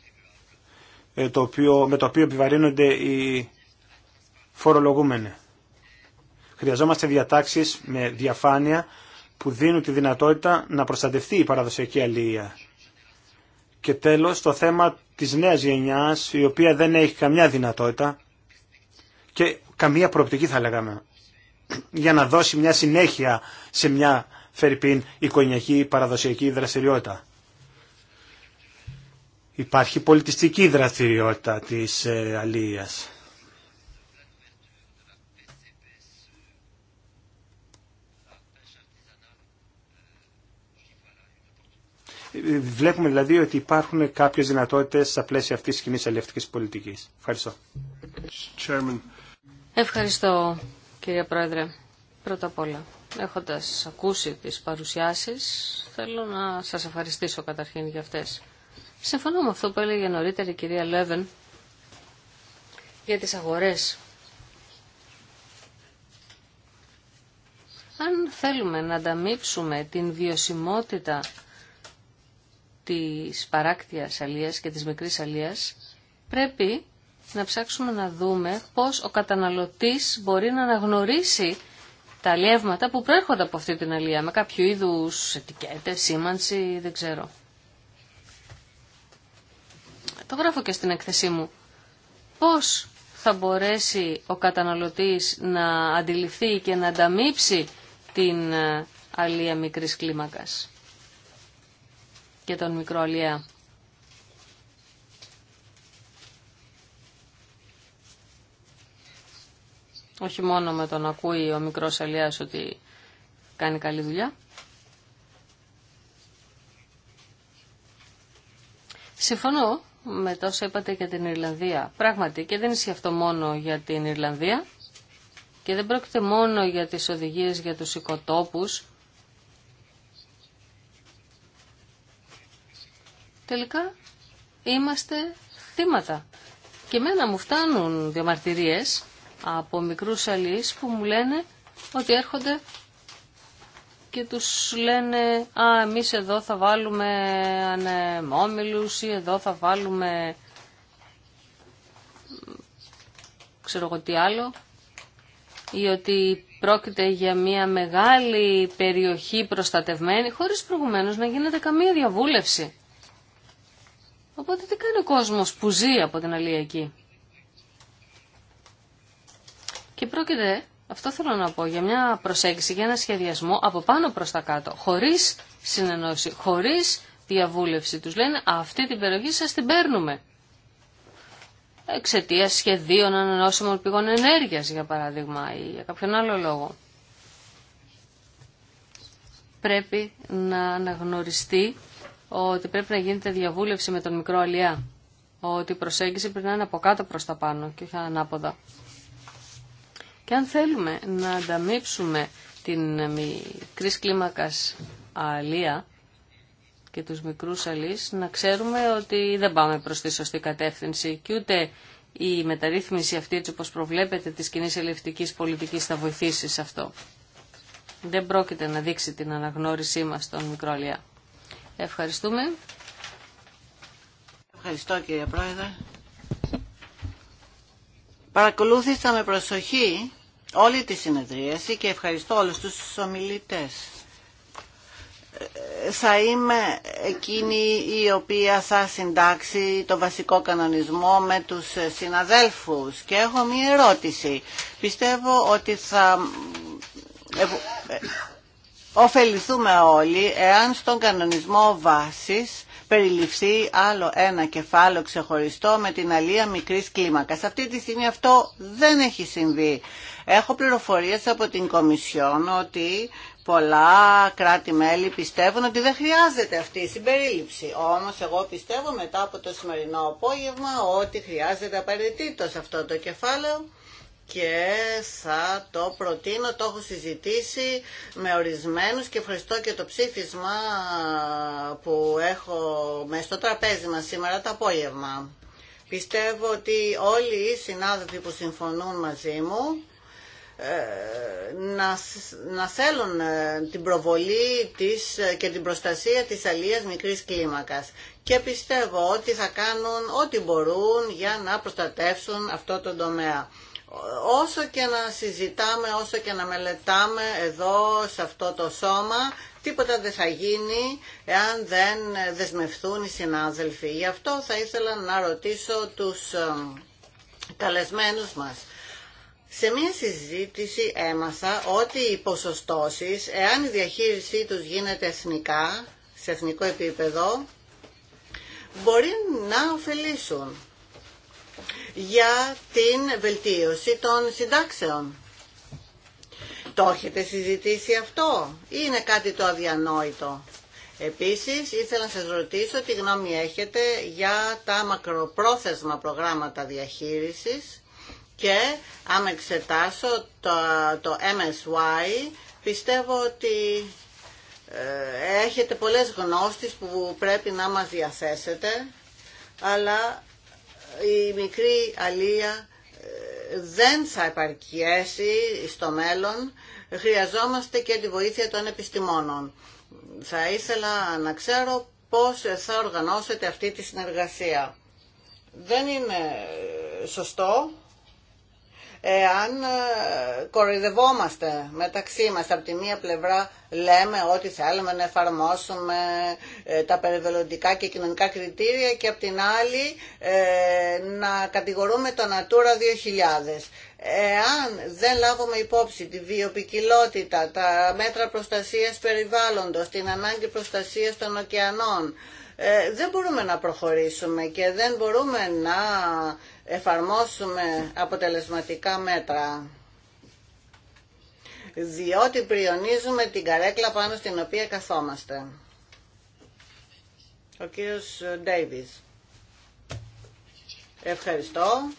ε, το με το οποίο επιβαρύνονται οι φορολογούμενοι. Χρειαζόμαστε διατάξεις με διαφάνεια που δίνουν τη δυνατότητα να προστατευτεί η παραδοσιακή αλληλεία. Και τέλος το θέμα της νέας γενιάς η οποία δεν έχει καμιά δυνατότητα και καμία προοπτική θα λέγαμε για να δώσει μια συνέχεια σε μια φερρυπίν εικονιακή παραδοσιακή δραστηριότητα. Υπάρχει πολιτιστική δραστηριότητα της ε, αλίας. Βλέπουμε δηλαδή ότι υπάρχουν κάποιες δυνατότητες στα πλαίσια αυτής της κοινής αλληλευτικής πολιτικής. Ευχαριστώ. Ευχαριστώ κύριε Πρόεδρε. Πρώτα απ' όλα, έχοντας ακούσει τις παρουσιάσεις, θέλω να σας ευχαριστήσω καταρχήν για αυτές. Συμφωνώ με αυτό που έλεγε νωρίτερα η κυρία Λέβεν για τις αγορές. Αν θέλουμε να ανταμείψουμε την βιωσιμότητα της παράκτιας αλίας και της μικρής αλίας, πρέπει να ψάξουμε να δούμε πώς ο καταναλωτής μπορεί να αναγνωρίσει τα αλλιεύματα που προέρχονται από αυτή την αλλία. με κάποιο είδους ετικέτες, σήμανση, δεν ξέρω. Το γράφω και στην εκθεσή μου. Πώς θα μπορέσει ο καταναλωτής να αντιληφθεί και να ανταμείψει την ε, αλία μικρής κλίμακας και τον μικρό όχι μόνο με τον ακούει ο μικρός Ελιάς ότι κάνει καλή δουλειά. Συμφωνώ με τόσα είπατε για την Ιρλανδία. Πράγματι και δεν ισχύει αυτό μόνο για την Ιρλανδία και δεν πρόκειται μόνο για τις οδηγίες για τους οικοτόπους. Τελικά είμαστε θύματα. Και μένα μου φτάνουν διαμαρτυρίες από μικρούς αλληλείς που μου λένε ότι έρχονται και τους λένε «Α, εμείς εδώ θα βάλουμε ανεμόμιλους ή εδώ θα βάλουμε ξέρω εγώ τι άλλο» ή ότι πρόκειται για μια μεγάλη περιοχή προστατευμένη χωρίς προηγουμένως να γίνεται καμία διαβούλευση. Οπότε τι κάνει ο κόσμος που ζει από την εκεί. Και πρόκειται, αυτό θέλω να πω, για μια προσέγγιση, για ένα σχεδιασμό από πάνω προς τα κάτω, χωρίς συνενώση, χωρίς διαβούλευση. Τους λένε αυτή την περιοχή σας την παίρνουμε. Εξαιτία σχεδίων ανανεώσιμων πηγών ενέργειας, για παράδειγμα, ή για κάποιον άλλο λόγο. Πρέπει να αναγνωριστεί ότι πρέπει να γίνεται διαβούλευση με τον μικρό αλιά. Ότι η προσέγγιση πρέπει να είναι από κάτω προς τα πάνω και όχι ανάποδα. Και αν θέλουμε να ανταμείψουμε την μικρή κλίμακα αλία και τους μικρούς αλείς, να ξέρουμε ότι δεν πάμε προς τη σωστή κατεύθυνση και ούτε η μεταρρύθμιση αυτή, έτσι όπως προβλέπετε, της κοινή ελευτικής πολιτικής θα βοηθήσει σε αυτό. Δεν πρόκειται να δείξει την αναγνώρισή μας στον μικρό αλία. Ευχαριστούμε. Ευχαριστώ κύριε Πρόεδρε. Παρακολούθησα με προσοχή όλη τη συνεδρίαση και ευχαριστώ όλους τους ομιλητές. Ε, θα είμαι εκείνη η οποία θα συντάξει το βασικό κανονισμό με τους συναδέλφους και έχω μία ερώτηση. Πιστεύω ότι θα ε, ε, ωφεληθούμε όλοι εάν στον κανονισμό βάσης περιληφθεί άλλο ένα κεφάλαιο ξεχωριστό με την αλία μικρής κλίμακας. Αυτή τη στιγμή αυτό δεν έχει συμβεί. Έχω πληροφορίες από την Κομισιόν ότι πολλά κράτη-μέλη πιστεύουν ότι δεν χρειάζεται αυτή η συμπερίληψη. Όμως εγώ πιστεύω μετά από το σημερινό απόγευμα ότι χρειάζεται απαραίτητο αυτό το κεφάλαιο και θα το προτείνω, το έχω συζητήσει με ορισμένους και ευχαριστώ και το ψήφισμα που έχω με στο τραπέζι μας σήμερα το απόγευμα. Πιστεύω ότι όλοι οι συνάδελφοι που συμφωνούν μαζί μου ε, να, να θέλουν ε, την προβολή της ε, και την προστασία της αλίας μικρής κλίμακας και πιστεύω ότι θα κάνουν ό,τι μπορούν για να προστατεύσουν αυτό το τομέα όσο και να συζητάμε, όσο και να μελετάμε εδώ σε αυτό το σώμα, τίποτα δεν θα γίνει εάν δεν δεσμευθούν οι συνάδελφοι. Γι' αυτό θα ήθελα να ρωτήσω τους ε, καλεσμένους μας. Σε μια συζήτηση έμαθα ότι οι ποσοστώσεις, εάν η διαχείρισή τους γίνεται εθνικά, σε εθνικό επίπεδο, μπορεί να ωφελήσουν για την βελτίωση των συντάξεων. Το έχετε συζητήσει αυτό ή είναι κάτι το αδιανόητο. Επίσης, ήθελα να σας ρωτήσω τι γνώμη έχετε για τα μακροπρόθεσμα προγράμματα διαχείρισης και άμα εξετάσω το, το MSY, πιστεύω ότι ε, έχετε πολλές γνώσεις που πρέπει να μας διαθέσετε, αλλά η μικρή αλία ε, δεν θα επαρκιέσει στο μέλλον. Χρειαζόμαστε και τη βοήθεια των επιστημόνων. Θα ήθελα να ξέρω πώς θα οργανώσετε αυτή τη συνεργασία. Δεν είναι σωστό εάν ε, κοροϊδευόμαστε μεταξύ μας. Από τη μία πλευρά λέμε ότι θέλουμε να εφαρμόσουμε ε, τα περιβαλλοντικά και κοινωνικά κριτήρια και από την άλλη ε, να κατηγορούμε το Natura 2000. Εάν δεν λάβουμε υπόψη τη βιοπικιλότητα, τα μέτρα προστασίας περιβάλλοντος, την ανάγκη προστασίας των ωκεανών, δεν μπορούμε να προχωρήσουμε και δεν μπορούμε να εφαρμόσουμε αποτελεσματικά μέτρα διότι πριονίζουμε την καρέκλα πάνω στην οποία καθόμαστε. Ο κύριος Ντέιβις. Ευχαριστώ.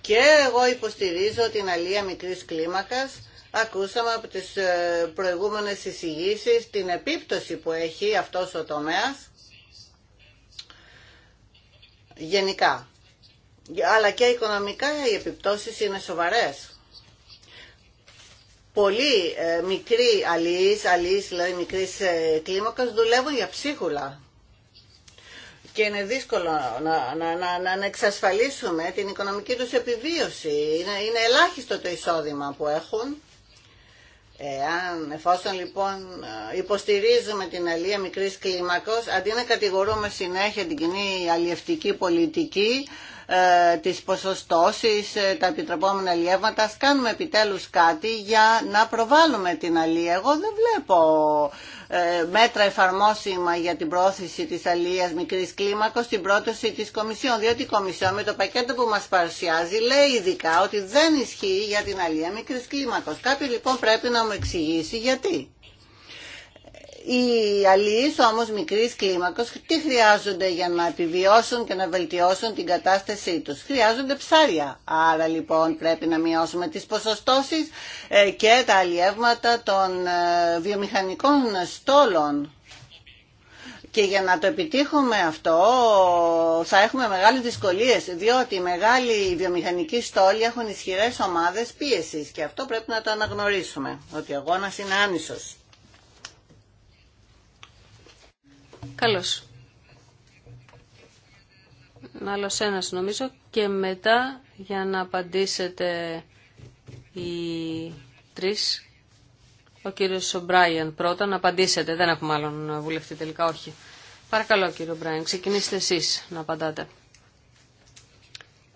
Και εγώ υποστηρίζω την αλία μικρής κλίμακας. Ακούσαμε από τις ε, προηγούμενες εισηγήσεις την επίπτωση που έχει αυτός ο τομέας γενικά. Αλλά και οικονομικά οι επιπτώσεις είναι σοβαρές. Πολλοί ε, μικροί αλληλείς, αλληλείς δηλαδή μικρής ε, κλίμακας, δουλεύουν για ψίχουλα. Και είναι δύσκολο να, να, εξασφαλίσουμε την οικονομική τους επιβίωση. Είναι, είναι ελάχιστο το εισόδημα που έχουν Εάν, εφόσον λοιπόν ε, υποστηρίζουμε την αλία μικρής κλίμακος, αντί να κατηγορούμε συνέχεια την κοινή αλλιευτική πολιτική, ε, τις ποσοστώσεις, ε, τα επιτρεπόμενα αλλιεύματα. Ας κάνουμε επιτέλους κάτι για να προβάλλουμε την αλλία. Εγώ δεν βλέπω ε, μέτρα εφαρμόσιμα για την πρόθεση της αλλίας μικρής κλίμακος στην πρόταση της Κομισιόν, διότι η Κομισιόν με το πακέτο που μας παρουσιάζει λέει ειδικά ότι δεν ισχύει για την αλλία μικρής κλίμακος. Κάποιοι λοιπόν πρέπει να μου εξηγήσει γιατί. Οι αλληλείς όμως μικρής κλίμακος τι χρειάζονται για να επιβιώσουν και να βελτιώσουν την κατάστασή τους. Χρειάζονται ψάρια. Άρα λοιπόν πρέπει να μειώσουμε τις ποσοστώσεις ε, και τα αλλιεύματα των ε, βιομηχανικών στόλων. Και για να το επιτύχουμε αυτό θα έχουμε μεγάλες δυσκολίες, διότι οι μεγάλοι βιομηχανικοί στόλοι έχουν ισχυρές ομάδες πίεσης και αυτό πρέπει να το αναγνωρίσουμε, ότι ο αγώνας είναι άνισος. Καλώς. Άλλο ένα νομίζω και μετά για να απαντήσετε οι τρει, Ο κύριος Ομπράιεν πρώτα να απαντήσετε. Δεν έχουμε άλλον βουλευτή τελικά, όχι. Παρακαλώ κύριο Ομπράιεν, ξεκινήστε εσείς να απαντάτε.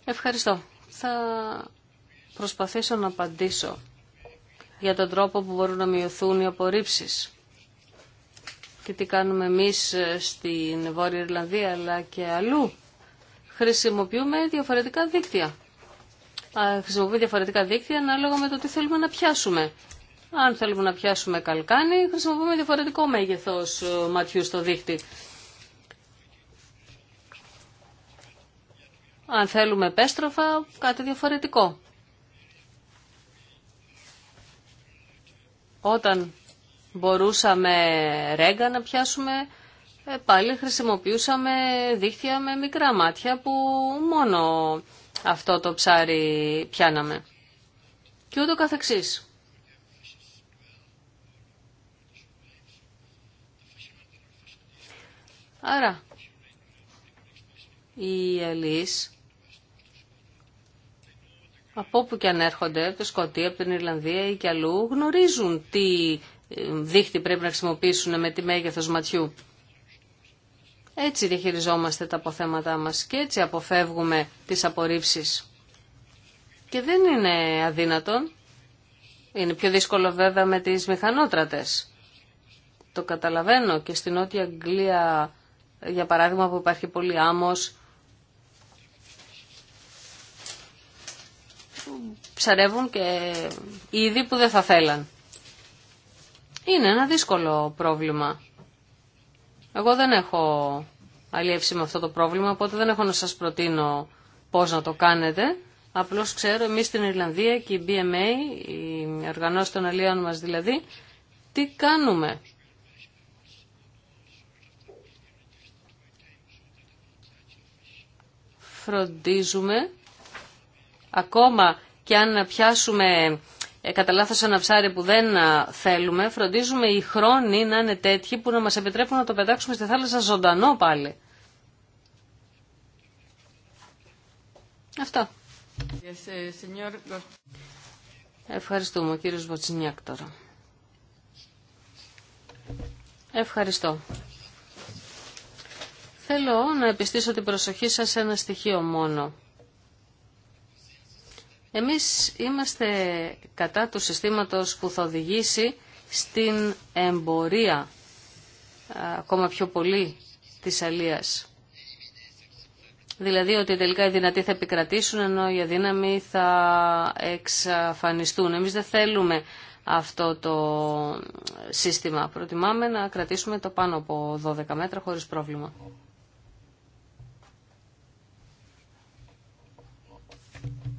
Ευχαριστώ. Θα προσπαθήσω να απαντήσω για τον τρόπο που μπορούν να μειωθούν οι απορρίψεις και τι κάνουμε εμείς ε, στην Βόρεια Ιρλανδία αλλά και αλλού. Χρησιμοποιούμε διαφορετικά δίκτυα. Χρησιμοποιούμε διαφορετικά δίκτυα ανάλογα με το τι θέλουμε να πιάσουμε. Αν θέλουμε να πιάσουμε καλκάνι, χρησιμοποιούμε διαφορετικό μέγεθος ε, ματιού στο δίκτυ. Αν θέλουμε πέστροφα, κάτι διαφορετικό. Όταν μπορούσαμε ρέγγα να πιάσουμε, ε, πάλι χρησιμοποιούσαμε δίχτυα με μικρά μάτια που μόνο αυτό το ψάρι πιάναμε. Και ούτω καθεξής. Άρα, οι Ελλείς, από όπου και αν έρχονται, από τη Σκοτία, από την Ιρλανδία ή και αλλού, γνωρίζουν τι δίχτυ πρέπει να χρησιμοποιήσουν με τη μέγεθος ματιού. Έτσι διαχειριζόμαστε τα αποθέματά μας και έτσι αποφεύγουμε τις απορρίψεις. Και δεν είναι αδύνατον. Είναι πιο δύσκολο βέβαια με τις μηχανότρατες. Το καταλαβαίνω και στην Νότια Αγγλία, για παράδειγμα, που υπάρχει πολύ άμμος, ψαρεύουν και ήδη που δεν θα θέλαν. Είναι ένα δύσκολο πρόβλημα. Εγώ δεν έχω αλλιεύσει με αυτό το πρόβλημα, οπότε δεν έχω να σας προτείνω πώς να το κάνετε. Απλώς ξέρω, εμείς στην Ιρλανδία και η BMA, η οργανώση των αλλιών μας δηλαδή, τι κάνουμε. Φροντίζουμε, ακόμα και αν πιάσουμε ε, κατά λάθο ένα ψάρι που δεν θέλουμε, φροντίζουμε οι χρόνοι να είναι τέτοιοι που να μας επιτρέπουν να το πετάξουμε στη θάλασσα ζωντανό πάλι. Αυτό. Ε, Ευχαριστούμε, ο κύριος Βοτσινιάκ τώρα. Ευχαριστώ. Θέλω να επιστήσω την προσοχή σας σε ένα στοιχείο μόνο. Εμείς είμαστε κατά του συστήματος που θα οδηγήσει στην εμπορία ακόμα πιο πολύ της αλίας. Δηλαδή ότι τελικά οι δυνατοί θα επικρατήσουν ενώ οι αδύναμοι θα εξαφανιστούν. Εμείς δεν θέλουμε αυτό το σύστημα. Προτιμάμε να κρατήσουμε το πάνω από 12 μέτρα χωρίς πρόβλημα.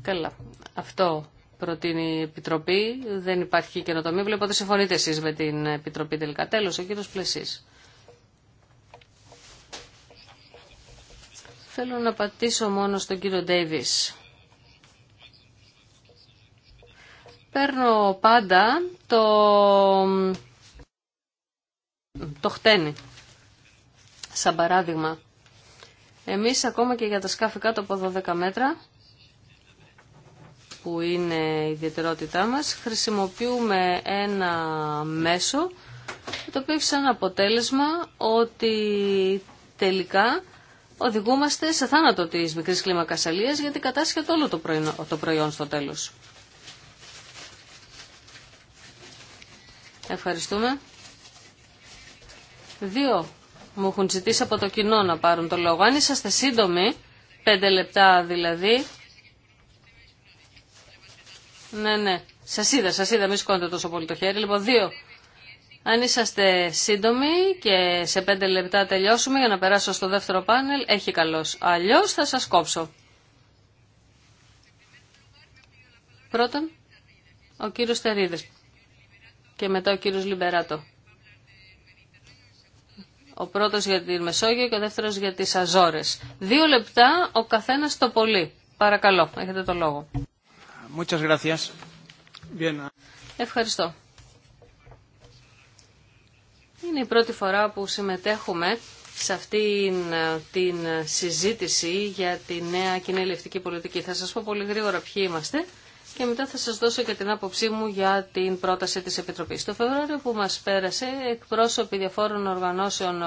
Καλά. Αυτό προτείνει η Επιτροπή. Δεν υπάρχει καινοτομία. Βλέπω ότι συμφωνείτε εσείς με την Επιτροπή τελικά. τέλο ο κύριος Πλεσή. Θέλω να πατήσω μόνο στον κύριο Ντέιβις. Παίρνω πάντα το... το χτένι. Σαν παράδειγμα. Εμείς ακόμα και για τα σκάφη κάτω από 12 μέτρα που είναι η ιδιαιτερότητά μας, χρησιμοποιούμε ένα μέσο το οποίο έχει σαν αποτέλεσμα ότι τελικά οδηγούμαστε σε θάνατο της μικρής κλίμακας αλίας γιατί κατάσχεται όλο το προϊόν στο τέλος. Ευχαριστούμε. Δύο μου έχουν ζητήσει από το κοινό να πάρουν το λόγο. Αν είσαστε σύντομοι, πέντε λεπτά δηλαδή, ναι, ναι. Σα είδα, σα είδα. Μην σκόνετε τόσο πολύ το χέρι. Λοιπόν, δύο. Αν είσαστε σύντομοι και σε πέντε λεπτά τελειώσουμε για να περάσω στο δεύτερο πάνελ, έχει καλώς. Αλλιώς θα σας κόψω. Πρώτον, ο κύριος Τερίδης και μετά ο κύριος Λιμπεράτο. Ο πρώτος για τη Μεσόγειο και ο δεύτερος για τις Αζόρες. Δύο λεπτά ο καθένας το πολύ. Παρακαλώ, έχετε το λόγο. Ευχαριστώ. Είναι η πρώτη φορά που συμμετέχουμε σε αυτήν ε, την ε, συζήτηση για τη νέα κοινή πολιτική. Θα σας πω πολύ γρήγορα ποιοι είμαστε και μετά θα σας δώσω και την άποψή μου για την πρόταση της Επιτροπής. Το Φεβρουάριο που μας πέρασε, εκπρόσωποι διαφόρων οργανώσεων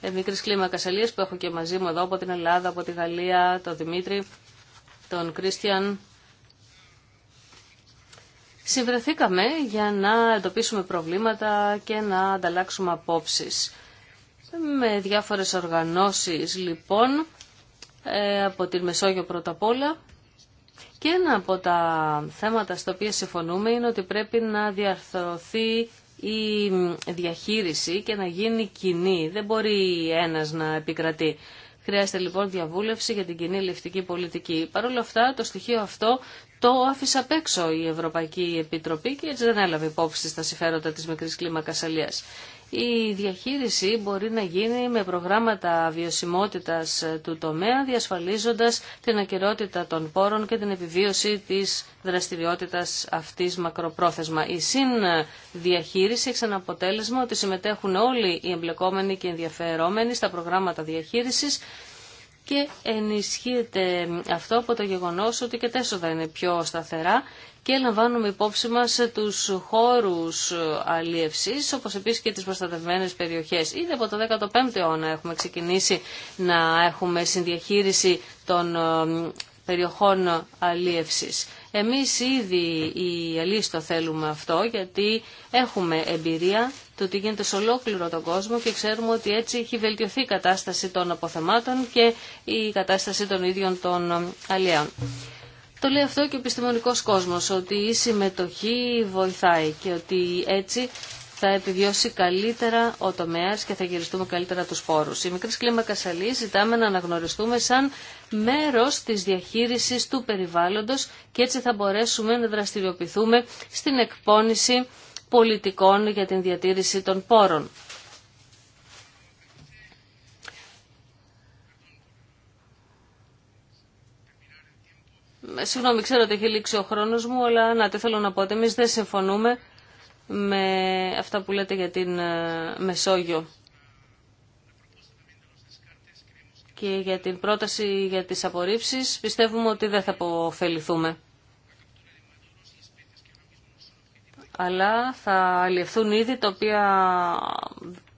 ε, μικρής κλίμακας αλίας που έχω και μαζί μου εδώ από την Ελλάδα, από τη Γαλλία, τον Δημήτρη, τον Κρίστιαν, Συμβρεθήκαμε για να εντοπίσουμε προβλήματα και να ανταλλάξουμε απόψεις. Με διάφορες οργανώσεις λοιπόν, ε, από την Μεσόγειο πρώτα απ' όλα, και ένα από τα θέματα στο οποία συμφωνούμε είναι ότι πρέπει να διαρθρωθεί η διαχείριση και να γίνει κοινή. Δεν μπορεί ένας να επικρατεί. Χρειάζεται λοιπόν διαβούλευση για την κοινή ελευτική πολιτική. Παρ' όλα αυτά το στοιχείο αυτό το άφησε απ' έξω η Ευρωπαϊκή Επιτροπή και έτσι δεν έλαβε υπόψη στα συμφέροντα της μικρής κλίμακας Η διαχείριση μπορεί να γίνει με προγράμματα βιωσιμότητας του τομέα, διασφαλίζοντας την ακυρότητα των πόρων και την επιβίωση της δραστηριότητας αυτής μακροπρόθεσμα. Η συνδιαχείριση έχει σαν αποτέλεσμα ότι συμμετέχουν όλοι οι εμπλεκόμενοι και ενδιαφερόμενοι στα προγράμματα διαχείρισης και ενισχύεται αυτό από το γεγονός ότι και τα θα είναι πιο σταθερά και λαμβάνουμε υπόψη μας τους χώρους αλίευσης, όπως επίσης και τις προστατευμένες περιοχές. Ήδη από το 15ο αιώνα έχουμε ξεκινήσει να έχουμε συνδιαχείριση των ε, περιοχών αλίευσης. Εμείς ήδη οι αλίες το θέλουμε αυτό γιατί έχουμε εμπειρία το τι γίνεται σε ολόκληρο τον κόσμο και ξέρουμε ότι έτσι έχει βελτιωθεί η κατάσταση των αποθεμάτων και η κατάσταση των ίδιων των ε, αλλιέων. Το λέει αυτό και ο επιστημονικός κόσμος, ότι η συμμετοχή βοηθάει και ότι έτσι θα επιβιώσει καλύτερα ο τομέας και θα γυριστούμε καλύτερα τους πόρους. Η μικρή κλίμακα σαλή ζητάμε να αναγνωριστούμε σαν μέρος της διαχείρισης του περιβάλλοντος και έτσι θα μπορέσουμε να δραστηριοποιηθούμε στην εκπόνηση πολιτικών για την διατήρηση των πόρων. Συγγνώμη, ξέρω ότι έχει λήξει ο χρόνος μου, αλλά να, τι θέλω να πω, ότι εμείς δεν συμφωνούμε με αυτά που λέτε για την ε, Μεσόγειο και για την πρόταση για τις απορρίψεις. Πιστεύουμε ότι δεν θα αποφεληθούμε. αλλά θα αλλιευθούν ήδη, τα οποία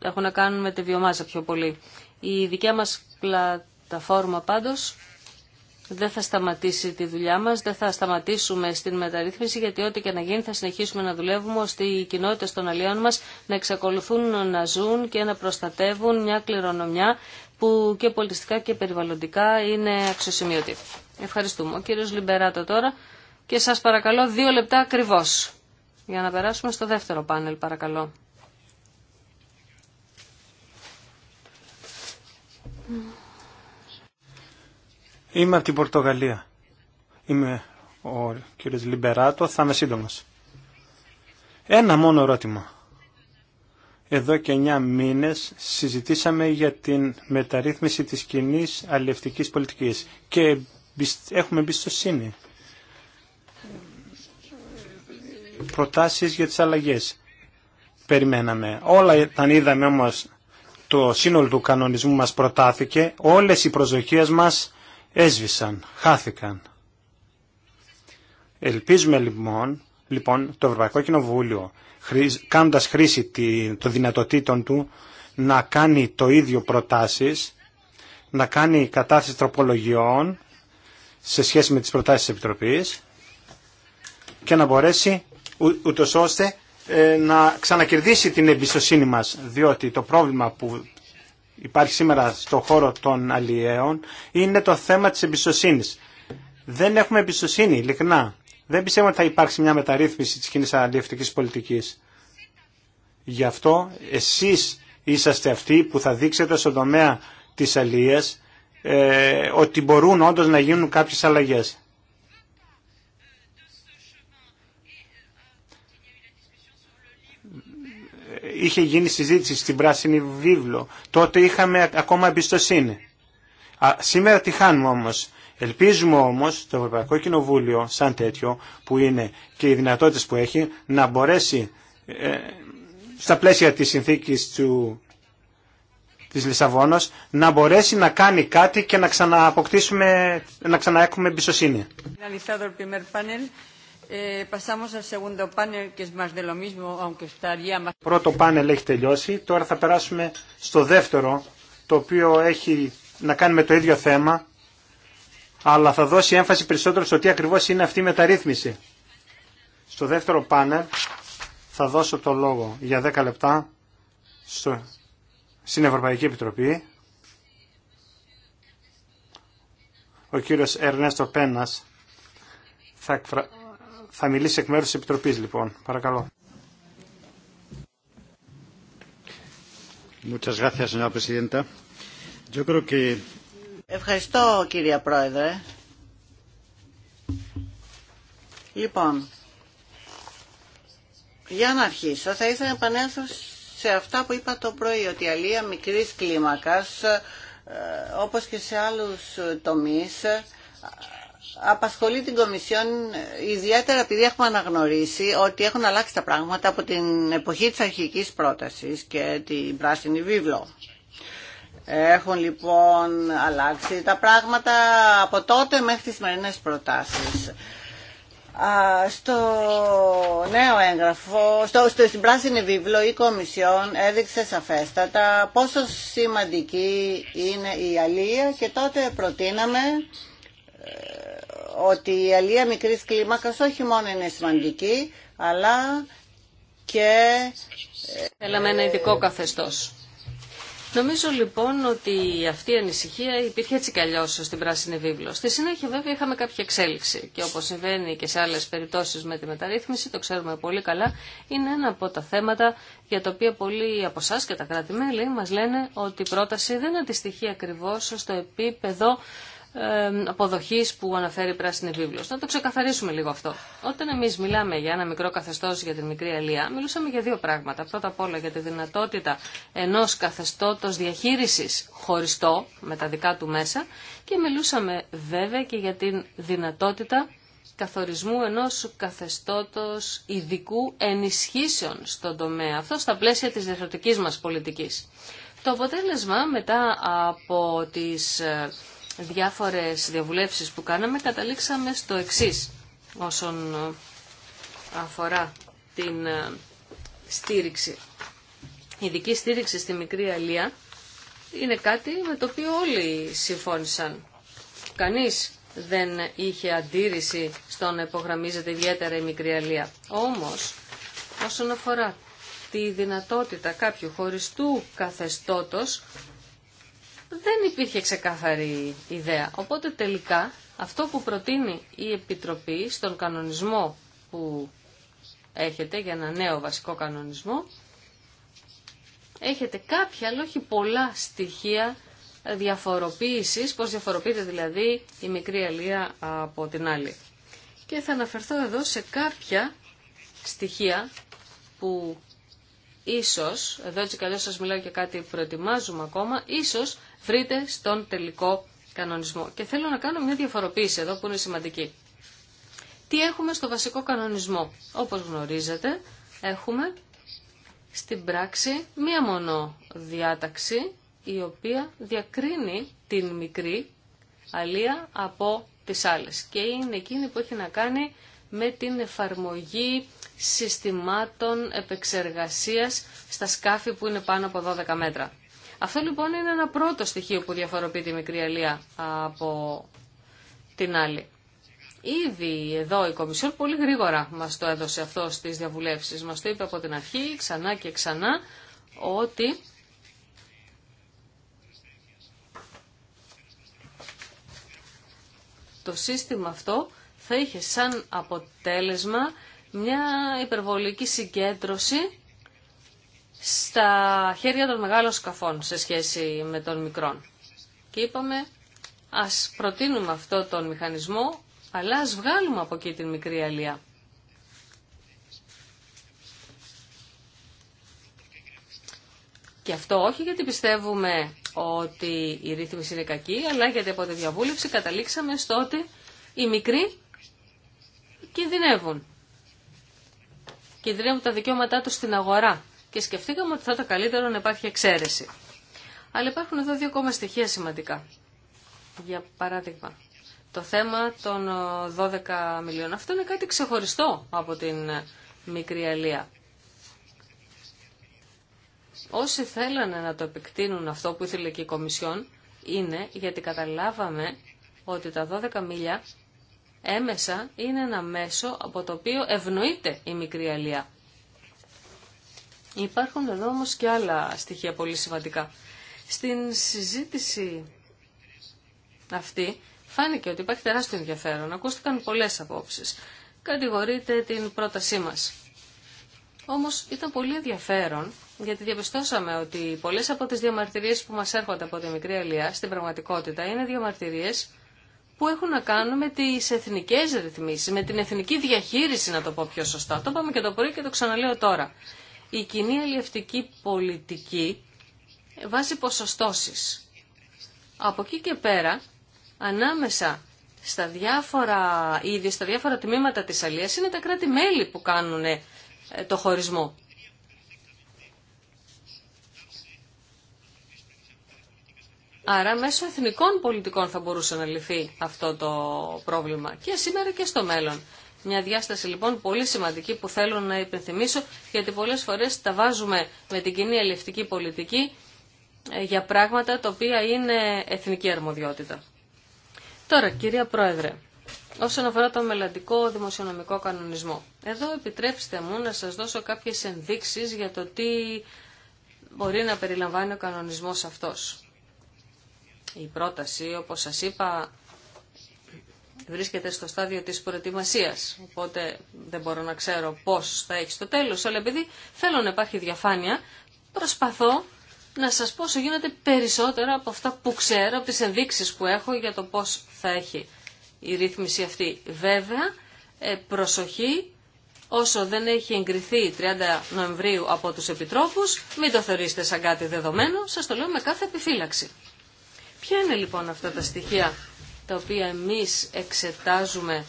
έχουν να κάνουν με τη βιομάζα πιο πολύ. Η δικιά μας πλαταφόρμα πάντως δεν θα σταματήσει τη δουλειά μας, δεν θα σταματήσουμε στην μεταρρύθμιση γιατί ό,τι και να γίνει θα συνεχίσουμε να δουλεύουμε ώστε οι κοινότητες των αλλιών μας να εξακολουθούν να ζουν και να προστατεύουν μια κληρονομιά που και πολιτιστικά και περιβαλλοντικά είναι αξιοσημείωτη. Ευχαριστούμε. Ο κύριος Λιμπεράτο τώρα και σας παρακαλώ δύο λεπτά ακριβώς για να περάσουμε στο δεύτερο πάνελ, παρακαλώ. Είμαι από την Πορτογαλία. Είμαι ο κύριος Λιμπεράτο, θα είμαι σύντομος. Ένα μόνο ερώτημα. Εδώ και 9 μήνες συζητήσαμε για την μεταρρύθμιση της κοινή αλληλευτικής πολιτικής και έχουμε εμπιστοσύνη προτάσεις για τις αλλαγές. Περιμέναμε. Όλα τα είδαμε όμως το σύνολο του κανονισμού μας προτάθηκε, όλες οι προσδοκίες μας έσβησαν, χάθηκαν. Ελπίζουμε λοιπόν, λοιπόν το Ευρωπαϊκό Κοινοβούλιο, κάνοντας χρήση των δυνατοτήτων του, να κάνει το ίδιο προτάσεις, να κάνει κατάθεση τροπολογιών σε σχέση με τις προτάσεις της Επιτροπής και να μπορέσει ούτως ώστε ε, να ξανακερδίσει την εμπιστοσύνη μας, διότι το πρόβλημα που υπάρχει σήμερα στον χώρο των αλλιέων είναι το θέμα της εμπιστοσύνης. Δεν έχουμε εμπιστοσύνη, ειλικρινά. Δεν πιστεύω ότι θα υπάρξει μια μεταρρύθμιση της κοινής αλλιευτικής πολιτικής. Γι' αυτό εσείς είσαστε αυτοί που θα δείξετε στον τομέα της αλλιείας ε, ότι μπορούν όντως να γίνουν κάποιες αλλαγές. είχε γίνει συζήτηση στην Πράσινη Βίβλο. Τότε είχαμε ακόμα εμπιστοσύνη. σήμερα τη χάνουμε όμως. Ελπίζουμε όμως το Ευρωπαϊκό Κοινοβούλιο σαν τέτοιο που είναι και οι δυνατότητες που έχει να μπορέσει ε, στα πλαίσια της συνθήκης του, της Λισαβόνος να μπορέσει να κάνει κάτι και να ξανααποκτήσουμε, να ξαναέχουμε εμπιστοσύνη. Ε, segundo panel, que es más de lo mismo, estaría... Πρώτο πάνελ έχει τελειώσει. Τώρα θα περάσουμε στο δεύτερο, το οποίο έχει να κάνει με το ίδιο θέμα, αλλά θα δώσει έμφαση περισσότερο στο τι ακριβώς είναι αυτή η μεταρρύθμιση. Στο δεύτερο πάνελ θα δώσω το λόγο για 10 λεπτά στο... στην Ευρωπαϊκή Επιτροπή. Ο κύριος Ερνέστο Πένας θα θα μιλήσει εκ μέρους της Επιτροπής λοιπόν. Παρακαλώ. Ευχαριστώ κυρία Πρόεδρε. Λοιπόν, για να αρχίσω θα ήθελα να επανέλθω σε αυτά που είπα το πρωί, ότι η αλία μικρής κλίμακας, ε, όπως και σε άλλους τομείς, απασχολεί την Κομισιόν ιδιαίτερα επειδή έχουμε αναγνωρίσει ότι έχουν αλλάξει τα πράγματα από την εποχή της αρχικής πρότασης και την πράσινη βίβλο. Έχουν λοιπόν αλλάξει τα πράγματα από τότε μέχρι τις σημερινές προτάσεις. στο νέο έγγραφο, στο, στο, στην πράσινη βίβλο η Κομισιόν έδειξε σαφέστατα πόσο σημαντική είναι η αλία και τότε προτείναμε ε, ότι η αλία μικρής κλίμακας όχι μόνο είναι σημαντική, αλλά και... Ε, Θέλαμε ένα ειδικό ε, καθεστώς. Νομίζω λοιπόν ότι αυτή η ανησυχία υπήρχε έτσι κι αλλιώ στην Πράσινη Βίβλο. Στη συνέχεια βέβαια είχαμε κάποια εξέλιξη και όπως συμβαίνει και σε άλλες περιπτώσεις με τη μεταρρύθμιση, το ξέρουμε πολύ καλά, είναι ένα από τα θέματα για τα οποία πολλοί από εσά και τα κράτη-μέλη μας λένε ότι η πρόταση δεν αντιστοιχεί ακριβώς στο επίπεδο αποδοχής που αναφέρει η Πράσινη βίβλο. Να το ξεκαθαρίσουμε λίγο αυτό. Όταν εμεί μιλάμε για ένα μικρό καθεστώς για την μικρή αλία, μιλούσαμε για δύο πράγματα. Πρώτα απ' όλα για τη δυνατότητα ενός καθεστώτος διαχείρισης χωριστό με τα δικά του μέσα και μιλούσαμε βέβαια και για την δυνατότητα καθορισμού ενός καθεστώτος ειδικού ενισχύσεων στον τομέα. Αυτό στα πλαίσια της διαφορετικής μας πολιτικής. Το αποτέλεσμα μετά από τις ε, διάφορες διαβουλεύσεις που κάναμε καταλήξαμε στο εξής όσον ε, αφορά την ε, στήριξη. Η ειδική στήριξη στη μικρή αλία είναι κάτι με το οποίο όλοι συμφώνησαν. Κανείς δεν είχε αντίρρηση στο να υπογραμμίζεται ιδιαίτερα η μικρή αλία. Όμως, όσον αφορά τη δυνατότητα κάποιου χωριστού καθεστώτος δεν υπήρχε ξεκάθαρη ιδέα. Οπότε τελικά αυτό που προτείνει η Επιτροπή στον κανονισμό που έχετε για ένα νέο βασικό κανονισμό, έχετε κάποια, αλλά όχι πολλά στοιχεία διαφοροποίησης, πώς διαφοροποιείται δηλαδή η μικρή αλία από την άλλη. Και θα αναφερθώ εδώ σε κάποια στοιχεία που ίσως, εδώ έτσι καλώς σας μιλάω και κάτι προετοιμάζουμε ακόμα, ίσως βρείτε στον τελικό κανονισμό. Και θέλω να κάνω μια διαφοροποίηση εδώ που είναι σημαντική. Τι έχουμε στο βασικό κανονισμό. Όπως γνωρίζετε, έχουμε στην πράξη μία μόνο διάταξη η οποία διακρίνει την μικρή αλία από τις άλλες και είναι εκείνη που έχει να κάνει με την εφαρμογή συστημάτων επεξεργασίας στα σκάφη που είναι πάνω από 12 μέτρα. Αυτό λοιπόν είναι ένα πρώτο στοιχείο που διαφοροποιεί τη μικρή αλία από την άλλη. Ήδη εδώ η Κομισιόν πολύ γρήγορα μας το έδωσε αυτό στις διαβουλεύσεις. Μας το είπε από την αρχή ξανά και ξανά ότι το σύστημα αυτό θα είχε σαν αποτέλεσμα μια υπερβολική συγκέντρωση στα χέρια των μεγάλων σκαφών σε σχέση με των μικρών. Και είπαμε ας προτείνουμε αυτό τον μηχανισμό, αλλά ας βγάλουμε από εκεί την μικρή αλία. Και αυτό όχι γιατί πιστεύουμε ότι η ρύθμιση είναι κακή, αλλά γιατί από τη διαβούλευση καταλήξαμε στο ότι οι μικροί κινδυνεύουν. Κινδυνεύουν τα δικαιώματά τους στην αγορά και σκεφτήκαμε ότι θα ήταν καλύτερο να υπάρχει εξαίρεση. Αλλά υπάρχουν εδώ δύο ακόμα στοιχεία σημαντικά. Για παράδειγμα, το θέμα των 12 ε, μιλίων. Αυτό είναι κάτι ξεχωριστό από την ε, μικρή αλία. Όσοι θέλανε να το επεκτείνουν αυτό που ήθελε και η Κομισιόν, είναι γιατί καταλάβαμε ότι τα 12 μίλια έμεσα είναι ένα μέσο από το οποίο ευνοείται η μικρή αλία. Υπάρχουν εδώ όμως και άλλα στοιχεία πολύ σημαντικά. Στην συζήτηση αυτή φάνηκε ότι υπάρχει τεράστιο ενδιαφέρον. Ακούστηκαν πολλές απόψεις. Κατηγορείται την πρότασή μας. Όμως ήταν πολύ ενδιαφέρον γιατί διαπιστώσαμε ότι πολλές από τις διαμαρτυρίες που μας έρχονται από τη μικρή αλία στην πραγματικότητα είναι διαμαρτυρίες που έχουν να κάνουν με τις εθνικές ρυθμίσεις, με την εθνική διαχείριση να το πω πιο σωστά. Το είπαμε και το πρωί και το ξαναλέω τώρα η κοινή αλληλευτική πολιτική βάζει ποσοστώσεις. Από εκεί και πέρα, ανάμεσα στα διάφορα είδη, στα διάφορα τμήματα της αλίας, είναι τα κράτη-μέλη που κάνουν ε, το χωρισμό. Άρα μέσω εθνικών πολιτικών θα μπορούσε να λυθεί αυτό το πρόβλημα και σήμερα και στο μέλλον. Μια διάσταση λοιπόν πολύ σημαντική που θέλω να υπενθυμίσω γιατί πολλές φορές τα βάζουμε με την κοινή ελευθερική πολιτική ε, για πράγματα τα οποία είναι εθνική αρμοδιότητα. Τώρα, κυρία Πρόεδρε, όσον αφορά το μελλοντικό δημοσιονομικό κανονισμό, εδώ επιτρέψτε μου να σας δώσω κάποιες ενδείξεις για το τι μπορεί να περιλαμβάνει ο κανονισμός αυτός. Η πρόταση, όπως σας είπα, βρίσκεται στο στάδιο της προετοιμασίας, οπότε δεν μπορώ να ξέρω πώς θα έχει στο τέλος, αλλά επειδή θέλω να υπάρχει διαφάνεια, προσπαθώ να σας πω όσο γίνεται περισσότερα από αυτά που ξέρω, από τις ενδείξεις που έχω για το πώς θα έχει η ρύθμιση αυτή. Βέβαια, ε, προσοχή, όσο δεν έχει εγκριθεί 30 Νοεμβρίου από τους Επιτρόπους, μην το θεωρήσετε σαν κάτι δεδομένο, σας το λέω με κάθε επιφύλαξη. Ποια είναι λοιπόν αυτά τα στοιχεία τα οποία εμείς εξετάζουμε.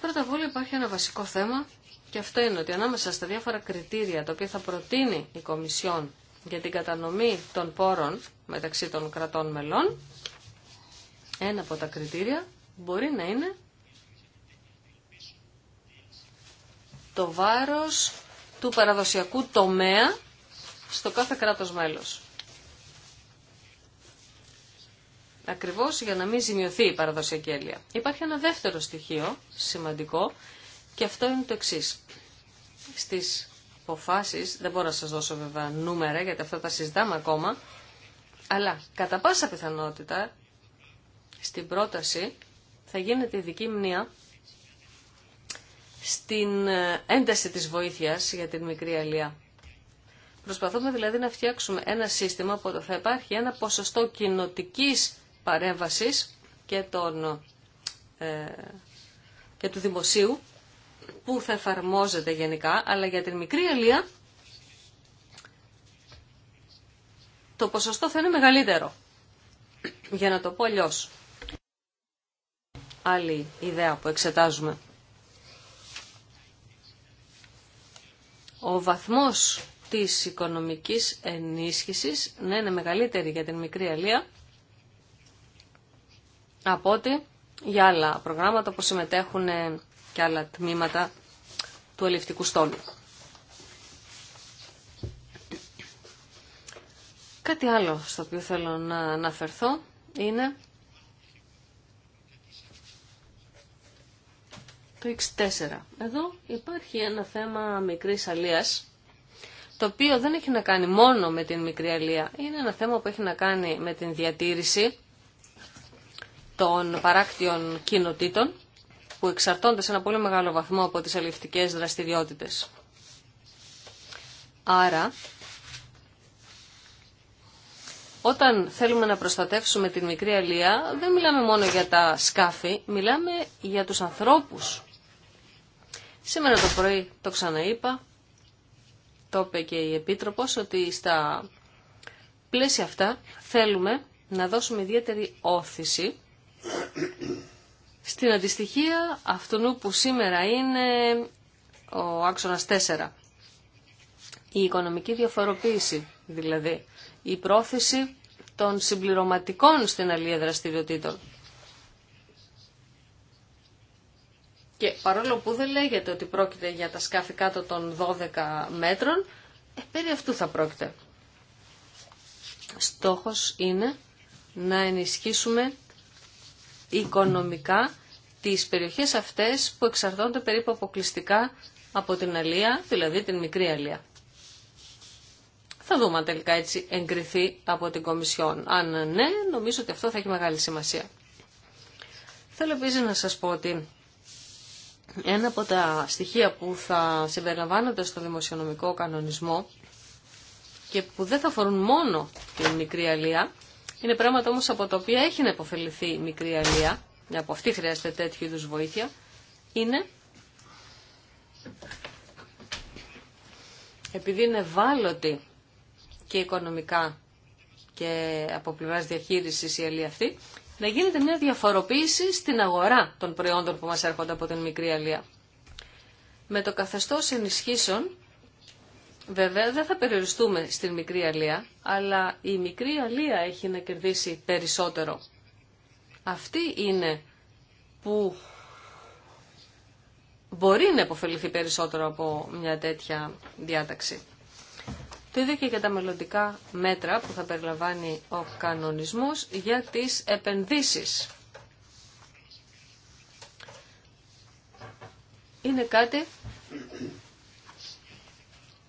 Πρώτα απ' όλα υπάρχει ένα βασικό θέμα και αυτό είναι ότι ανάμεσα στα διάφορα κριτήρια τα οποία θα προτείνει η Κομισιόν για την κατανομή των πόρων μεταξύ των κρατών μελών, ένα από τα κριτήρια μπορεί να είναι το βάρος του παραδοσιακού τομέα στο κάθε κράτος μέλος. ακριβώς για να μην ζημιωθεί η παραδοσιακή έλεια. Υπάρχει ένα δεύτερο στοιχείο σημαντικό και αυτό είναι το εξή. Στις αποφάσει δεν μπορώ να σας δώσω βέβαια νούμερα γιατί αυτά τα συζητάμε ακόμα, αλλά κατά πάσα πιθανότητα στην πρόταση θα γίνεται ειδική μνήμα στην ε, ένταση της βοήθειας για την μικρή αλία. Προσπαθούμε δηλαδή να φτιάξουμε ένα σύστημα που θα υπάρχει ένα ποσοστό κοινοτικής παρέμβασης και, τον ε, και του δημοσίου που θα εφαρμόζεται γενικά, αλλά για την μικρή αλία το ποσοστό θα είναι μεγαλύτερο. Για να το πω αλλιώ. Άλλη ιδέα που εξετάζουμε. Ο βαθμός της οικονομικής ενίσχυσης να είναι μεγαλύτερη για την μικρή αλία από ότι για άλλα προγράμματα που συμμετέχουν ε, και άλλα τμήματα του ελευτικού στόλου. Κάτι άλλο στο οποίο θέλω να αναφερθώ είναι το X4. Εδώ υπάρχει ένα θέμα μικρής αλίας, το οποίο δεν έχει να κάνει μόνο με την μικρή αλία. Είναι ένα θέμα που έχει να κάνει με την διατήρηση των παράκτιων κοινοτήτων που εξαρτώνται σε ένα πολύ μεγάλο βαθμό από τις αλληλευτικές δραστηριότητες. Άρα, όταν θέλουμε να προστατεύσουμε την μικρή αλία, δεν μιλάμε μόνο για τα σκάφη, μιλάμε για τους ανθρώπους. Σήμερα το πρωί το ξαναείπα, το είπε και η Επίτροπος, ότι στα πλαίσια αυτά θέλουμε να δώσουμε ιδιαίτερη όθηση στην αντιστοιχεία αυτού που σήμερα είναι ο άξονας 4. Η οικονομική διαφοροποίηση, δηλαδή η πρόθεση των συμπληρωματικών στην αλληλεία δραστηριοτήτων. Και παρόλο που δεν λέγεται ότι πρόκειται για τα σκάφη κάτω των 12 μέτρων, ε, περί αυτού θα πρόκειται. Στόχος είναι να ενισχύσουμε οικονομικά τις περιοχές αυτές που εξαρτώνται περίπου αποκλειστικά από την αλία, δηλαδή την μικρή αλία. Θα δούμε αν τελικά έτσι εγκριθεί από την Κομισιόν. Αν ναι, νομίζω ότι αυτό θα έχει μεγάλη σημασία. Θέλω επίση να σας πω ότι ένα από τα στοιχεία που θα συμπεριλαμβάνονται στο δημοσιονομικό κανονισμό και που δεν θα αφορούν μόνο την μικρή αλία, είναι πράγματα όμω από τα οποία έχει να υποφεληθεί η μικρή αλία, μια από αυτή χρειάζεται τέτοιου είδου βοήθεια, είναι επειδή είναι ευάλωτη και οικονομικά και από πλευρά διαχείριση η αλία αυτή, να γίνεται μια διαφοροποίηση στην αγορά των προϊόντων που μας έρχονται από την μικρή αλία. Με το καθεστώ ενισχύσεων Βέβαια δεν θα περιοριστούμε στην μικρή αλία, αλλά η μικρή αλία έχει να κερδίσει περισσότερο. Αυτή είναι που μπορεί να υποφεληθεί περισσότερο από μια τέτοια διάταξη. Το ίδιο και για τα μελλοντικά μέτρα που θα περιλαμβάνει ο κανονισμός για τις επενδύσεις. Είναι κάτι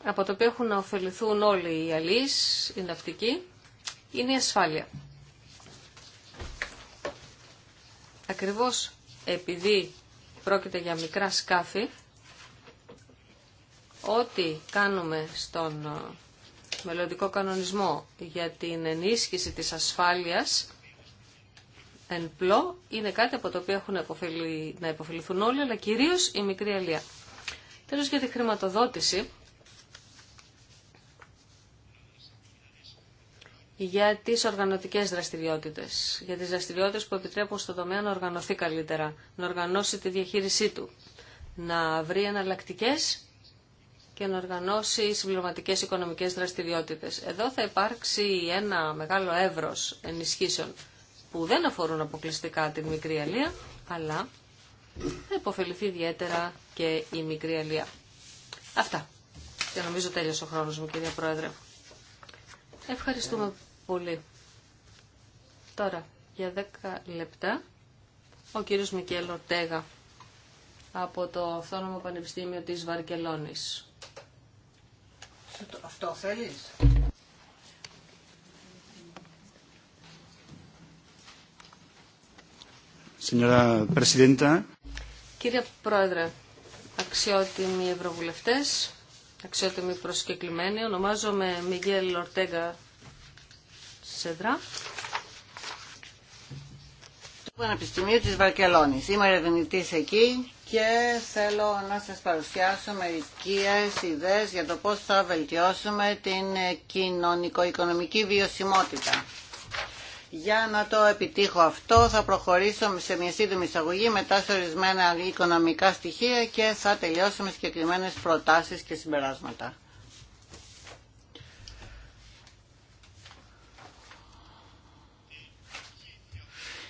από το οποίο έχουν να ωφεληθούν όλοι οι αλείς, οι ναυτικοί, είναι η ασφάλεια. Ακριβώς επειδή πρόκειται για μικρά σκάφη, ό,τι κάνουμε στον ε, μελλοντικό κανονισμό για την ενίσχυση της ασφάλειας εν πλώ είναι κάτι από το οποίο έχουν να υποφεληθούν όλοι, αλλά κυρίως η μικρή αλία. Τέλος για τη χρηματοδότηση, για τις οργανωτικές δραστηριότητες, για τις δραστηριότητες που επιτρέπουν στον τομέα να οργανωθεί καλύτερα, να οργανώσει τη διαχείρισή του, να βρει εναλλακτικέ και να οργανώσει συμπληρωματικές οικονομικές δραστηριότητες. Εδώ θα υπάρξει ένα μεγάλο εύρος ενισχύσεων που δεν αφορούν αποκλειστικά την μικρή αλία, αλλά θα υποφεληθεί ιδιαίτερα και η μικρή αλία. Αυτά. Και νομίζω τέλειωσε ο χρόνος μου, κυρία Πρόεδρε. Ευχαριστούμε πολύ. Τώρα, για 10 λεπτά, ο κύριος Μικέλο Τέγα από το Αυτόνομο Πανεπιστήμιο της Βαρκελόνης. Αυτό θέλεις? Κύριε Πρόεδρε, αξιότιμοι ευρωβουλευτές, αξιότιμη προσκεκλημένη. Ονομάζομαι Μιγγέλ Λορτέγκα Σεδρά. Το πανεπιστημίου της Βαρκελόνης. Είμαι ερευνητής εκεί και θέλω να σας παρουσιάσω μερικές ιδέες για το πώς θα βελτιώσουμε την κοινωνικο-οικονομική βιωσιμότητα για να το επιτύχω αυτό θα προχωρήσω σε μια σύντομη εισαγωγή μετά σε ορισμένα οικονομικά στοιχεία και θα τελειώσω με συγκεκριμένε προτάσεις και συμπεράσματα.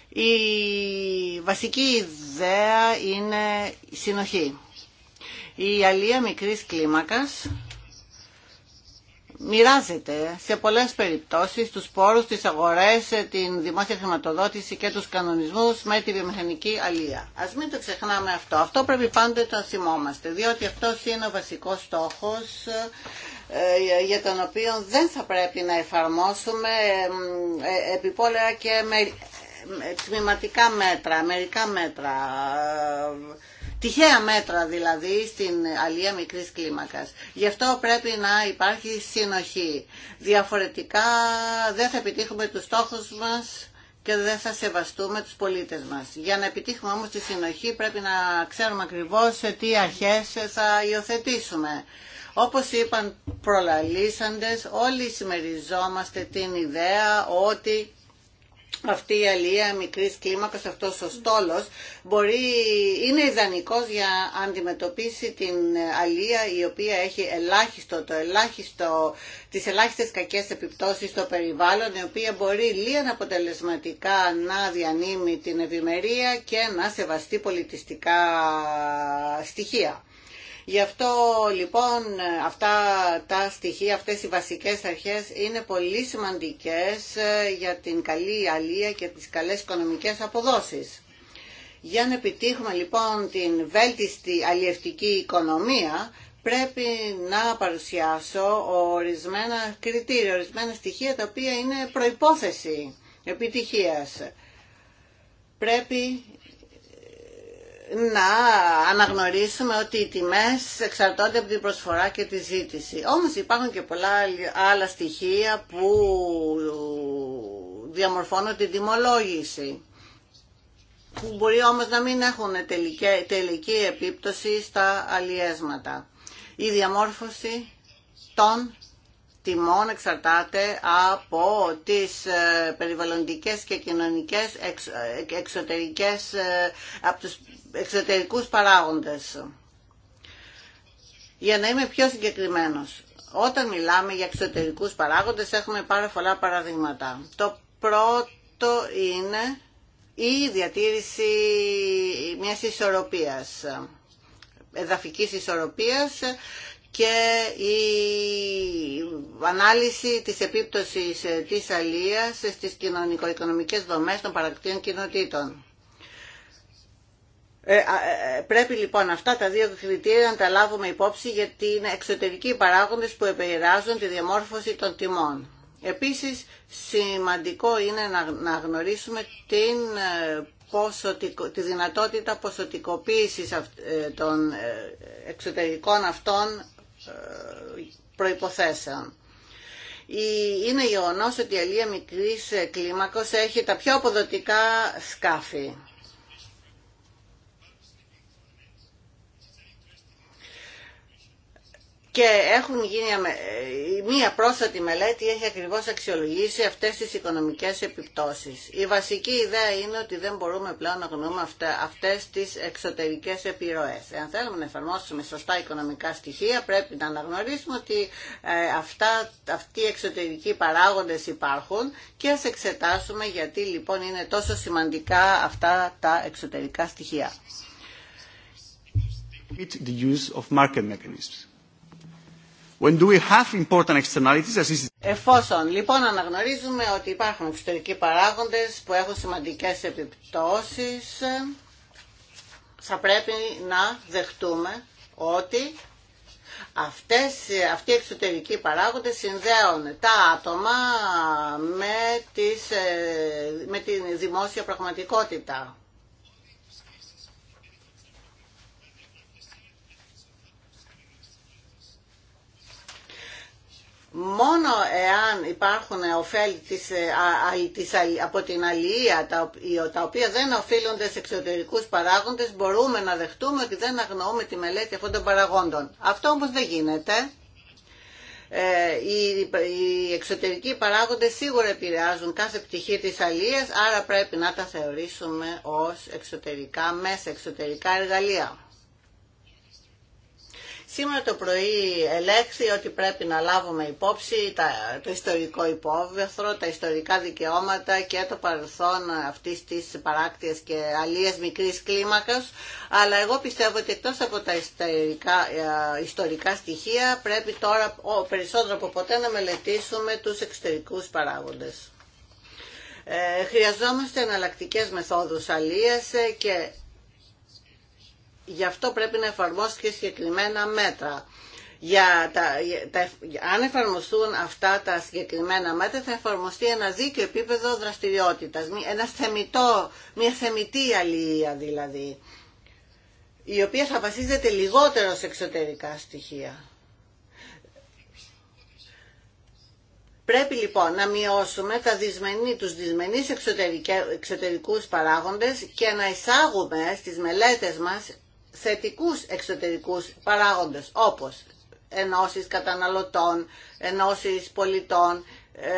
Η βασική ιδέα είναι η συνοχή. Η αλία μικρής κλίμακας μοιράζεται σε πολλές περιπτώσεις τους πόρους, τις αγορές, ε, την δημόσια χρηματοδότηση και τους κανονισμούς με τη βιομηχανική αλία. Ας μην το ξεχνάμε αυτό. Αυτό πρέπει πάντοτε να θυμόμαστε, διότι αυτός είναι ο βασικός στόχος ε, για τον οποίο δεν θα πρέπει να εφαρμόσουμε ε, επιπόλαια και με τμηματικά μέτρα, μερικά μέτρα τυχαία μέτρα δηλαδή στην αλία μικρής κλίμακας. Γι' αυτό πρέπει να υπάρχει συνοχή. Διαφορετικά δεν θα επιτύχουμε τους στόχους μας και δεν θα σεβαστούμε τους πολίτες μας. Για να επιτύχουμε όμως τη συνοχή πρέπει να ξέρουμε ακριβώς σε τι αρχές θα υιοθετήσουμε. Όπως είπαν προλαλήσαντες, όλοι συμμεριζόμαστε την ιδέα ότι αυτή η αλία μικρή κλίμακα αυτός ο στόλος, μπορεί, είναι ιδανικό για να αντιμετωπίσει την αλία η οποία έχει ελάχιστο, το ελάχιστο, τις ελάχιστες κακές επιπτώσεις στο περιβάλλον, η οποία μπορεί λίγα αποτελεσματικά να διανύμει την ευημερία και να σεβαστεί πολιτιστικά στοιχεία. Γι' αυτό λοιπόν αυτά τα στοιχεία, αυτές οι βασικές αρχές είναι πολύ σημαντικές ε, για την καλή αλία και τις καλές οικονομικές αποδόσεις. Για να επιτύχουμε λοιπόν την βέλτιστη αλλιευτική οικονομία πρέπει να παρουσιάσω ορισμένα κριτήρια, ορισμένα στοιχεία τα οποία είναι προϋπόθεση επιτυχίας. Πρέπει να αναγνωρίσουμε ότι οι τιμές εξαρτώνται από την προσφορά και τη ζήτηση. Όμως υπάρχουν και πολλά άλλα στοιχεία που διαμορφώνουν την τιμολόγηση που μπορεί όμως να μην έχουν τελική, τελική επίπτωση στα αλλιέσματα. Η διαμόρφωση των τιμών εξαρτάται από τις ε, περιβαλλοντικές και κοινωνικές ε, εξωτερικές, ε, από τους εξωτερικούς παράγοντες. Για να είμαι πιο συγκεκριμένος, όταν μιλάμε για εξωτερικούς παράγοντες έχουμε πάρα πολλά παραδείγματα. Το πρώτο είναι η διατήρηση μιας ισορροπίας, εδαφικής ισορροπίας και η ανάλυση της επίπτωσης ε, της αλίας στις κοινωνικο-οικονομικές δομές των παρακτήων κοινοτήτων. Ε, ε, ε, πρέπει λοιπόν αυτά τα δύο κριτήρια να τα λάβουμε υπόψη γιατί είναι εξωτερικοί παράγοντες που επηρεάζουν τη διαμόρφωση των τιμών. Επίσης σημαντικό είναι να, να γνωρίσουμε την, ποσοτικο, τη δυνατότητα ποσοτικοποίησης των εξωτερικών αυτών προϋποθέσεων. Είναι γεγονό ότι η αλία μικρής κλίμακος έχει τα πιο αποδοτικά σκάφη. και έχουν γίνει ε, μία πρόσθετη μελέτη έχει ακριβώς αξιολογήσει αυτές τις οικονομικές επιπτώσεις. Η βασική ιδέα είναι ότι δεν μπορούμε πλέον να γνωρούμε αυτές τις εξωτερικές επιρροές. Εάν θέλουμε να εφαρμόσουμε σωστά οικονομικά στοιχεία πρέπει να αναγνωρίσουμε ότι ε, αυτά, αυτοί οι εξωτερικοί παράγοντες υπάρχουν και ας εξετάσουμε γιατί λοιπόν είναι τόσο σημαντικά αυτά τα εξωτερικά στοιχεία. When do we have important externalities as Εφόσον λοιπόν αναγνωρίζουμε ότι υπάρχουν εξωτερικοί παράγοντες που έχουν σημαντικές επιπτώσεις, θα πρέπει να δεχτούμε ότι αυτές, αυτοί οι εξωτερικοί παράγοντες συνδέουν τα άτομα με, τις, ε, με την δημόσια πραγματικότητα. μόνο εάν υπάρχουν ωφέλη της, ε, από την αλληλεία τα οποία δεν οφείλονται σε εξωτερικούς παράγοντες μπορούμε να δεχτούμε ότι δεν αγνοούμε τη μελέτη αυτών των παραγόντων. Αυτό όμως δεν γίνεται. Ε, οι, εξωτερικοί παράγοντες σίγουρα επηρεάζουν κάθε πτυχή της αλληλείας άρα πρέπει να τα θεωρήσουμε ως εξωτερικά μέσα, εξωτερικά εργαλεία. Σήμερα το πρωί ελέγχθη ότι πρέπει να λάβουμε υπόψη τα, το ιστορικό υπόβεθρο, τα ιστορικά δικαιώματα και το παρελθόν αυτής της παράκτειας και αλίας μικρής κλίμακας. Αλλά εγώ πιστεύω ότι εκτός από τα ιστορικά, ε, ιστορικά στοιχεία πρέπει τώρα ο, περισσότερο από ποτέ να μελετήσουμε τους εξωτερικούς παράγοντες. Ε, χρειαζόμαστε εναλλακτικέ μεθόδους αλίας ε, και Γι' αυτό πρέπει να και συγκεκριμένα μέτρα. Για τα, αν εφαρμοστούν αυτά τα συγκεκριμένα μέτρα θα εφαρμοστεί ένα δίκαιο επίπεδο δραστηριότητας, μια θεμητή αλληλεία δηλαδή, η οποία θα βασίζεται λιγότερο σε εξωτερικά στοιχεία. Πρέπει λοιπόν να μειώσουμε τα δυσμενή, τους δυσμενείς εξωτερικούς παράγοντες και να εισάγουμε στις μελέτες μας θετικούς εξωτερικούς παράγοντες όπως ενώσεις καταναλωτών, ενώσεις πολιτών, ε,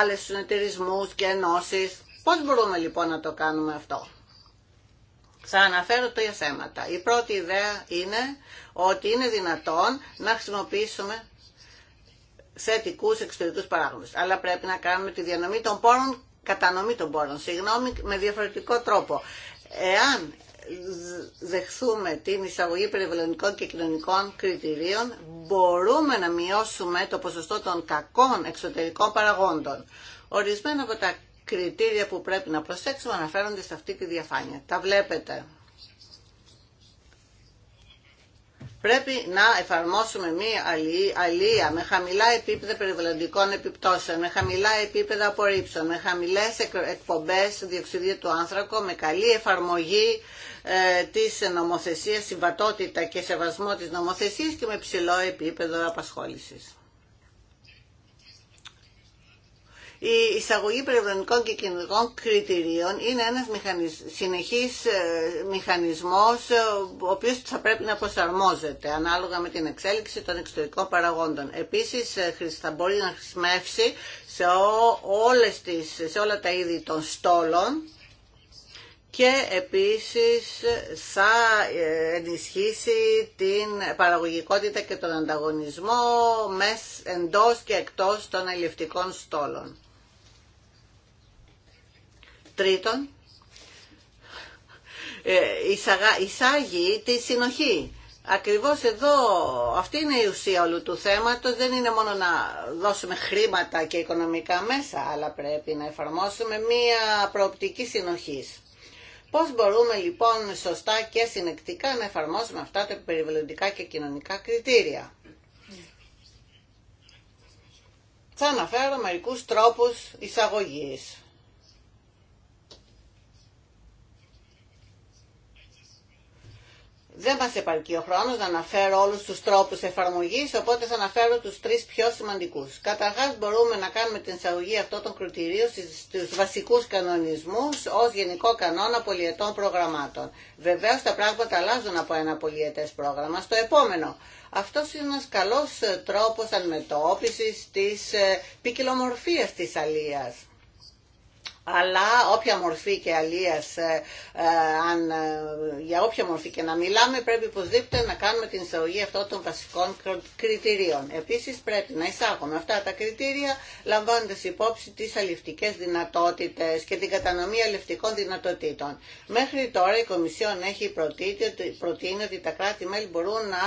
άλλες συνεταιρισμού και ενώσεις. Πώς μπορούμε λοιπόν να το κάνουμε αυτό. Θα αναφέρω τρία θέματα. Η πρώτη ιδέα είναι ότι είναι δυνατόν να χρησιμοποιήσουμε θετικούς εξωτερικούς παράγοντες. Αλλά πρέπει να κάνουμε τη διανομή των πόρων, κατανομή των πόρων, συγγνώμη, με διαφορετικό τρόπο. Εάν δεχθούμε την εισαγωγή περιβαλλοντικών και κοινωνικών κριτηρίων, μπορούμε να μειώσουμε το ποσοστό των κακών εξωτερικών παραγόντων. Ορισμένα από τα κριτήρια που πρέπει να προσέξουμε αναφέρονται σε αυτή τη διαφάνεια. Τα βλέπετε. Πρέπει να εφαρμόσουμε μία αλία με χαμηλά επίπεδα περιβαλλοντικών επιπτώσεων, με χαμηλά επίπεδα απορρίψεων, με χαμηλές εκπομπές διοξιδίου του άνθρακο, με καλή εφαρμογή ε, της νομοθεσίας, συμβατότητα και σεβασμό της νομοθεσίας και με ψηλό επίπεδο απασχόλησης. Η εισαγωγή περιβαλλοντικών και κοινωνικών κριτηρίων είναι ένας μηχανισ... συνεχής ε, μηχανισμός ε, ο οποίος θα πρέπει να προσαρμόζεται ανάλογα με την εξέλιξη των εξωτερικών παραγόντων. Επίσης θα μπορεί να χρησιμεύσει σε, όλες τις... σε όλα τα είδη των στόλων και επίσης θα ε, ενισχύσει την παραγωγικότητα και τον ανταγωνισμό εντός και εκτός των αλληλευτικών στόλων. Τρίτον, ε, εισάγει τη συνοχή. Ακριβώς εδώ, αυτή είναι η ουσία όλου του θέματος, δεν είναι μόνο να δώσουμε χρήματα και οικονομικά μέσα, αλλά πρέπει να εφαρμόσουμε μία προοπτική συνοχής Πώς μπορούμε λοιπόν σωστά και συνεκτικά να εφαρμόσουμε αυτά τα περιβαλλοντικά και κοινωνικά κριτήρια. Θα αναφέρω μερικούς τρόπους εισαγωγής. Δεν μας επαρκεί ο χρόνος να αναφέρω όλους τους τρόπους εφαρμογής, οπότε θα αναφέρω τους τρεις πιο σημαντικούς. Καταρχάς μπορούμε να κάνουμε την εισαγωγή αυτών των κριτηρίων στους βασικούς κανονισμούς ως γενικό κανόνα πολιετών προγραμμάτων. Βεβαίως τα πράγματα αλλάζουν από ένα πολιετές πρόγραμμα στο επόμενο. Αυτό είναι ένας καλός τρόπος αντιμετώπισης της ε, ποικιλομορφίας της αλίας αλλά όποια μορφή και αλίας, ε, ε, αν, ε, για όποια μορφή και να μιλάμε, πρέπει οπωσδήποτε να κάνουμε την εισαγωγή αυτών των βασικών κριτηρίων. Επίσης πρέπει να εισάγουμε αυτά τα κριτήρια, λαμβάνοντας υπόψη τις αληφτικές δυνατότητες και την κατανομή αληφτικών δυνατοτήτων. Μέχρι τώρα η Κομισιόν έχει προτείνει ότι τα κράτη-μέλη μπορούν να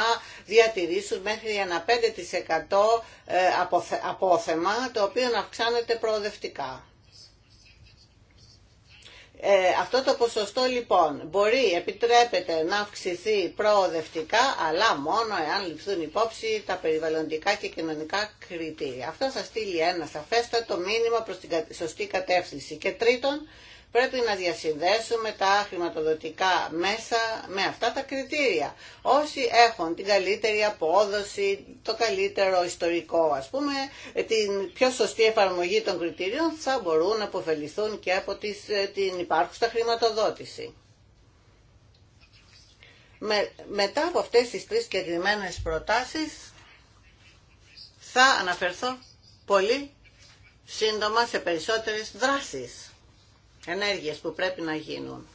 διατηρήσουν μέχρι ένα 5% ε, απόθεμα, το οποίο να αυξάνεται προοδευτικά. Ε, αυτό το ποσοστό λοιπόν μπορεί, επιτρέπεται να αυξηθεί προοδευτικά, αλλά μόνο εάν ληφθούν υπόψη τα περιβαλλοντικά και κοινωνικά κριτήρια. Αυτό θα στείλει ένα σαφέστατο μήνυμα προς την σωστή κατεύθυνση. Και τρίτον, Πρέπει να διασυνδέσουμε τα χρηματοδοτικά μέσα με αυτά τα κριτήρια. Όσοι έχουν την καλύτερη απόδοση, το καλύτερο ιστορικό, ας πούμε, την πιο σωστή εφαρμογή των κριτήριων θα μπορούν να αποφεληθούν και από ε, την υπάρχουσα χρηματοδότηση. Με, μετά από αυτές τις τρεις συγκεκριμένε προτάσεις θα αναφερθώ πολύ σύντομα σε περισσότερες δράσεις ενέργειες που πρέπει να γίνουν.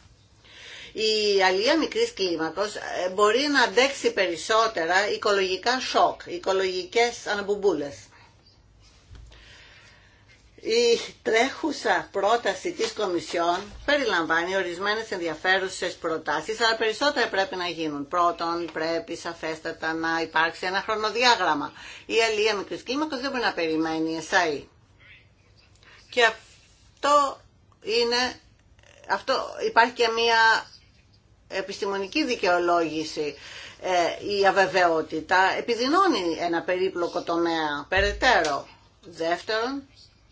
Η αλία μικρής κλίμακος ε, μπορεί να αντέξει περισσότερα οικολογικά σοκ, οικολογικές αναμπουμπούλες. Η τρέχουσα πρόταση της Κομισιόν περιλαμβάνει ορισμένες ενδιαφέρουσες προτάσεις, αλλά περισσότερα πρέπει να γίνουν. Πρώτον, πρέπει σαφέστατα να υπάρξει ένα χρονοδιάγραμμα. Η αλία μικρής κλίμακος δεν μπορεί να περιμένει εσάι. Και αυτό είναι, αυτό υπάρχει και μία επιστημονική δικαιολόγηση. Ε, η αβεβαιότητα επιδεινώνει ένα περίπλοκο τομέα περαιτέρω. Δεύτερον,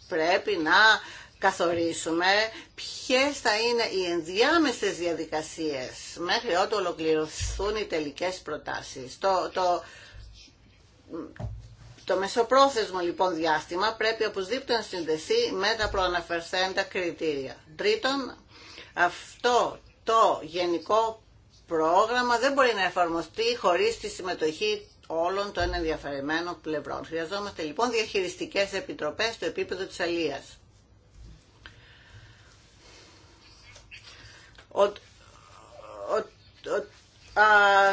πρέπει να καθορίσουμε ποιες θα είναι οι ενδιάμεσες διαδικασίες μέχρι ότου ολοκληρωθούν οι τελικές προτάσεις. Το, το, το μεσοπρόθεσμο λοιπόν διάστημα πρέπει οπωσδήποτε να συνδεθεί με τα προαναφερθέντα κριτήρια. Τρίτον, αυτό το γενικό πρόγραμμα δεν μπορεί να εφαρμοστεί χωρίς τη συμμετοχή όλων των ενδιαφερεμένων πλευρών. Χρειαζόμαστε λοιπόν διαχειριστικές επιτροπές στο επίπεδο της αλίας. Ο, ο,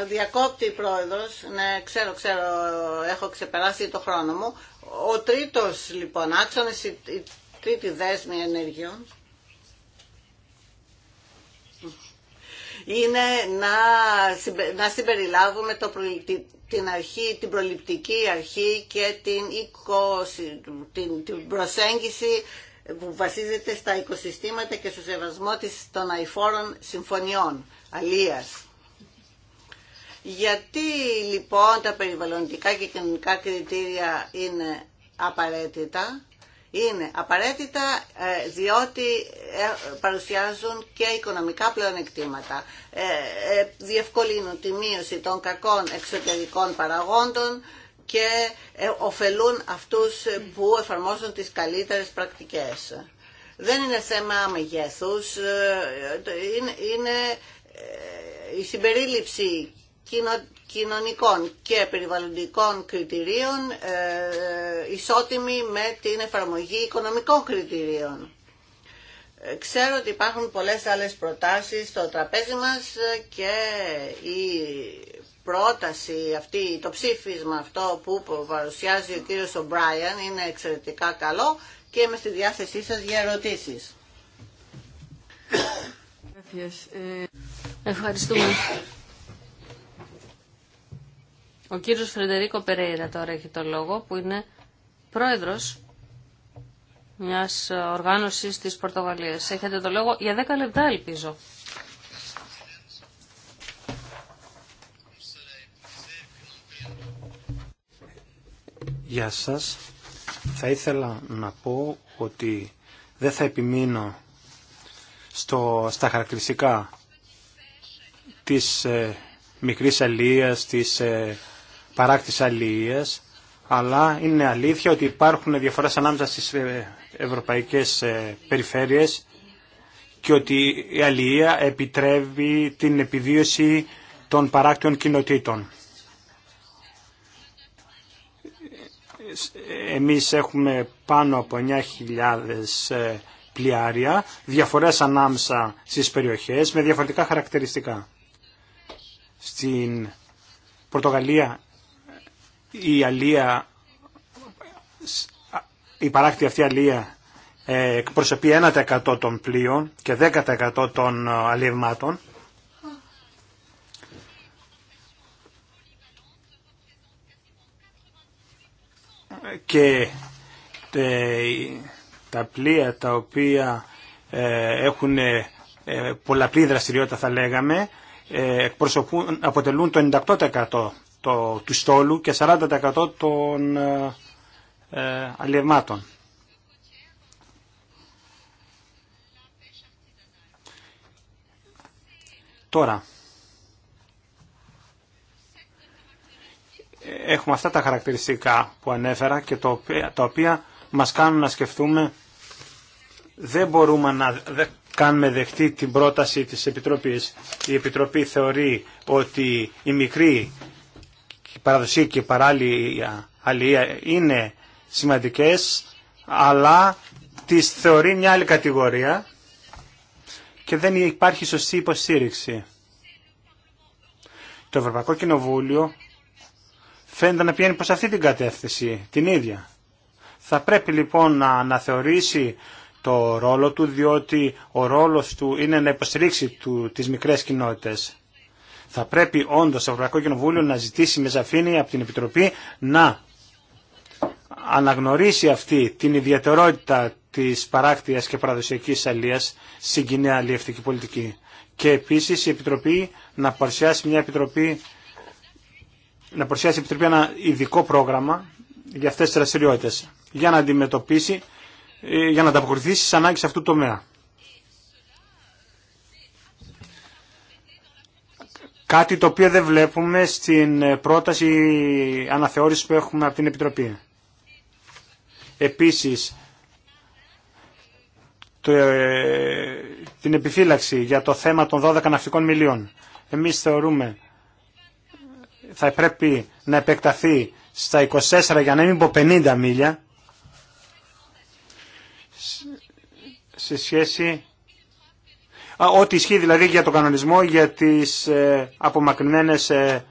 διακόπτη η πρόεδρος, ναι, ξέρω, ξέρω, έχω ξεπεράσει το χρόνο μου. Ο τρίτος λοιπόν άξονας, η, η τρίτη δέσμη ενεργειών, είναι να, να συμπεριλάβουμε την, αρχή, την προληπτική αρχή και την, οικο, την, την προσέγγιση που βασίζεται στα οικοσυστήματα και στο σεβασμό της των αηφόρων συμφωνιών, αλίας. Γιατί λοιπόν τα περιβαλλοντικά και κοινωνικά κριτήρια είναι απαραίτητα. Είναι απαραίτητα ε, διότι ε, παρουσιάζουν και οικονομικά πλεονεκτήματα. Ε, διευκολύνουν τη μείωση των κακών εξωτερικών παραγόντων και ωφελούν αυτούς που εφαρμόζουν τις καλύτερες πρακτικές. Δεν είναι θέμα μεγέθους, είναι η συμπερίληψη κοινωνικών και περιβαλλοντικών κριτηρίων ε, ε, ισότιμη με την εφαρμογή οικονομικών κριτηρίων. Ε, ξέρω ότι υπάρχουν πολλές άλλες προτάσεις στο τραπέζι μας και η πρόταση αυτή, το ψήφισμα αυτό που παρουσιάζει ο κύριος Ομπράιαν είναι εξαιρετικά καλό και είμαι στη διάθεσή σας για ερωτήσεις. Ευχαριστούμε. Ο κύριος Φρεντερίκο Περέιρα τώρα έχει το λόγο που είναι πρόεδρος μιας οργάνωσης της Πορτογαλίας. Έχετε το λόγο για 10 λεπτά ελπίζω. Γεια σας. Θα ήθελα να πω ότι δεν θα επιμείνω στο, στα χαρακτηριστικά της ε, μικρής της ε, παράκτης αλληλείας, αλλά είναι αλήθεια ότι υπάρχουν διαφορές ανάμεσα στις ε, ευρωπαϊκές ε, περιφέρειες και ότι η αλληλεία επιτρέπει την επιδίωση των παράκτιων κοινοτήτων. Εμείς έχουμε πάνω από 9.000 ε, πλοιάρια, διαφορές ανάμεσα στις περιοχές με διαφορετικά χαρακτηριστικά. Στην Πορτογαλία η αλία, η παράκτη αυτή αλία ε, εκπροσωπεί 1% των πλοίων και 10% των ε, αλλιευμάτων. Και ε, τα πλοία τα οποία έχουν πολλαπλή δραστηριότητα θα λέγαμε, αποτελούν το 98% το, του στόλου και 40% των ε, ε, αλλιευμάτων. Τώρα, έχουμε αυτά τα χαρακτηριστικά που ανέφερα και το, τα οποία μας κάνουν να σκεφτούμε δεν μπορούμε να κάνουμε δεχτή την πρόταση της Επιτροπής. Η Επιτροπή θεωρεί ότι οι μικροί παραδοσία και παράλληλη αλληλεία είναι σημαντικές, αλλά τις θεωρεί μια άλλη κατηγορία και δεν υπάρχει σωστή υποστήριξη. Το Ευρωπαϊκό Κοινοβούλιο φαίνεται να πηγαίνει προς αυτή την κατεύθυνση, την ίδια. Θα πρέπει λοιπόν να αναθεωρήσει το ρόλο του, διότι ο ρόλος του είναι να υποστηρίξει του, τις μικρές κοινότητες. Θα πρέπει όντω το Ευρωπαϊκό Κοινοβούλιο να ζητήσει με ζαφήνη από την Επιτροπή να αναγνωρίσει αυτή την ιδιαιτερότητα της παράκτεια και παραδοσιακής αλίας στην κοινή αλληλευτική πολιτική. Και επίσης η Επιτροπή να παρουσιάσει μια επιτροπή να παρουσιάσει Επιτροπή ένα ειδικό πρόγραμμα για αυτές τι δραστηριότητες για να αντιμετωπίσει, ε, για να ανταποκριθεί στις ανάγκες αυτού του τομέα. Κάτι το οποίο δεν βλέπουμε στην πρόταση αναθεώρησης που έχουμε από την Επιτροπή. Επίσης, το, ε, την επιφύλαξη για το θέμα των 12 ναυτικών μιλίων. Εμείς θεωρούμε θα πρέπει να επεκταθεί στα 24 για να μην πω 50 μίλια σε σχέση ό,τι ισχύει δηλαδή για τον κανονισμό για τις ε, απομακρυνμένες ε,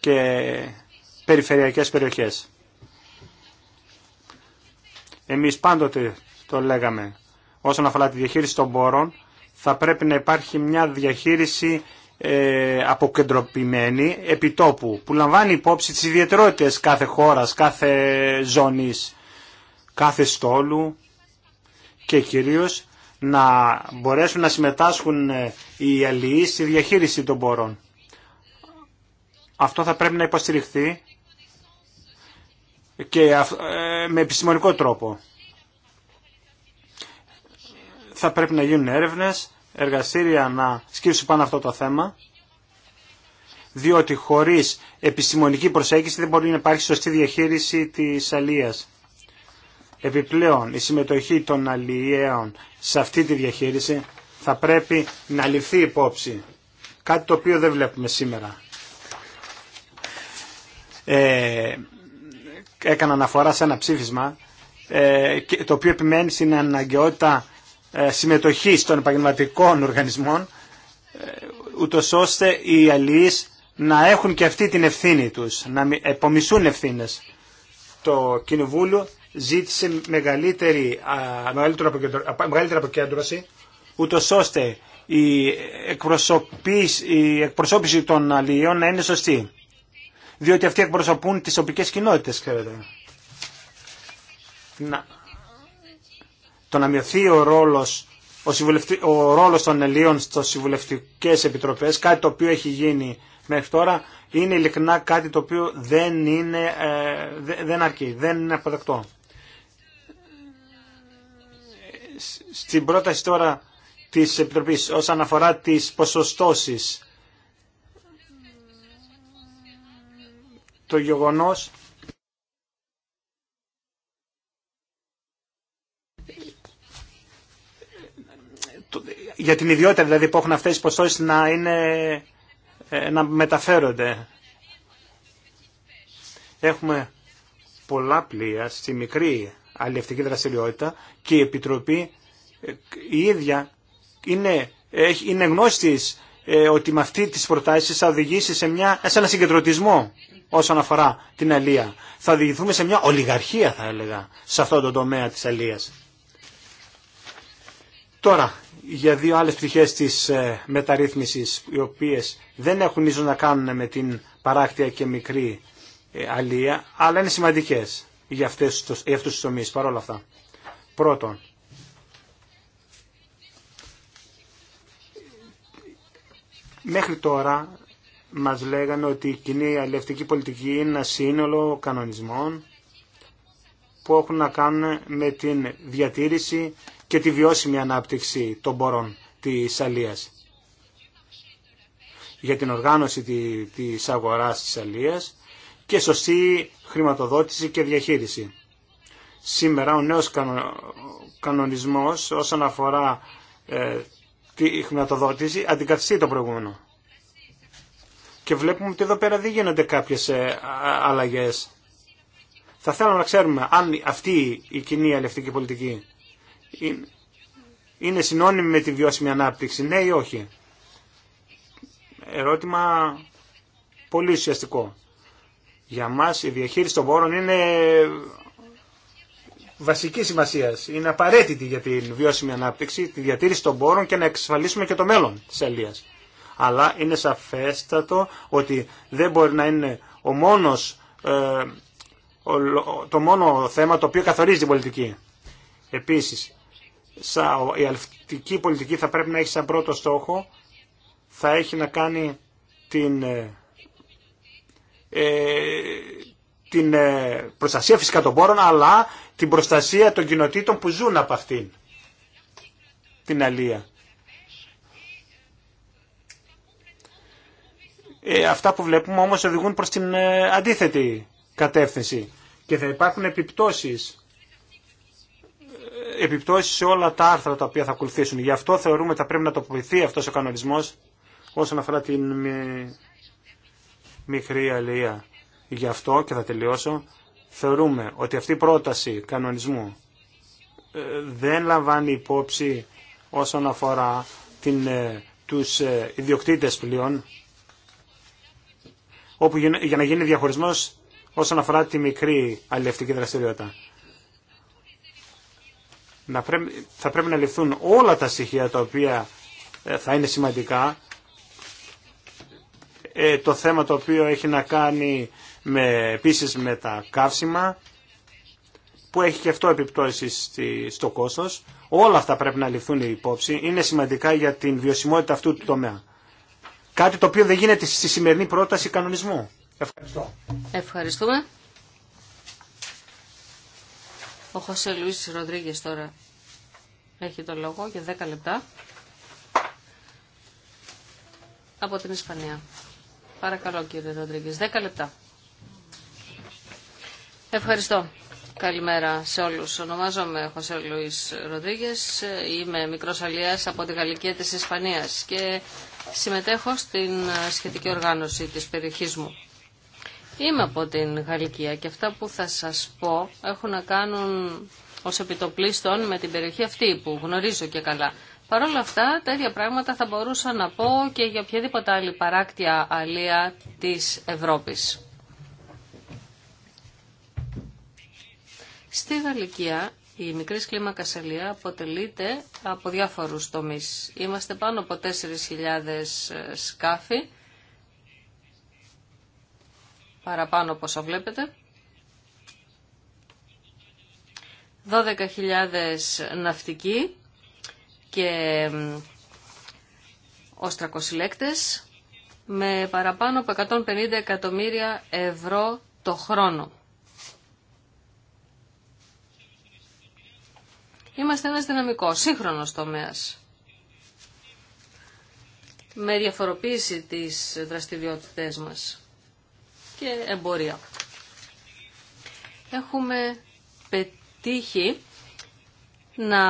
και περιφερειακές περιοχές. Εμείς πάντοτε το λέγαμε όσον αφορά τη διαχείριση των πόρων θα πρέπει να υπάρχει μια διαχείριση ε, αποκεντρωπημένη επιτόπου που λαμβάνει υπόψη τις ιδιαιτερότητες κάθε χώρας, κάθε ζώνης, κάθε στόλου και κυρίως να μπορέσουν να συμμετάσχουν ε, οι αλληλείς στη διαχείριση των πόρων. Αυτό θα πρέπει να υποστηριχθεί και ε, με επιστημονικό τρόπο. Θα πρέπει να γίνουν έρευνες, εργαστήρια να σκύψουν πάνω αυτό το θέμα, διότι χωρίς επιστημονική προσέγγιση δεν μπορεί να υπάρχει σωστή διαχείριση της αλίας. Επιπλέον, η συμμετοχή των αλλιέων σε αυτή τη διαχείριση θα πρέπει να ληφθεί υπόψη. Κάτι το οποίο δεν βλέπουμε σήμερα. Ε, έκανα αναφορά σε ένα ψήφισμα ε, το οποίο επιμένει στην αναγκαιότητα ε, συμμετοχής των επαγγελματικών οργανισμών ε, ώστε οι αλληλείς να έχουν και αυτή την ευθύνη τους, να επομισούν ευθύνες. Το Κοινοβούλιο ζήτησε μεγαλύτερη, μεγαλύτερη αποκέντρωση, ούτω ώστε η, η εκπροσώπηση των αλληλείων να είναι σωστή. Διότι αυτοί εκπροσωπούν τις οπικές κοινότητες, ξέρετε. Να. Το να μειωθεί ο ρόλος, ο, συμβουλευτι... ο ρόλος των αλληλείων στι συμβουλευτικέ επιτροπές, κάτι το οποίο έχει γίνει μέχρι τώρα, είναι ειλικρινά κάτι το οποίο δεν, είναι, ε, δεν αρκεί, δεν είναι αποδεκτό. Στην πρόταση τώρα της Επιτροπής όσον αφορά τις ποσοστώσεις το γεγονός για την ιδιότητα δηλαδή που έχουν αυτές τις ποσοστώσεις να, είναι, ε, να μεταφέρονται. Έχουμε πολλά πλοία στη μικρή αλληλευτική δραστηριότητα και η Επιτροπή η ίδια είναι, έχει, είναι γνώστης ε, ότι με αυτή τις προτάσεις θα οδηγήσει σε, μια, σε ένα συγκεντρωτισμό όσον αφορά την αλία. Θα οδηγηθούμε σε μια ολιγαρχία θα έλεγα σε αυτό το τομέα της αλίας. Τώρα, για δύο άλλες πτυχές της ε, μεταρρύθμισης, οι οποίες δεν έχουν ίσως να κάνουν με την παράκτεια και μικρή ε, αλία, αλλά είναι σημαντικές για, αυτές, για αυτούς τους τομείς, παρόλα αυτά. Πρώτον, Μέχρι τώρα μας λέγανε ότι η κοινή αλληλευτική πολιτική είναι ένα σύνολο κανονισμών που έχουν να κάνουν με την διατήρηση και τη βιώσιμη ανάπτυξη των πορών της αλίας. Για την οργάνωση της αγοράς της αλίας και σωστή χρηματοδότηση και διαχείριση. Σήμερα ο νέος κανονισμός όσον αφορά ε, τη χρηματοδότηση αντικαθιστεί το προηγούμενο. Και βλέπουμε ότι εδώ πέρα δεν γίνονται κάποιες ε, αλλαγέ. Θα θέλαμε να ξέρουμε αν αυτή η κοινή αλληλευτική πολιτική είναι συνώνυμη με τη βιώσιμη ανάπτυξη, ναι ή όχι. Ερώτημα πολύ ουσιαστικό. Για μας η διαχείριση των πόρων είναι βασική σημασία. Είναι απαραίτητη για την βιώσιμη ανάπτυξη, τη διατήρηση των πόρων και να εξασφαλίσουμε και το μέλλον τη Ελία. Αλλά είναι σαφέστατο ότι δεν μπορεί να είναι ο μόνος, ε, το μόνο θέμα το οποίο καθορίζει την πολιτική. Επίσης, η αλφτική πολιτική θα πρέπει να έχει σαν πρώτο στόχο, θα έχει να κάνει την, ε, ε την ε, προστασία φυσικά των πόρων, αλλά την προστασία των κοινοτήτων που ζουν από αυτήν την αλία. Ε, αυτά που βλέπουμε όμως οδηγούν προς την ε, αντίθετη κατεύθυνση και θα υπάρχουν επιπτώσεις ε, επιπτώσεις σε όλα τα άρθρα τα οποία θα ακολουθήσουν. Γι' αυτό θεωρούμε ότι θα πρέπει να τοποποιηθεί αυτός ο κανονισμός όσον αφορά την μικρή αλεία. Γι' αυτό και θα τελειώσω θεωρούμε ότι αυτή η πρόταση κανονισμού ε, δεν λαμβάνει υπόψη όσον αφορά την, ε, τους ε, ιδιοκτήτες πλοίων, όπου για να γίνει διαχωρισμός όσον αφορά τη μικρή αλληλευτική δραστηριότητα. Να θα πρέπει να ληφθούν όλα τα στοιχεία τα οποία θα είναι σημαντικά. Ε, το θέμα το οποίο έχει να κάνει με, επίσης με τα καύσιμα που έχει και αυτό επιπτώσει στο κόστος. Όλα αυτά πρέπει να ληφθούν υπόψη. Είναι σημαντικά για την βιωσιμότητα αυτού του τομέα. Κάτι το οποίο δεν γίνεται στη σημερινή πρόταση κανονισμού. Ευχαριστώ. Ευχαριστούμε. Ο Χωσέ Λουίς Ροντρίγκες τώρα έχει το λόγο για 10 λεπτά από την Ισπανία. Παρακαλώ κύριε Ροντρίγκες, 10 λεπτά. Ευχαριστώ. Καλημέρα σε όλους. Ονομάζομαι Χωσέ Λουί Ροδρίγες, είμαι μικρό αλίας από τη Γαλλικία της Ισπανίας και συμμετέχω στην σχετική οργάνωση της περιοχή μου. Είμαι από την Γαλλικία και αυτά που θα σας πω έχουν να κάνουν ως επιτοπλίστων με την περιοχή αυτή που γνωρίζω και καλά. Παρ' όλα αυτά, τα πράγματα θα μπορούσα να πω και για οποιαδήποτε άλλη παράκτια αλία της Ευρώπης. Στη Γαλλικία η μικρή κλίμακα σελία αποτελείται από διάφορους τομείς. Είμαστε πάνω από 4.000 ε, σκάφη, παραπάνω όπως βλέπετε. 12.000 ναυτικοί και οστρακοσυλλέκτες με παραπάνω από 150 εκατομμύρια ευρώ το χρόνο. Είμαστε ένας δυναμικός, σύγχρονος τομέας με διαφοροποίηση της δραστηριότητές μας και εμπορία. Έχουμε πετύχει να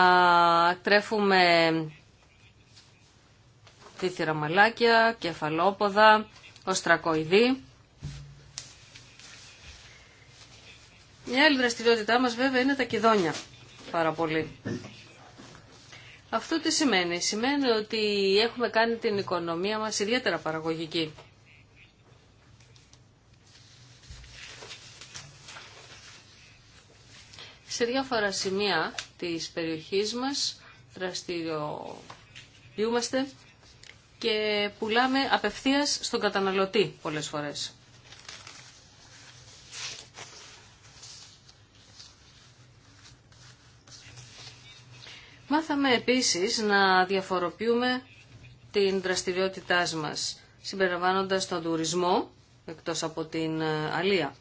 τρέφουμε τίθυρα μαλάκια, κεφαλόποδα, οστρακοειδή. Μια άλλη δραστηριότητά μας βέβαια είναι τα κιδόνια πάρα Αυτό τι σημαίνει. Σημαίνει ότι έχουμε κάνει την οικονομία μας ιδιαίτερα παραγωγική. Σε διάφορα σημεία της περιοχής μας δραστηριοποιούμαστε και πουλάμε απευθείας στον καταναλωτή πολλές φορές. Μάθαμε επίσης να διαφοροποιούμε την δραστηριότητά μας, συμπεριλαμβάνοντας τον τουρισμό, εκτός από την ε, αλία.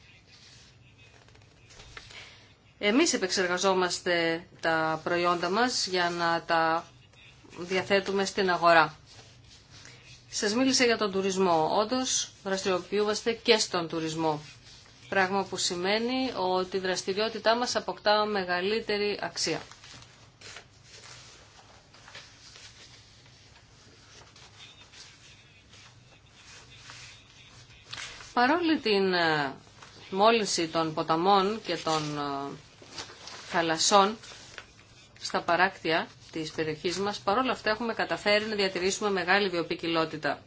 Εμείς επεξεργαζόμαστε τα προϊόντα μας για να τα διαθέτουμε στην αγορά. Σας μίλησα για τον τουρισμό. Όντως δραστηριοποιούμαστε και στον τουρισμό. Πράγμα που σημαίνει ότι η δραστηριότητά μας αποκτά μεγαλύτερη αξία. Παρόλη την ε, μόλυνση των ποταμών και των ε, θαλασσών στα παράκτια της περιοχής μας, παρόλα αυτά έχουμε καταφέρει να διατηρήσουμε μεγάλη βιοποικιλότητα.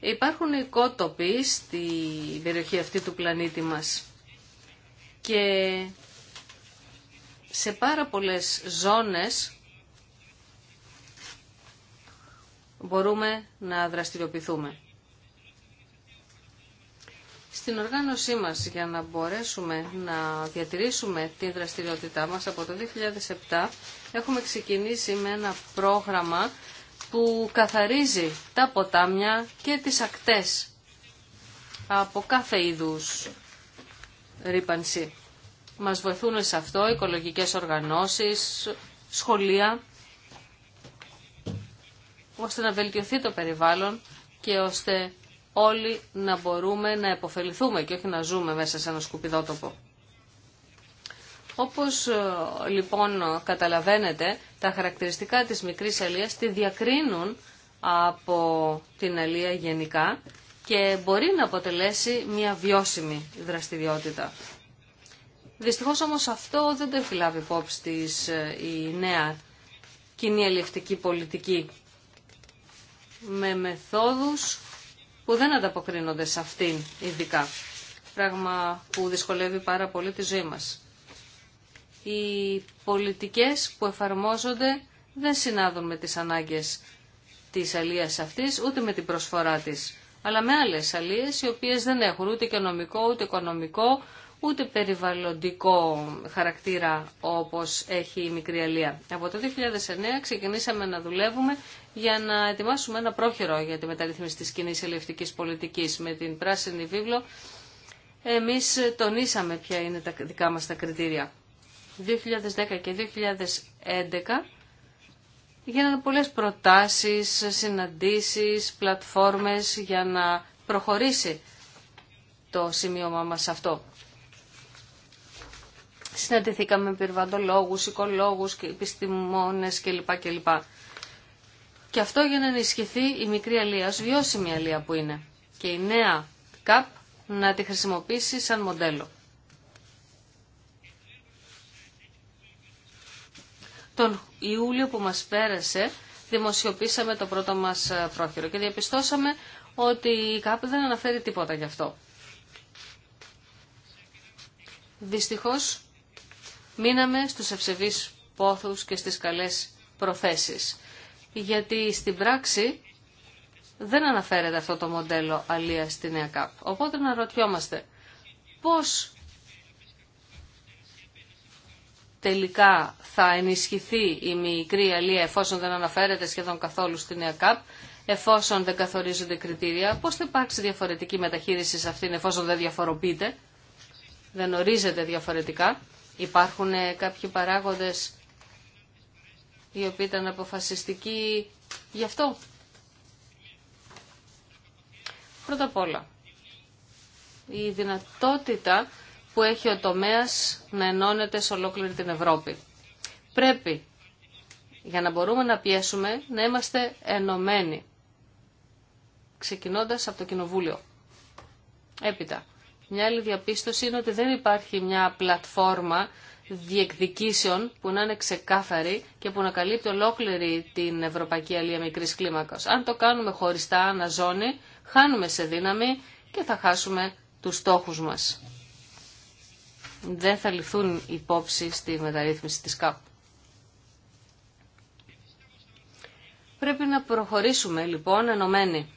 Υπάρχουν οικότοποι στην περιοχή αυτή του πλανήτη μας και σε πάρα πολλές ζώνες μπορούμε να δραστηριοποιηθούμε. Στην οργάνωσή μας για να μπορέσουμε να διατηρήσουμε την δραστηριότητά μας από το 2007 έχουμε ξεκινήσει με ένα πρόγραμμα που καθαρίζει τα ποτάμια και τις ακτές από κάθε είδους ρήπανση. Μας βοηθούν σε αυτό οικολογικές οργανώσεις, σχολεία, ώστε να βελτιωθεί το περιβάλλον και ώστε όλοι να μπορούμε να επωφεληθούμε και όχι να ζούμε μέσα σε ένα σκουπιδότοπο. Όπως ε, λοιπόν καταλαβαίνετε, τα χαρακτηριστικά της μικρής αλίας τη διακρίνουν από την αλία γενικά και μπορεί να αποτελέσει μια βιώσιμη δραστηριότητα. Δυστυχώς όμως αυτό δεν το έχει λάβει υπόψη της ε, η νέα κοινή πολιτική με μεθόδους που δεν ανταποκρίνονται σε αυτήν ειδικά. Πράγμα που δυσκολεύει πάρα πολύ τη ζωή μας. Οι πολιτικές που εφαρμόζονται δεν συνάδουν με τις ανάγκες της αλίας αυτής, ούτε με την προσφορά της, αλλά με άλλες αλίες οι οποίες δεν έχουν ούτε οικονομικό, ούτε οικονομικό, ούτε περιβαλλοντικό χαρακτήρα όπως έχει η μικρή αλία. Από το 2009 ξεκινήσαμε να δουλεύουμε για να ετοιμάσουμε ένα πρόχειρο για τη μεταρρύθμιση της κοινή ελευτικής πολιτικής. Με την πράσινη βίβλο εμείς τονίσαμε ποια είναι τα δικά μας τα κριτήρια. 2010 και 2011 γίνανε πολλές προτάσεις, συναντήσεις, πλατφόρμες για να προχωρήσει το σημείωμα μας αυτό. Συναντηθήκαμε με περιβαλλοντολόγους, οικολόγους, επιστημόνες κλπ. Και αυτό για να ενισχυθεί η μικρή αλία, ως βιώσιμη αλία που είναι. Και η νέα ΚΑΠ να τη χρησιμοποιήσει σαν μοντέλο. Τον Ιούλιο που μας πέρασε δημοσιοποίησαμε το πρώτο μας ε, πρόχειρο και διαπιστώσαμε ότι η ΚΑΠ δεν αναφέρει τίποτα γι' αυτό. Δυστυχώς μείναμε στους ευσεβείς πόθους και στις καλές προθέσεις. Γιατί στην πράξη δεν αναφέρεται αυτό το μοντέλο αλία στην ΕΑΚΑΠ. Οπότε να ρωτιόμαστε πώς τελικά θα ενισχυθεί η μικρή αλία εφόσον δεν αναφέρεται σχεδόν καθόλου στην ΕΑΚΑΠ, εφόσον δεν καθορίζονται κριτήρια, πώς θα υπάρξει διαφορετική μεταχείριση σε αυτήν εφόσον δεν διαφοροποιείται, δεν ορίζεται διαφορετικά. Υπάρχουν ε, κάποιοι παράγοντες οι οποίοι ήταν αποφασιστικοί γι' αυτό. Πρώτα απ' όλα, η δυνατότητα που έχει ο τομέας να ενώνεται σε ολόκληρη την Ευρώπη. Πρέπει, για να μπορούμε να πιέσουμε, να είμαστε ενωμένοι, ξεκινώντας από το Κοινοβούλιο. Έπειτα, μια άλλη διαπίστωση είναι ότι δεν υπάρχει μια πλατφόρμα διεκδικήσεων που να είναι ξεκάθαρη και που να καλύπτει ολόκληρη την Ευρωπαϊκή Αλία Μικρής Κλίμακας. Αν το κάνουμε χωριστά αναζώνει, χάνουμε σε δύναμη και θα χάσουμε τους στόχους μας. Δεν θα λυθούν υπόψη στη μεταρρύθμιση της ΚΑΠ. Πρέπει να προχωρήσουμε λοιπόν ενωμένοι.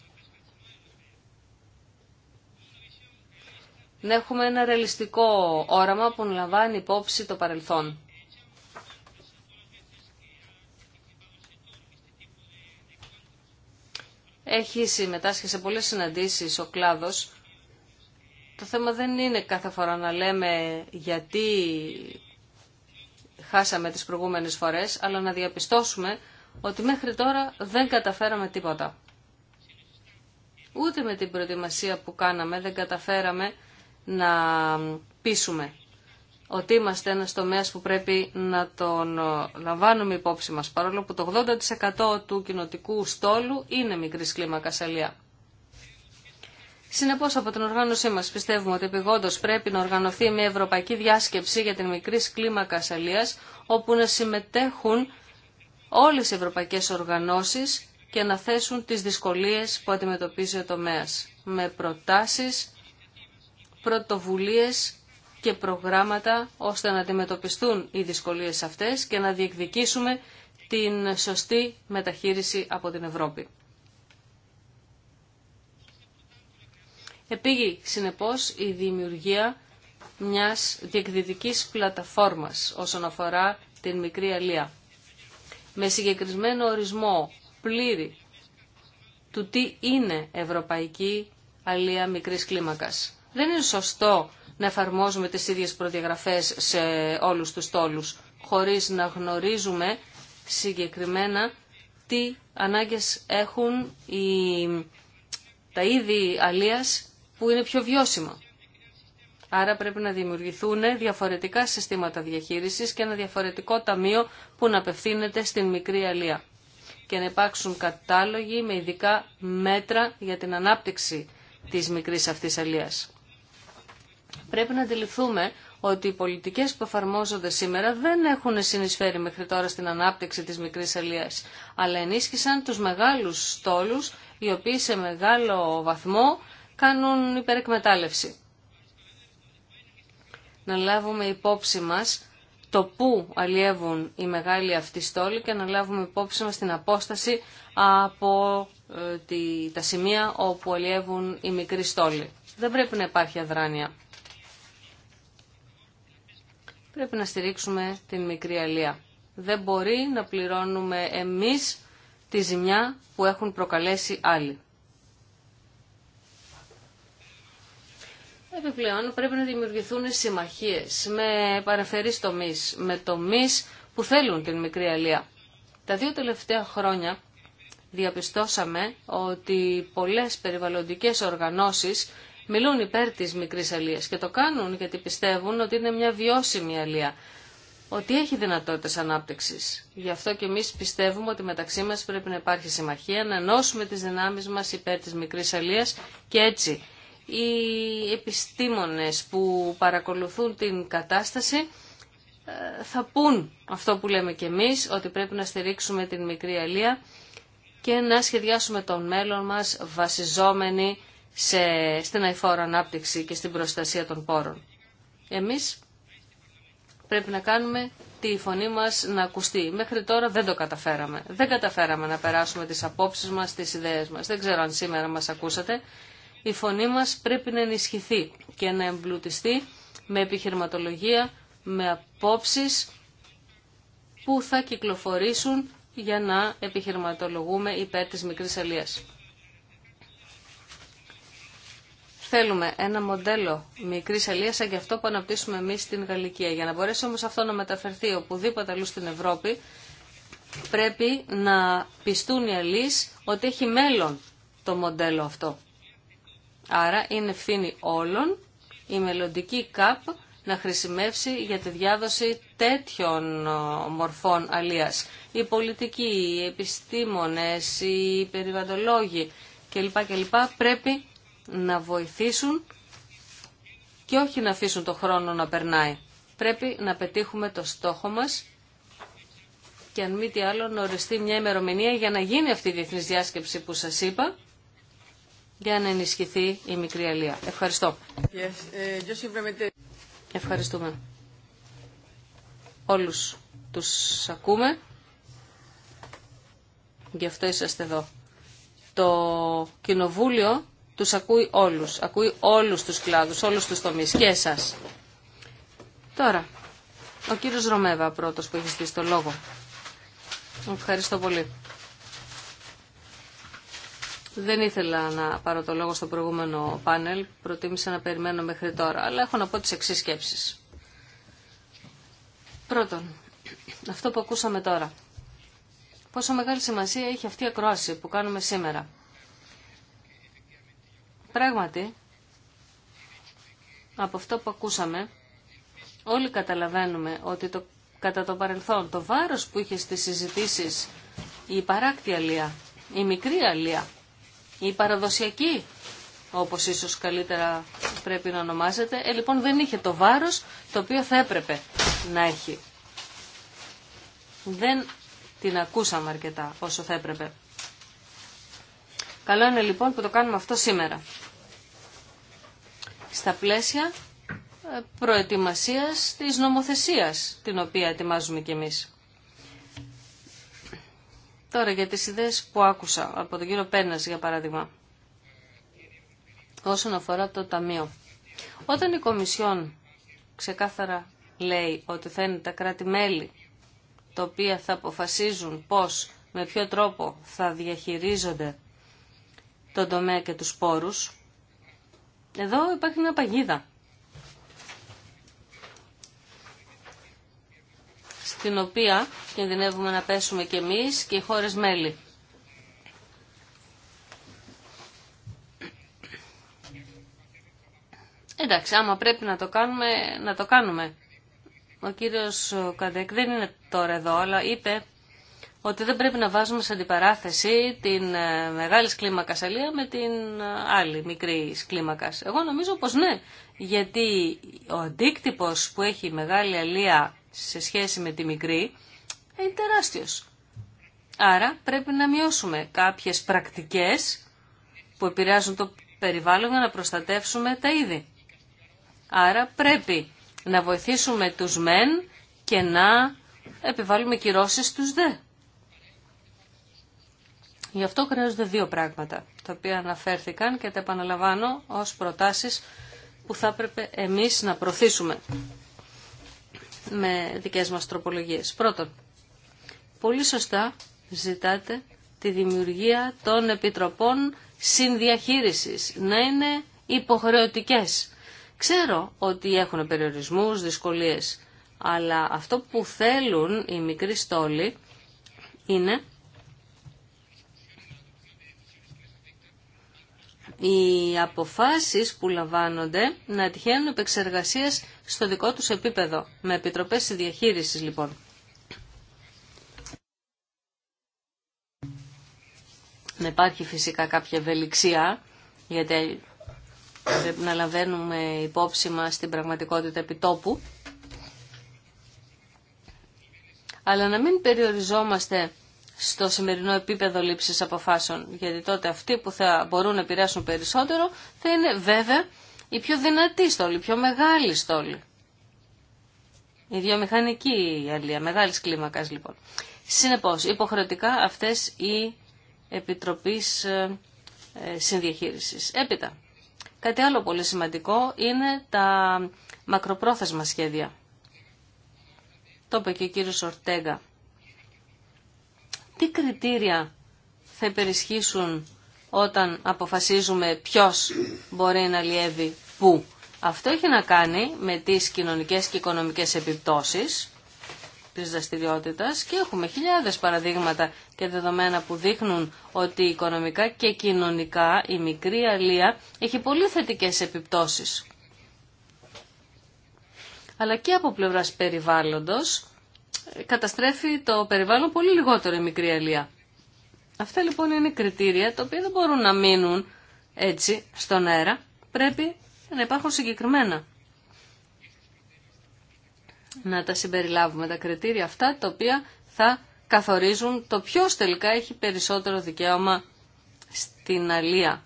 να έχουμε ένα ρεαλιστικό όραμα που λαμβάνει υπόψη το παρελθόν. Έχει συμμετάσχει σε πολλές συναντήσεις ο κλάδος. Το θέμα δεν είναι κάθε φορά να λέμε γιατί χάσαμε τις προηγούμενες φορές, αλλά να διαπιστώσουμε ότι μέχρι τώρα δεν καταφέραμε τίποτα. Ούτε με την προετοιμασία που κάναμε δεν καταφέραμε να πείσουμε ότι είμαστε ένας τομέας που πρέπει να τον ε, λαμβάνουμε υπόψη μας, παρόλο που το 80% του κοινοτικού στόλου είναι μικρής κλίμακας αλεία. Συνεπώς, από την οργάνωσή μας πιστεύουμε ότι επιγόντως πρέπει να οργανωθεί μια ευρωπαϊκή διάσκεψη για την μικρή κλίμακα αλεία, όπου να συμμετέχουν όλες οι ευρωπαϊκές οργανώσεις και να θέσουν τις δυσκολίες που αντιμετωπίζει ο τομέα, με προτάσεις πρωτοβουλίες και προγράμματα ώστε να αντιμετωπιστούν οι δυσκολίες αυτές και να διεκδικήσουμε την σωστή μεταχείριση από την Ευρώπη. Επήγει, συνεπώς, η δημιουργία μιας διεκδικητικής πλαταφόρμας όσον αφορά την μικρή αλία. Με συγκεκριμένο ορισμό πλήρη του τι είναι ευρωπαϊκή αλία μικρής κλίμακας. Δεν είναι σωστό να εφαρμόζουμε τις ίδιες προδιαγραφές σε όλους τους τόλους, χωρίς να γνωρίζουμε συγκεκριμένα τι ανάγκες έχουν οι... τα είδη αλίας που είναι πιο βιώσιμα. Άρα πρέπει να δημιουργηθούν διαφορετικά συστήματα διαχείρισης και ένα διαφορετικό ταμείο που να απευθύνεται στην μικρή αλία και να υπάρξουν κατάλογοι με ειδικά μέτρα για την ανάπτυξη της μικρής αυτής αλίας πρέπει να αντιληφθούμε ότι οι πολιτικές που εφαρμόζονται σήμερα δεν έχουν συνεισφέρει μέχρι τώρα στην ανάπτυξη της μικρής αλίας, αλλά ενίσχυσαν τους μεγάλους στόλους, οι οποίοι σε μεγάλο βαθμό κάνουν υπερεκμετάλλευση. Να λάβουμε υπόψη μας το πού αλλιεύουν οι μεγάλοι αυτοί στόλοι και να λάβουμε υπόψη μας την απόσταση από ε, τα σημεία όπου αλλιεύουν οι μικροί στόλοι. Δεν πρέπει να υπάρχει αδράνεια πρέπει να στηρίξουμε την μικρή αλία. Δεν μπορεί να πληρώνουμε εμείς τη ζημιά που έχουν προκαλέσει άλλοι. Επιπλέον πρέπει να δημιουργηθούν συμμαχίες με παραφερείς τομείς, με τομείς που θέλουν την μικρή αλία. Τα δύο τελευταία χρόνια διαπιστώσαμε ότι πολλές περιβαλλοντικές οργανώσεις μιλούν υπέρ της μικρής αλίας και το κάνουν γιατί πιστεύουν ότι είναι μια βιώσιμη αλία, ότι έχει δυνατότητες ανάπτυξης. Γι' αυτό και εμείς πιστεύουμε ότι μεταξύ μας πρέπει να υπάρχει συμμαχία, να ενώσουμε τις δυνάμεις μας υπέρ της μικρής αλίας και έτσι οι επιστήμονες που παρακολουθούν την κατάσταση ε, θα πούν αυτό που λέμε και εμείς, ότι πρέπει να στηρίξουμε την μικρή αλία και να σχεδιάσουμε τον μέλλον μας βασιζόμενοι σε, στην αηφόρο ανάπτυξη και στην προστασία των πόρων. Εμείς πρέπει να κάνουμε τη φωνή μας να ακουστεί. Μέχρι τώρα δεν το καταφέραμε. Δεν καταφέραμε να περάσουμε τις απόψεις μας, τις ιδέες μας. Δεν ξέρω αν σήμερα μας ακούσατε. Η φωνή μας πρέπει να ενισχυθεί και να εμπλουτιστεί με επιχειρηματολογία, με απόψεις που θα κυκλοφορήσουν για να επιχειρηματολογούμε υπέρ της μικρής αλίας. Θέλουμε ένα μοντέλο μικρή αλίας σαν και αυτό που αναπτύσσουμε εμεί στην Γαλλικία. Για να μπορέσει όμω αυτό να μεταφερθεί οπουδήποτε αλλού στην Ευρώπη, πρέπει να πιστούν οι αλείς ότι έχει μέλλον το μοντέλο αυτό. Άρα είναι ευθύνη όλων η μελλοντική ΚΑΠ να χρησιμεύσει για τη διάδοση τέτοιων μορφών αλίας. Οι πολιτικοί, οι επιστήμονες, οι περιβαντολόγοι κλπ. κλπ. πρέπει να βοηθήσουν και όχι να αφήσουν το χρόνο να περνάει. Πρέπει να πετύχουμε το στόχο μας και αν μη τι άλλο να οριστεί μια ημερομηνία για να γίνει αυτή η διεθνής διάσκεψη που σας είπα για να ενισχυθεί η μικρή αλία. Ευχαριστώ. Yes. Ε, Ευχαριστούμε. Όλους τους ακούμε. Γι' αυτό είσαστε εδώ. Το Κοινοβούλιο τους ακούει όλους. Ακούει όλους τους κλάδους, όλους τους τομείς και εσάς. Τώρα, ο κύριος Ρωμέβα πρώτος που έχει στήσει το λόγο. Ευχαριστώ πολύ. Δεν ήθελα να πάρω το λόγο στο προηγούμενο πάνελ, προτίμησα να περιμένω μέχρι τώρα, αλλά έχω να πω τις εξής σκέψεις. Πρώτον, αυτό που ακούσαμε τώρα. Πόσο μεγάλη σημασία έχει αυτή η ακρόαση που κάνουμε σήμερα. Πράγματι, από αυτό που ακούσαμε, όλοι καταλαβαίνουμε ότι το, κατά το παρελθόν το βάρος που είχε στις συζητήσεις η παράκτη αλία, η μικρή αλία, η παραδοσιακή, όπως ίσως καλύτερα πρέπει να ονομάζεται, ε, λοιπόν δεν είχε το βάρος το οποίο θα έπρεπε να έχει. Δεν την ακούσαμε αρκετά όσο θα έπρεπε. Καλό είναι λοιπόν που το κάνουμε αυτό σήμερα. Στα πλαίσια ε, προετοιμασίας της νομοθεσίας την οποία ετοιμάζουμε κι εμείς. Τώρα για τις ιδέες που άκουσα από τον κύριο Πένας για παράδειγμα όσον αφορά το Ταμείο. Όταν η Κομισιόν ξεκάθαρα λέει ότι θα είναι τα κράτη-μέλη τα οποία θα αποφασίζουν πώς, με ποιο τρόπο θα διαχειρίζονται τον τομέα και τους πόρους, εδώ υπάρχει μια παγίδα. Στην οποία κινδυνεύουμε να πέσουμε και εμείς και οι χώρες μέλη. Εντάξει, άμα πρέπει να το κάνουμε, να το κάνουμε. Ο κύριος Καντέκ δεν είναι τώρα εδώ, αλλά είπε ότι δεν πρέπει να βάζουμε σε αντιπαράθεση την ε, μεγάλη κλίμακα αλεία με την ε, άλλη μικρή κλίμακα. Εγώ νομίζω πως ναι, γιατί ο αντίκτυπος που έχει η μεγάλη αλεία σε σχέση με τη μικρή είναι τεράστιος. Άρα πρέπει να μειώσουμε κάποιες πρακτικές που επηρεάζουν το περιβάλλον για να προστατεύσουμε τα είδη. Άρα πρέπει να βοηθήσουμε τους μεν και να επιβάλλουμε κυρώσεις τους δε. Γι' αυτό χρειάζονται δύο πράγματα, τα οποία αναφέρθηκαν και τα επαναλαμβάνω ως προτάσεις που θα έπρεπε εμείς να προωθήσουμε με δικές μας τροπολογίες. Πρώτον, πολύ σωστά ζητάτε τη δημιουργία των επιτροπών συνδιαχείρισης, να είναι υποχρεωτικές. Ξέρω ότι έχουν περιορισμούς, δυσκολίες, αλλά αυτό που θέλουν οι μικροί στόλοι είναι οι αποφάσεις που λαμβάνονται να τυχαίνουν επεξεργασίες στο δικό τους επίπεδο, με επιτροπές διαχείρισης λοιπόν. Να υπάρχει φυσικά κάποια ευελιξία, γιατί πρέπει να λαμβάνουμε υπόψη μας την πραγματικότητα επιτόπου, αλλά να μην περιοριζόμαστε στο σημερινό επίπεδο λήψη αποφάσεων, γιατί τότε αυτοί που θα μπορούν να επηρεάσουν περισσότερο θα είναι βέβαια οι πιο δυνατοί στόλοι, οι πιο μεγάλοι στόλοι. Η βιομηχανική αλία, μεγάλη κλίμακας λοιπόν. Συνεπώς, υποχρεωτικά αυτές οι επιτροπής ε, ε, συνδιαχείρισης. Έπειτα, κάτι άλλο πολύ σημαντικό είναι τα μακροπρόθεσμα σχέδια. Το είπε και ο κύριος Ορτέγκα τι κριτήρια θα υπερισχύσουν όταν αποφασίζουμε ποιος μπορεί να λιεύει πού. Αυτό έχει να κάνει με τις κοινωνικές και οικονομικές επιπτώσεις της δραστηριότητα και έχουμε χιλιάδες παραδείγματα και δεδομένα που δείχνουν ότι οικονομικά και κοινωνικά η μικρή αλία έχει πολύ θετικές επιπτώσεις. Αλλά και από πλευράς περιβάλλοντος καταστρέφει το περιβάλλον πολύ λιγότερο η μικρή αλία. Αυτά λοιπόν είναι κριτήρια τα οποία δεν μπορούν να μείνουν έτσι στον αέρα. Πρέπει να υπάρχουν συγκεκριμένα. Να τα συμπεριλάβουμε τα κριτήρια αυτά τα οποία θα καθορίζουν το ποιο τελικά έχει περισσότερο δικαίωμα στην αλία.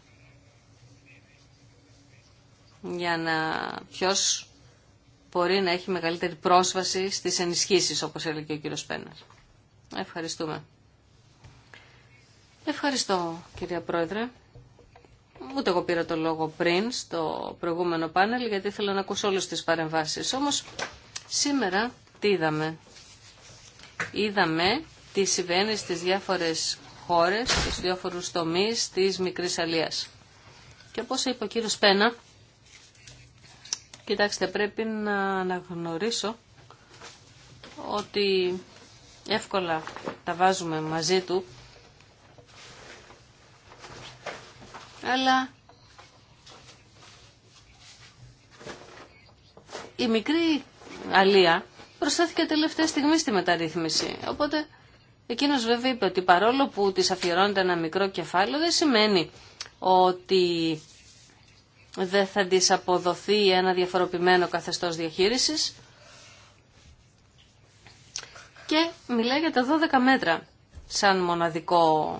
Για να ποιος μπορεί να έχει μεγαλύτερη πρόσβαση στις ενισχύσεις, όπως έλεγε ο κύριος Πένας. Ευχαριστούμε. Ευχαριστώ, κυρία Πρόεδρε. Ούτε εγώ πήρα το λόγο πριν στο προηγούμενο πάνελ, γιατί ήθελα να ακούσω όλες τις παρεμβάσεις. Όμως, σήμερα τι είδαμε. Είδαμε τι συμβαίνει στις διάφορες χώρες, στους διάφορους τομείς της Μικρής Αλίας. Και όπως είπε ο κύριος Πένα, Κοιτάξτε, πρέπει να αναγνωρίσω ότι εύκολα τα βάζουμε μαζί του, αλλά η μικρή αλία προστάθηκε τελευταία στιγμή στη μεταρρύθμιση. Οπότε εκείνος βέβαια είπε ότι παρόλο που της αφιερώνεται ένα μικρό κεφάλαιο δεν σημαίνει ότι δεν θα της αποδοθεί ένα διαφοροποιημένο καθεστώς διαχείρισης. Και μιλάει για τα 12 μέτρα σαν μοναδικό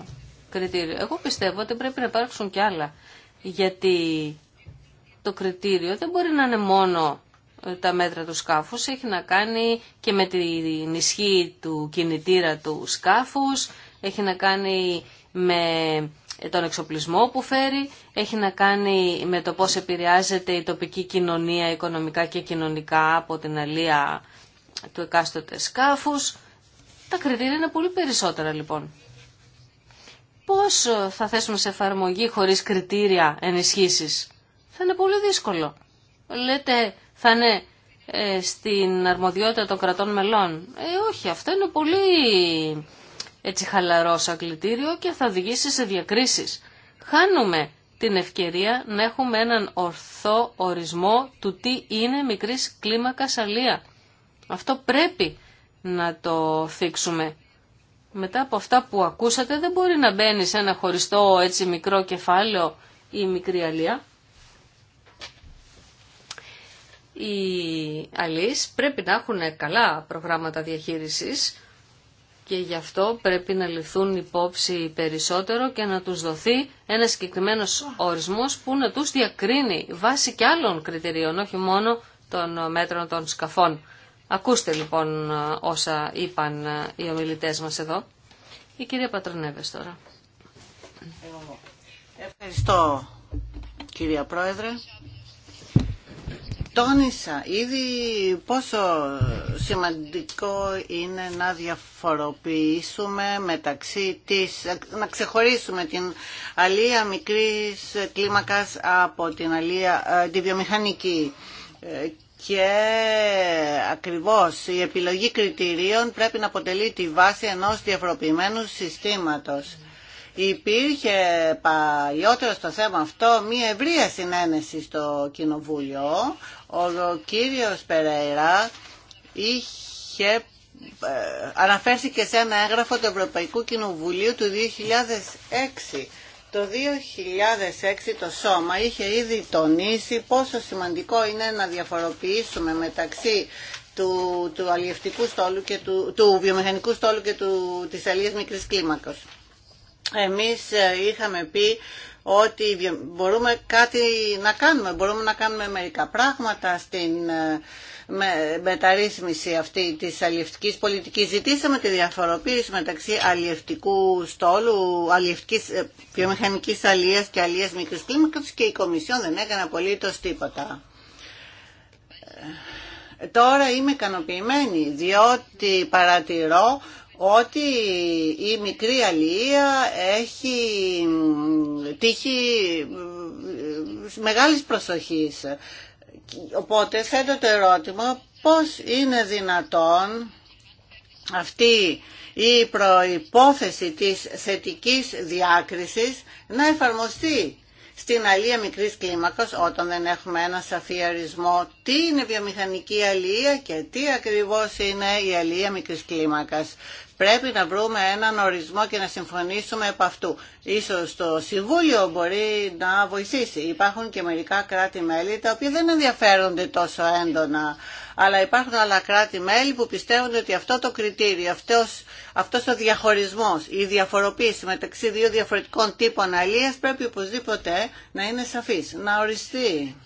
κριτήριο. Εγώ πιστεύω ότι πρέπει να υπάρξουν και άλλα, γιατί το κριτήριο δεν μπορεί να είναι μόνο ε, τα μέτρα του σκάφους, έχει να κάνει και με την ισχύ του κινητήρα του σκάφους, έχει να κάνει με τον εξοπλισμό που φέρει, έχει να κάνει με το πώς επηρεάζεται η τοπική κοινωνία οικονομικά και κοινωνικά από την αλία του εκάστοτε σκάφους. Τα κριτήρια είναι πολύ περισσότερα λοιπόν. Πώς θα θέσουμε σε εφαρμογή χωρίς κριτήρια ενισχύσεις. Θα είναι πολύ δύσκολο. Λέτε θα είναι ε, στην αρμοδιότητα των κρατών μελών. Ε, όχι, αυτό είναι πολύ έτσι χαλαρό σαν και θα οδηγήσει σε διακρίσεις. Χάνουμε την ευκαιρία να έχουμε έναν ορθό ορισμό του τι είναι μικρής κλίμακας αλεία. Αυτό πρέπει να το θίξουμε. Μετά από αυτά που ακούσατε δεν μπορεί να μπαίνει σε ένα χωριστό έτσι μικρό κεφάλαιο η μικρή αλεία. Οι αλείς πρέπει να έχουν καλά προγράμματα διαχείρισης και γι' αυτό πρέπει να ληφθούν υπόψη περισσότερο και να τους δοθεί ένας συγκεκριμένο ορισμός που να τους διακρίνει βάσει και άλλων κριτηρίων, όχι μόνο των μέτρων των σκαφών. Ακούστε λοιπόν όσα είπαν ε, οι ομιλητές μας εδώ. Η κυρία Πατρονέβες τώρα. Ευχαριστώ κυρία Πρόεδρε τόνισα ήδη πόσο σημαντικό είναι να διαφοροποιήσουμε μεταξύ της, να ξεχωρίσουμε την αλία μικρής κλίμακας από την αλία, ε, τη βιομηχανική ε, και ακριβώς η επιλογή κριτηρίων πρέπει να αποτελεί τη βάση ενός διαφοροποιημένου συστήματος. Υπήρχε παλιότερα στο θέμα αυτό μία ευρεία συνένεση στο Κοινοβούλιο ο κύριος Περέιρα είχε ε, αναφέρθηκε σε ένα έγγραφο του Ευρωπαϊκού Κοινοβουλίου του 2006. Το 2006 το Σώμα είχε ήδη τονίσει πόσο σημαντικό είναι να διαφοροποιήσουμε μεταξύ του, του αλλιευτικού στόλου και του, του βιομηχανικού στόλου και του, της αλλίας μικρής κλίμακος. Εμείς ε, είχαμε πει ότι μπορούμε κάτι να κάνουμε, μπορούμε να κάνουμε μερικά πράγματα στην ε, με, μεταρρύθμιση αυτή της αλλιευτικής πολιτικής. Ζητήσαμε τη διαφοροποίηση μεταξύ αλλιευτικού στόλου, αλλιευτικής ε, βιομηχανικής αλλίας και αλλίας μικρής κλίμακας και η Κομισιόν δεν έκανε απολύτως τίποτα. Ε, τώρα είμαι ικανοποιημένη διότι παρατηρώ ότι η μικρή αλληλεία έχει τύχει μεγάλης προσοχής. Οπότε θέτω το ερώτημα πώς είναι δυνατόν αυτή η προϋπόθεση της θετικής διάκρισης να εφαρμοστεί στην αλία μικρής κλίμακας όταν δεν έχουμε ένα σαφή τι είναι βιομηχανική αλία και τι ακριβώς είναι η αλία μικρής κλίμακας. Πρέπει να βρούμε έναν ορισμό και να συμφωνήσουμε επ' αυτού. Ίσως το Συμβούλιο μπορεί να βοηθήσει. Υπάρχουν και μερικά κράτη-μέλη τα οποία δεν ενδιαφέρονται τόσο έντονα. Αλλά υπάρχουν άλλα κράτη-μέλη που πιστεύουν ότι αυτό το κριτήριο, αυτός, αυτός ο διαχωρισμός, η διαφοροποίηση μεταξύ δύο διαφορετικών τύπων αλίας πρέπει οπωσδήποτε να είναι σαφής, να οριστεί.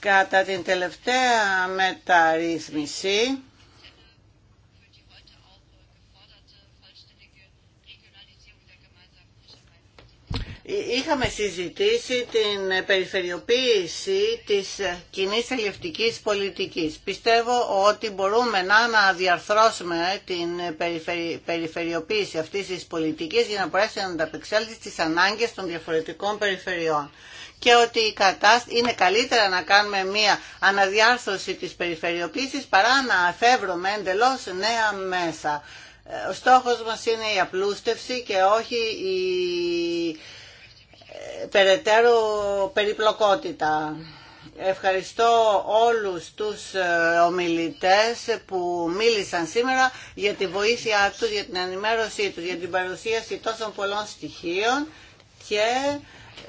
Κατά την τελευταία μεταρρύθμιση Είχαμε συζητήσει την περιφερειοποίηση της κοινή ελευτικής πολιτικής. Πιστεύω ότι μπορούμε να αναδιαρθρώσουμε την περιφερειοποίηση αυτής της πολιτικής για να μπορέσει να ανταπεξέλθει στις ανάγκες των διαφορετικών περιφερειών και ότι η κατάσταση είναι καλύτερα να κάνουμε μία αναδιάρθρωση της περιφερειοποίησης παρά να αφεύρουμε εντελώς νέα μέσα. Ε, ο στόχος μας είναι η απλούστευση και όχι η περαιτέρω περιπλοκότητα. Ευχαριστώ όλους τους ε, ομιλητές που μίλησαν σήμερα για τη βοήθειά τους, για την ενημέρωσή τους, για την παρουσίαση τόσων πολλών στοιχείων και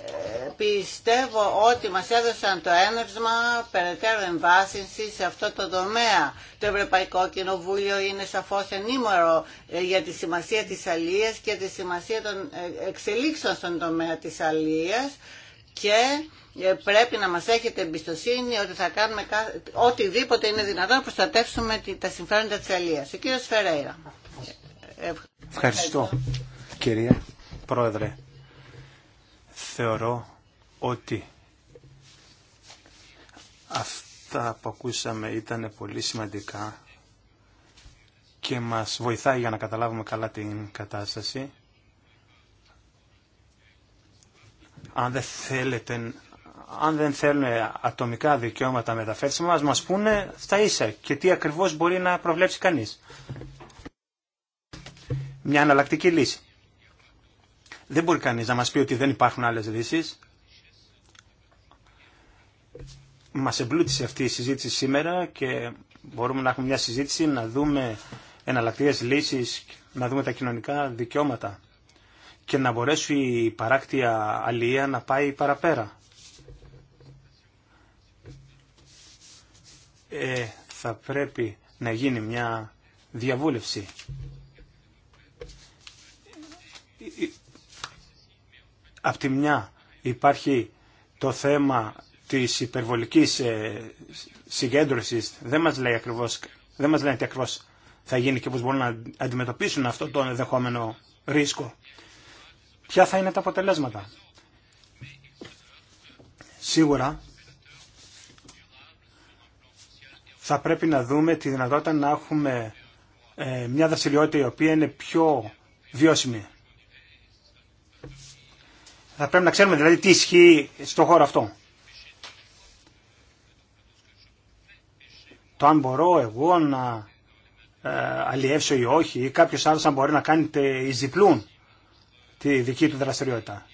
ε, πιστεύω ότι μας έδωσαν το ένευσμα περαιτέρω εμβάσινση σε αυτό το τομέα. Το Ευρωπαϊκό Κοινοβούλιο είναι σαφώς ενήμερο ε, για τη σημασία της αλίας και τη σημασία των ε, εξελίξεων στον τομέα της αλίας και πρέπει να μας έχετε εμπιστοσύνη ότι θα κάνουμε οτιδήποτε είναι δυνατόν να προστατεύσουμε τα συμφέροντα της αλίας. Ο κύριος Φερέιρα. Ευχαριστώ. κυρία Πρόεδρε θεωρώ ότι αυτά που ακούσαμε ήταν πολύ σημαντικά και μας βοηθάει για να καταλάβουμε καλά την κατάσταση. Αν δεν, θέλετε, αν δεν θέλουν ατομικά δικαιώματα μεταφέρσιμα, μας μας πούνε στα ίσα και τι ακριβώς μπορεί να προβλέψει κανείς. Μια αναλλακτική λύση. Δεν μπορεί κανείς να μας πει ότι δεν υπάρχουν άλλες λύσεις. Μας εμπλούτησε αυτή η συζήτηση σήμερα και μπορούμε να έχουμε μια συζήτηση να δούμε εναλλακτικές λύσεις, να δούμε τα κοινωνικά δικαιώματα και να μπορέσει η παράκτια αλληλεία να πάει παραπέρα. Ε, θα πρέπει να γίνει μια διαβούλευση Απ' τη μια υπάρχει το θέμα της υπερβολικής ε, συγκέντρωσης. Δεν μας, λέει ακριβώς, δεν μας λένε τι ακριβώς θα γίνει και πώς μπορούν να αντιμετωπίσουν αυτό το ενδεχόμενο ρίσκο. Ποια θα είναι τα αποτελέσματα. Σίγουρα θα πρέπει να δούμε τη δυνατότητα να έχουμε ε, μια δραστηριότητα η οποία είναι πιο βιώσιμη. Θα πρέπει να ξέρουμε δηλαδή τι ισχύει στον χώρο αυτό. Το αν μπορώ εγώ να ε, αλλιεύσω ή όχι ή κάποιος άλλος αν μπορεί να κάνει εις τη δική του δραστηριότητα.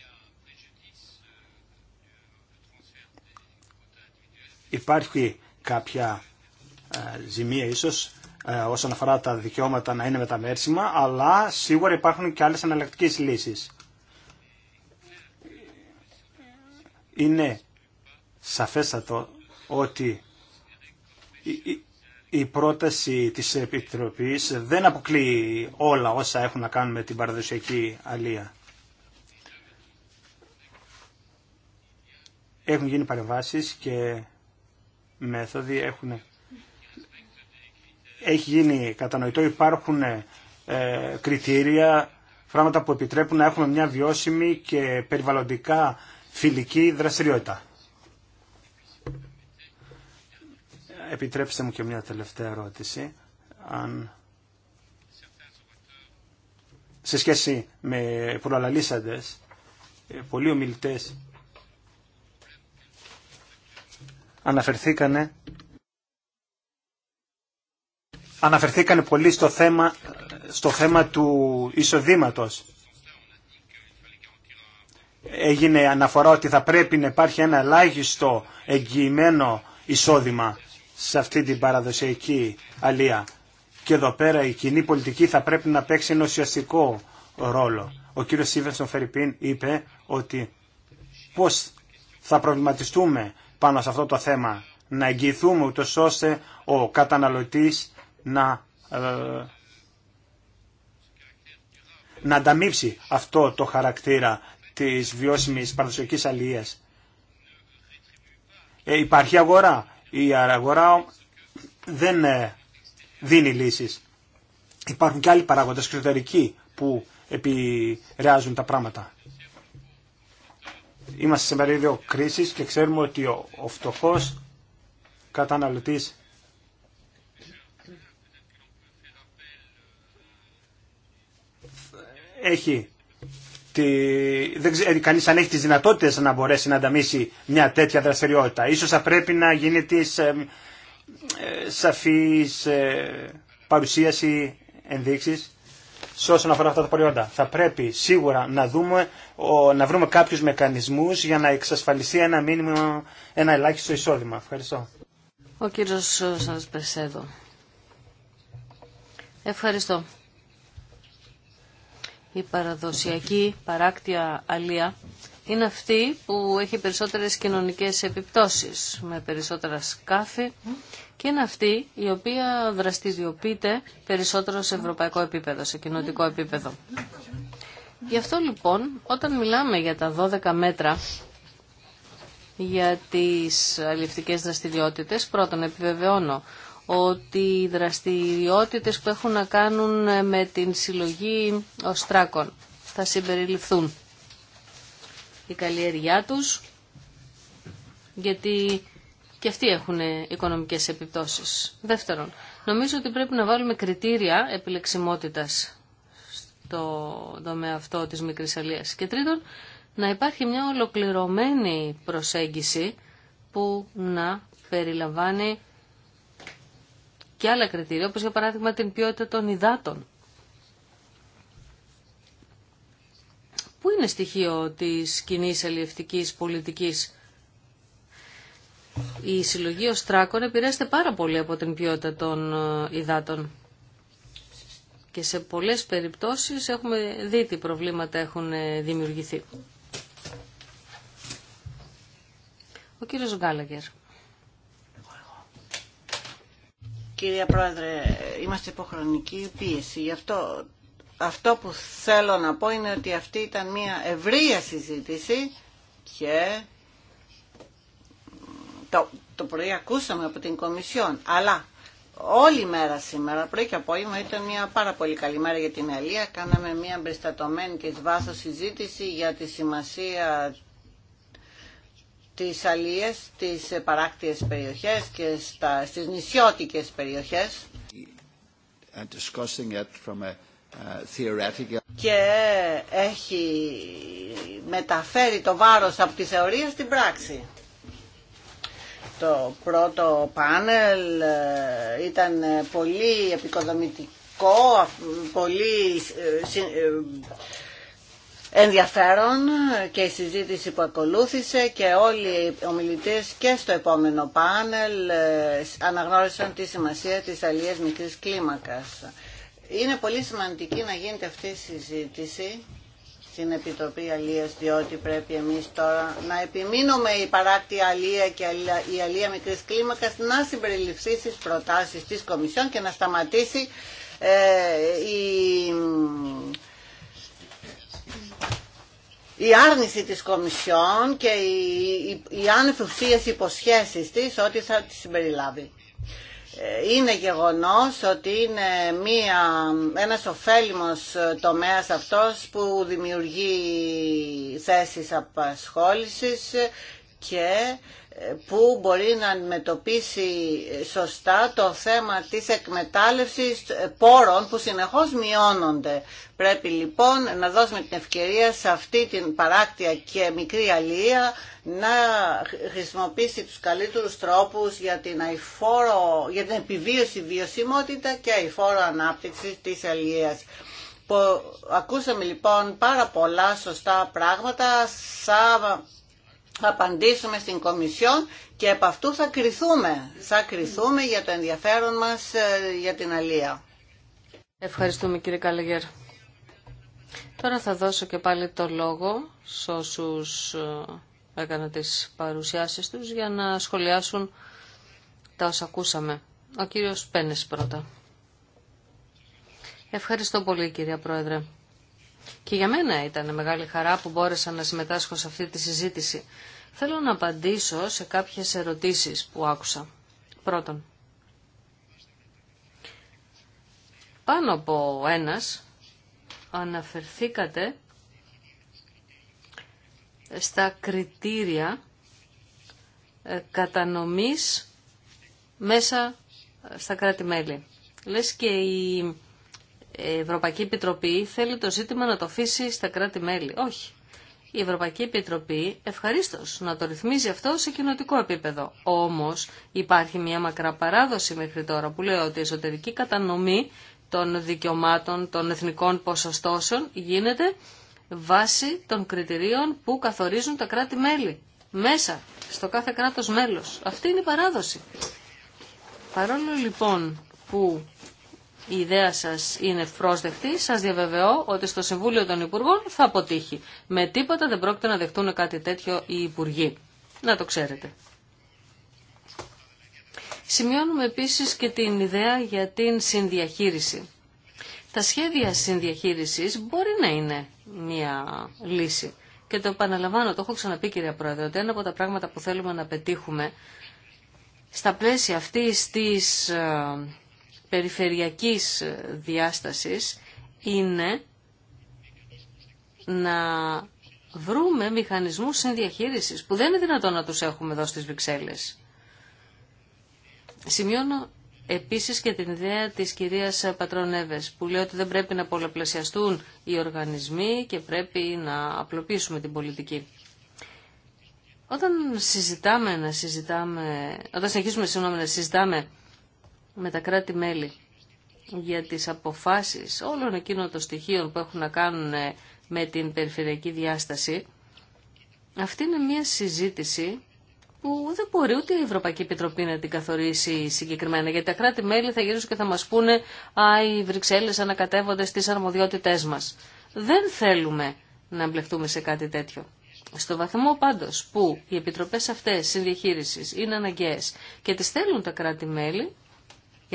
Υπάρχει κάποια ε, ζημία ίσως ε, όσον αφορά τα δικαιώματα να είναι μεταμέρσιμα, αλλά σίγουρα υπάρχουν και άλλες αναλλακτικές λύσεις. είναι σαφέστατο ότι η πρόταση της Επιτροπής δεν αποκλείει όλα όσα έχουν να κάνουν με την παραδοσιακή αλία. Έχουν γίνει παρεμβάσεις και μέθοδοι έχουν... Έχει γίνει κατανοητό, υπάρχουν ε, κριτήρια, πράγματα που επιτρέπουν να έχουμε μια βιώσιμη και περιβαλλοντικά φιλική δραστηριότητα. Επιτρέψτε μου και μια τελευταία ερώτηση. Αν... Σε σχέση με προλαλήσαντες, ε, πολλοί ομιλητές αναφερθήκανε αναφερθήκανε πολύ στο θέμα, ε, στο θέμα του εισοδήματος έγινε αναφορά ότι θα πρέπει να υπάρχει ένα ελάχιστο εγγυημένο εισόδημα σε αυτή την παραδοσιακή αλία. Και εδώ πέρα η κοινή πολιτική θα πρέπει να παίξει ένα ουσιαστικό ρόλο. Ο κύριος Σίβενσον Φερρυπίν είπε ότι πώς θα προβληματιστούμε πάνω σε αυτό το θέμα, να εγγυηθούμε το ώστε ο καταναλωτής να, ε, να ανταμείψει αυτό το χαρακτήρα της βιώσιμη παραδοσιακής αλληλεία. Ε, υπάρχει αγορά. Η αγορά δεν ε, δίνει λύσει. Υπάρχουν και άλλοι παράγοντε εξωτερικοί που επηρεάζουν τα πράγματα. Είμαστε σε μερίδιο κρίσης και ξέρουμε ότι ο, ο φτωχός καταναλωτής έχει τη... δεν ξέρει ε, κανείς αν έχει τις δυνατότητες να μπορέσει να ανταμείσει μια τέτοια δραστηριότητα. Ίσως θα πρέπει να γίνει της ε, ε, σαφής παρουσίαση ενδείξεις σε όσον αφορά αυτά τα προϊόντα. Θα πρέπει σίγουρα να, δούμε, να βρούμε κάποιους μεκανισμούς για να εξασφαλιστεί ένα μήνυμα, ένα ελάχιστο εισόδημα. Ευχαριστώ. Ο κύριος σας Ευχαριστώ η παραδοσιακή παράκτια αλία είναι αυτή που έχει περισσότερες κοινωνικές επιπτώσεις με περισσότερα σκάφη και είναι αυτή η οποία δραστηριοποιείται περισσότερο σε ευρωπαϊκό επίπεδο, σε κοινωτικό επίπεδο. Γι' αυτό λοιπόν όταν μιλάμε για τα 12 μέτρα για τις αλληλευτικές δραστηριότητες πρώτον επιβεβαιώνω ότι οι δραστηριότητες που έχουν να κάνουν με την συλλογή οστράκων θα συμπεριληφθούν. Η καλλιέργειά τους, γιατί και αυτοί έχουν οικονομικές επιπτώσεις. Δεύτερον, νομίζω ότι πρέπει να βάλουμε κριτήρια επιλεξιμότητας στο τομέα αυτό της μικρής αλίας. Και τρίτον, να υπάρχει μια ολοκληρωμένη προσέγγιση που να περιλαμβάνει και άλλα κριτήρια, όπως για παράδειγμα την ποιότητα των υδάτων. Πού είναι στοιχείο της κοινή αλληλευτικής πολιτικής. Η συλλογή οστράκων επηρέαζεται πάρα πολύ από την ποιότητα των ε, υδάτων. Και σε πολλές περιπτώσεις έχουμε δει τι προβλήματα έχουν ε, δημιουργηθεί. Ο κύριος Γκάλαγκερ. κυρία Πρόεδρε, είμαστε υποχρονική πίεση. Γι' αυτό, αυτό που θέλω να πω είναι ότι αυτή ήταν μια ευρεία συζήτηση και το, το πρωί ακούσαμε από την Κομισιόν. Αλλά όλη η μέρα σήμερα, πρωί και απόγευμα, ήταν μια πάρα πολύ καλή μέρα για την Αλία. Κάναμε μια εμπεριστατωμένη και εις συζήτηση για τη σημασία τις αλίες, τις παράκτιες περιοχές και στα, στις νησιώτικες περιοχές uh, και έχει μεταφέρει το βάρος από τη θεωρία στην πράξη. Το πρώτο πάνελ ε, ήταν πολύ επικοδομητικό, πολύ ε, ε, ενδιαφέρον και η συζήτηση που ακολούθησε και όλοι οι ομιλητές και στο επόμενο πάνελ ε, αναγνώρισαν τη σημασία της αλλίας μικρής κλίμακας. Είναι πολύ σημαντική να γίνεται αυτή η συζήτηση στην Επιτροπή Αλίας, διότι πρέπει εμείς τώρα να επιμείνουμε η παράκτη αλία και η αλία μικρής κλίμακας να συμπεριληφθεί στις προτάσεις της Κομισιόν και να σταματήσει ε, η η άρνηση της Κομισιόν και οι, οι, υποσχέσει υποσχέσεις της ότι θα τη συμπεριλάβει. Ε, είναι γεγονός ότι είναι μία, ένας ωφέλιμος τομέας αυτός που δημιουργεί θέσεις απασχόλησης και που μπορεί να αντιμετωπίσει σωστά το θέμα της εκμετάλλευσης πόρων που συνεχώς μειώνονται. Πρέπει λοιπόν να δώσουμε την ευκαιρία σε αυτή την παράκτια και μικρή αλληλεία να χρησιμοποιήσει τους καλύτερους τρόπους για την, αηφόρο, για την επιβίωση βιωσιμότητα και αηφόρο ανάπτυξη της αλίας. ακούσαμε λοιπόν πάρα πολλά σωστά πράγματα σαν θα απαντήσουμε στην Κομισιόν και από αυτού θα κριθούμε. Θα κριθούμε για το ενδιαφέρον μας ε, για την Αλία. Ευχαριστούμε κύριε Καλεγέρ. Τώρα θα δώσω και πάλι το λόγο σε όσου ε, έκαναν τις παρουσιάσεις τους για να σχολιάσουν τα όσα ακούσαμε. Ο κύριος Πένες πρώτα. Ευχαριστώ πολύ κύριε Πρόεδρε. Και για μένα ήταν μεγάλη χαρά που μπόρεσα να συμμετάσχω σε αυτή τη συζήτηση. Θέλω να απαντήσω σε κάποιες ερωτήσεις που άκουσα. Πρώτον, πάνω από ένας αναφερθήκατε στα κριτήρια ε, κατανομής μέσα ε, στα κράτη-μέλη. Λες και η ε, η Ευρωπαϊκή Επιτροπή θέλει το ζήτημα να το αφήσει στα κράτη-μέλη. Όχι. Η Ευρωπαϊκή Επιτροπή ευχαρίστω να το ρυθμίζει αυτό σε κοινοτικό επίπεδο. Όμω υπάρχει μια μακρά παράδοση μέχρι τώρα που λέει ότι η εσωτερική κατανομή των δικαιωμάτων των εθνικών ποσοστώσεων γίνεται βάσει των κριτηρίων που καθορίζουν τα κράτη-μέλη. Μέσα στο κάθε κράτος μέλος. Αυτή είναι η παράδοση. Παρόλο λοιπόν που η ιδέα σας είναι ευπρόσδεκτη, σας διαβεβαιώ ότι στο Συμβούλιο των Υπουργών θα αποτύχει. Με τίποτα δεν πρόκειται να δεχτούν κάτι τέτοιο οι Υπουργοί. Να το ξέρετε. Σημειώνουμε επίσης και την ιδέα για την συνδιαχείριση. Τα σχέδια συνδιαχείρισης μπορεί να είναι μια λύση. Και το επαναλαμβάνω, το έχω ξαναπεί κυρία Πρόεδρε, ότι ένα από τα πράγματα που θέλουμε να πετύχουμε στα πλαίσια αυτής της ε, περιφερειακής διάστασης είναι να βρούμε μηχανισμούς συνδιαχείρισης που δεν είναι δυνατόν να τους έχουμε εδώ στις Βρυξέλλες. Σημειώνω επίσης και την ιδέα της κυρίας Πατρονέβες που λέει ότι δεν πρέπει να πολλαπλασιαστούν οι οργανισμοί και πρέπει να απλοποιήσουμε την πολιτική. Όταν συζητάμε, να συζητάμε, όταν συνεχίσουμε να συζητάμε με τα κράτη-μέλη για τις αποφάσεις όλων εκείνων των στοιχείων που έχουν να κάνουν ε, με την περιφερειακή διάσταση, αυτή είναι μια συζήτηση που δεν μπορεί ούτε η Ευρωπαϊκή Επιτροπή να την καθορίσει συγκεκριμένα, γιατί τα κράτη-μέλη θα γυρίσουν και θα μας πούνε «Α, οι Βρυξέλλες ανακατεύονται στις αρμοδιότητές μας». Δεν θέλουμε να εμπλεχτούμε σε κάτι τέτοιο. Στο βαθμό πάντως που οι επιτροπές αυτές συνδιαχείρισης είναι αναγκαίες και τις θέλουν τα κράτη-μέλη,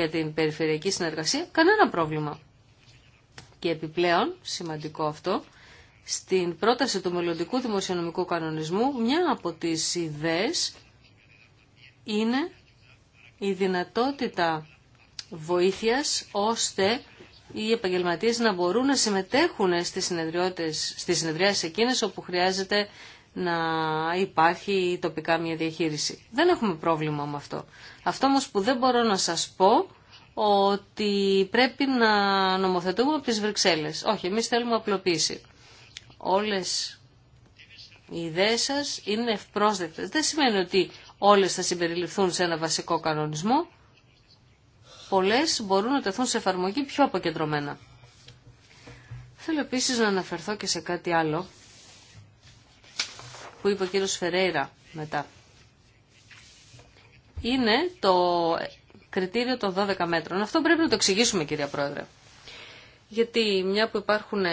για την περιφερειακή συνεργασία, κανένα πρόβλημα. Και επιπλέον, σημαντικό αυτό, στην πρόταση του μελλοντικού δημοσιονομικού κανονισμού, μια από τις ιδέες είναι η δυνατότητα βοήθειας ώστε οι επαγγελματίες να μπορούν να συμμετέχουν στις, συνεδριώτες, στις συνεδριάσεις εκείνες όπου χρειάζεται να υπάρχει τοπικά μια διαχείριση. Δεν έχουμε πρόβλημα με αυτό. Αυτό όμως που δεν μπορώ να σας πω ότι πρέπει να νομοθετούμε από τις Βρυξέλλες. Όχι, εμείς θέλουμε απλοποίηση. Όλες οι ιδέες σας είναι ευπρόσδεκτες. Δεν σημαίνει ότι όλες θα συμπεριληφθούν σε ένα βασικό κανονισμό. Πολλές μπορούν να τεθούν σε εφαρμογή πιο αποκεντρωμένα. Θέλω επίσης να αναφερθώ και σε κάτι άλλο που είπε ο κύριος Φερέιρα μετά. Είναι το κριτήριο των 12 μέτρων. Αυτό πρέπει να το εξηγήσουμε κυρία Πρόεδρε. Γιατί μια που υπάρχουν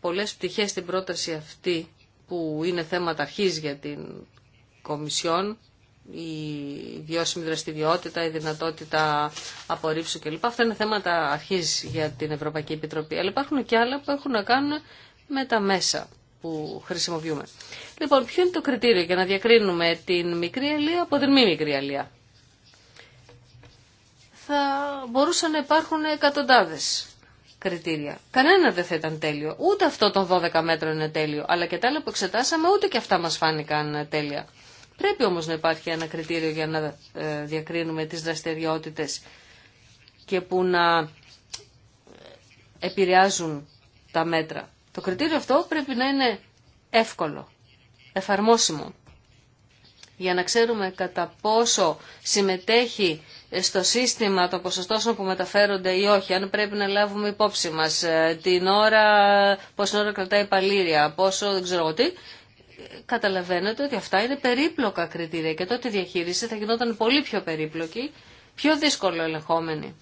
πολλές πτυχές στην πρόταση αυτή που είναι θέματα αρχής για την Κομισιόν, η βιώσιμη δραστηριότητα, η δυνατότητα απορρίψου κλπ. Αυτά είναι θέματα αρχής για την Ευρωπαϊκή Επιτροπή. Αλλά υπάρχουν και άλλα που έχουν να κάνουν με τα μέσα που χρησιμοποιούμε. Λοιπόν, ποιο είναι το κριτήριο για να διακρίνουμε την μικρή αλία από την μη μικρή αλία. Θα μπορούσαν να υπάρχουν εκατοντάδες κριτήρια. Κανένα δεν θα ήταν τέλειο. Ούτε αυτό των 12 μέτρων είναι τέλειο. Αλλά και τα άλλα που εξετάσαμε ούτε και αυτά μας φάνηκαν τέλεια. Πρέπει όμως να υπάρχει ένα κριτήριο για να ε, διακρίνουμε τις δραστηριότητες και που να ε, επηρεάζουν τα μέτρα. Το κριτήριο αυτό πρέπει να είναι εύκολο, εφαρμόσιμο, για να ξέρουμε κατά πόσο συμμετέχει στο σύστημα το ποσοστό που μεταφέρονται ή όχι, αν πρέπει να λάβουμε υπόψη μας ε, την ώρα, πόση ώρα κρατάει παλήρια, πόσο δεν ξέρω τι, καταλαβαίνετε ότι αυτά είναι περίπλοκα κριτήρια και τότε η διαχείριση θα γινόταν πολύ πιο περίπλοκη, πιο δύσκολο ελεγχόμενη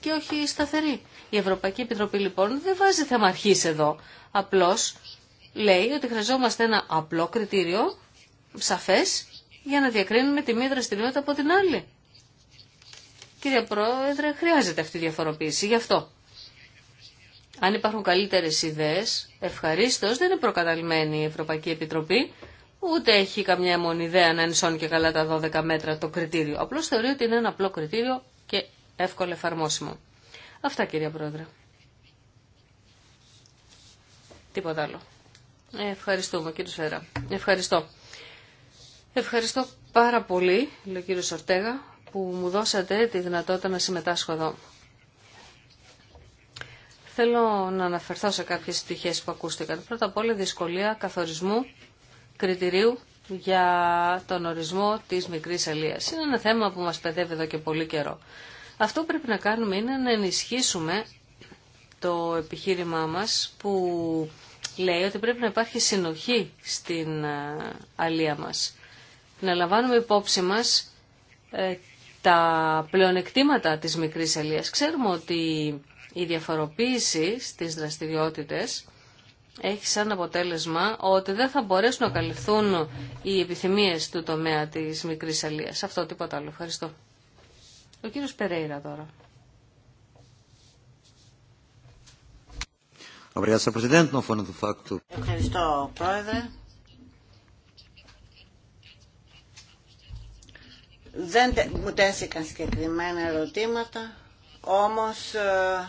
και όχι σταθερή. Η Ευρωπαϊκή Επιτροπή λοιπόν δεν βάζει θέμα αρχή εδώ. Απλώ λέει ότι χρειαζόμαστε ένα απλό κριτήριο, σαφέ, για να διακρίνουμε τη μία δραστηριότητα από την άλλη. Κύριε Πρόεδρε, χρειάζεται αυτή η διαφοροποίηση, γι' αυτό. Αν υπάρχουν καλύτερες ιδέες, ευχαρίστω δεν είναι προκαταλημένη η Ευρωπαϊκή Επιτροπή, ούτε έχει καμιά μόνη ιδέα να ενισώνει και καλά τα 12 μέτρα το κριτήριο. Απλώ θεωρεί ότι είναι ένα απλό κριτήριο και εύκολο εφαρμόσιμο. Αυτά κυρία Πρόεδρε. Τίποτα άλλο. Ευχαριστούμε κύριε Σφαίρα. Ευχαριστώ. Ευχαριστώ πάρα πολύ, λέει ο κύριος Ορτέγα, που μου δώσατε τη δυνατότητα να συμμετάσχω εδώ. Θέλω να αναφερθώ σε κάποιες στοιχείες που ακούστηκαν. Πρώτα απ' όλα δυσκολία καθορισμού κριτηρίου για τον ορισμό της μικρής αλίας. Είναι ένα θέμα που μας παιδεύει εδώ και πολύ καιρό. Αυτό που πρέπει να κάνουμε είναι να ενισχύσουμε το επιχείρημά μας που λέει ότι πρέπει να υπάρχει συνοχή στην ε, αλία μας. Να λαμβάνουμε υπόψη μας ε, τα πλεονεκτήματα της μικρής αλίας. Ξέρουμε ότι η διαφοροποίηση στις δραστηριότητες έχει σαν αποτέλεσμα ότι δεν θα μπορέσουν να καλυφθούν οι επιθυμίες του τομέα της μικρής αλίας. Αυτό τίποτα άλλο. Ευχαριστώ. Ο κύριος Περέιρα τώρα. Ευχαριστώ, Πρόεδρε. Δεν μου τέθηκαν συγκεκριμένα ερωτήματα, όμως ε,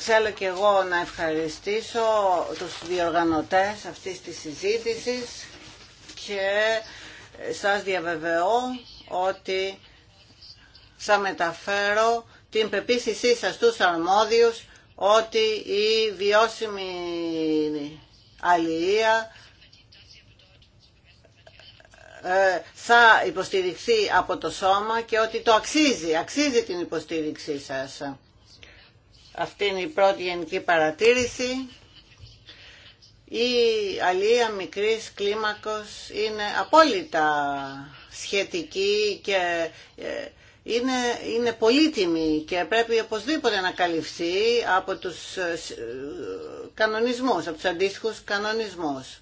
θέλω και εγώ να ευχαριστήσω τους διοργανωτές αυτής της συζήτησης και σας διαβεβαιώ ότι θα μεταφέρω την πεποίθησή σας στους αρμόδιους ότι η βιώσιμη αλληλεία ε, θα υποστηριχθεί από το σώμα και ότι το αξίζει, αξίζει την υποστήριξή σας. Αυτή είναι η πρώτη γενική παρατήρηση. Η αλληλεία μικρής κλίμακος είναι απόλυτα σχετική και ε, είναι, είναι πολύτιμη και πρέπει οπωσδήποτε να καλυφθεί από τους ε, ε, κανονισμούς, από τους αντίστοιχους κανονισμούς.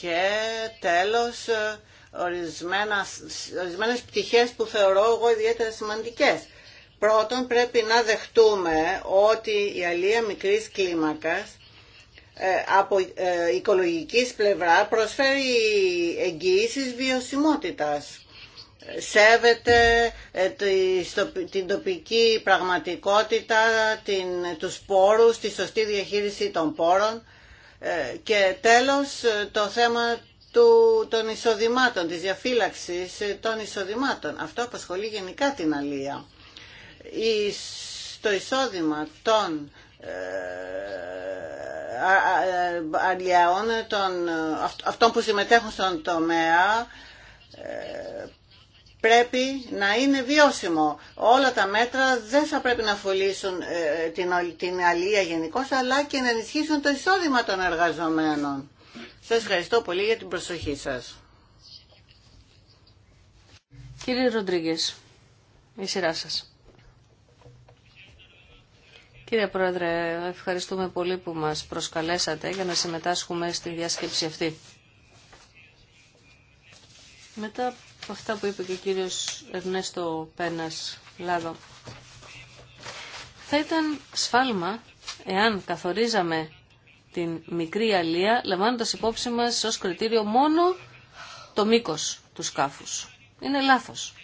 Και τέλος, ορισμένα, ορισμένες πτυχές που θεωρώ εγώ ιδιαίτερα σημαντικές. Πρώτον, πρέπει να δεχτούμε ότι η αλία μικρής κλίμακας ε, από ε, οικολογικής πλευρά προσφέρει εγγυήσεις βιωσιμότητας. Σέβεται ε, την τοπική πραγματικότητα, την, τους πόρους, τη σωστή διαχείριση των πόρων και τέλος το θέμα του, των εισοδημάτων, της διαφύλαξης των εισοδημάτων. Αυτό απασχολεί γενικά την αλία. Το εισόδημα των ε, ε, αλλιέων των, αυτών που συμμετέχουν στον τομέα ε, πρέπει να είναι βιώσιμο. Όλα τα μέτρα δεν θα πρέπει να φωλήσουν την, την γενικώ, αλλά και να ενισχύσουν το εισόδημα των εργαζομένων. Σας ευχαριστώ πολύ για την προσοχή σας. Κύριε Ροντρίγκε, η σειρά σας. Κύριε Πρόεδρε, ευχαριστούμε πολύ που μας προσκαλέσατε για να συμμετάσχουμε στη διάσκεψη αυτή. Μετά από αυτά που είπε και ο κύριος Ερνέστο Πένας Λάδο, θα ήταν σφάλμα εάν καθορίζαμε την μικρή αλία, λαμβάνοντας υπόψη μας ως κριτήριο μόνο το μήκος του σκάφους. Είναι λάθος.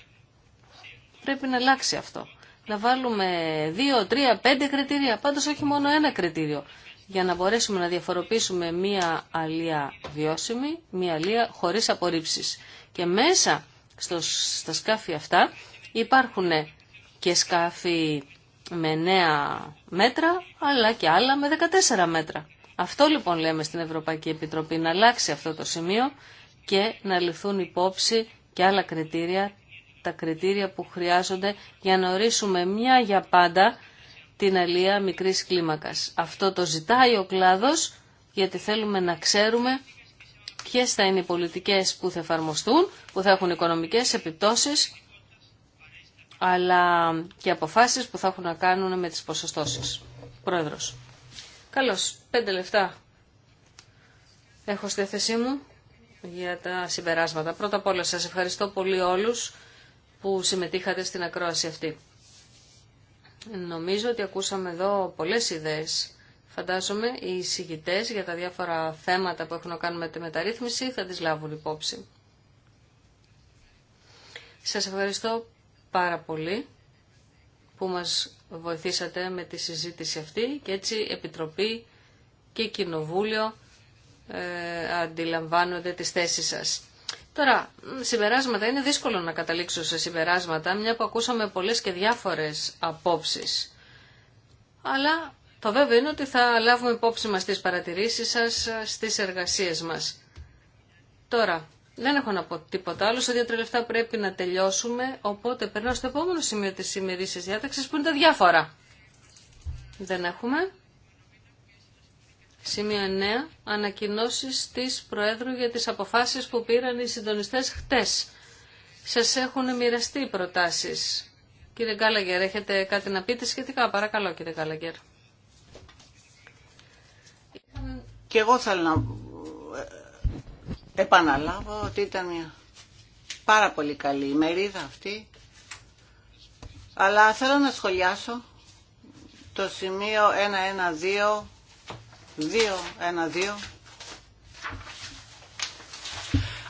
Πρέπει να αλλάξει αυτό να βάλουμε δύο, τρία, πέντε κριτήρια, πάντως όχι μόνο ένα κριτήριο, για να μπορέσουμε να διαφοροποιήσουμε μία αλία βιώσιμη, μία αλία χωρίς απορρίψεις. Και μέσα στο, στα σκάφη αυτά υπάρχουν και σκάφη με 9 μέτρα, αλλά και άλλα με 14 μέτρα. Αυτό λοιπόν λέμε στην Ευρωπαϊκή Επιτροπή, να αλλάξει αυτό το σημείο και να ληφθούν υπόψη και άλλα κριτήρια τα κριτήρια που χρειάζονται για να ορίσουμε μια για πάντα την αλία μικρής κλίμακας. Αυτό το ζητάει ο κλάδος γιατί θέλουμε να ξέρουμε ποιες θα είναι οι πολιτικές που θα εφαρμοστούν, που θα έχουν οικονομικές επιπτώσεις, αλλά και αποφάσεις που θα έχουν να κάνουν με τις ποσοστώσεις. Πρόεδρος. Καλώς. Πέντε λεφτά έχω στη θέση μου για τα συμπεράσματα. Πρώτα απ' όλα σας ευχαριστώ πολύ όλους που συμμετείχατε στην ακρόαση αυτή. Νομίζω ότι ακούσαμε εδώ πολλές ιδέες. Φαντάζομαι οι συγητές για τα διάφορα θέματα που έχουν να κάνουν με τη μεταρρύθμιση θα τις λάβουν υπόψη. Σας ευχαριστώ πάρα πολύ που μας βοηθήσατε με τη συζήτηση αυτή και έτσι Επιτροπή και Κοινοβούλιο ε, αντιλαμβάνονται τις θέσεις σας. Τώρα, συμπεράσματα είναι δύσκολο να καταλήξω σε συμπεράσματα, μια που ακούσαμε πολλές και διάφορες απόψεις. Αλλά το βέβαιο είναι ότι θα λάβουμε υπόψη μας τις παρατηρήσεις σας στις εργασίες μας. Τώρα, δεν έχω να πω τίποτα άλλο. Σε δύο-τρία πρέπει να τελειώσουμε. Οπότε περνάω στο επόμενο σημείο τη ημερήσια διάταξης, που είναι τα διάφορα. Δεν έχουμε. Σημείο 9. Ανακοινώσει της Προέδρου για τις αποφάσεις που πήραν οι συντονιστές χτε. Σας έχουν μοιραστεί οι προτάσεις. Κύριε Γκάλαγκερ, έχετε κάτι να πείτε σχετικά. Παρακαλώ κύριε Γκάλαγκερ. Και εγώ θέλω να επαναλάβω ότι ήταν μια πάρα πολύ καλή ημερίδα αυτή. Αλλά θέλω να σχολιάσω το σημείο 112 2-1-2.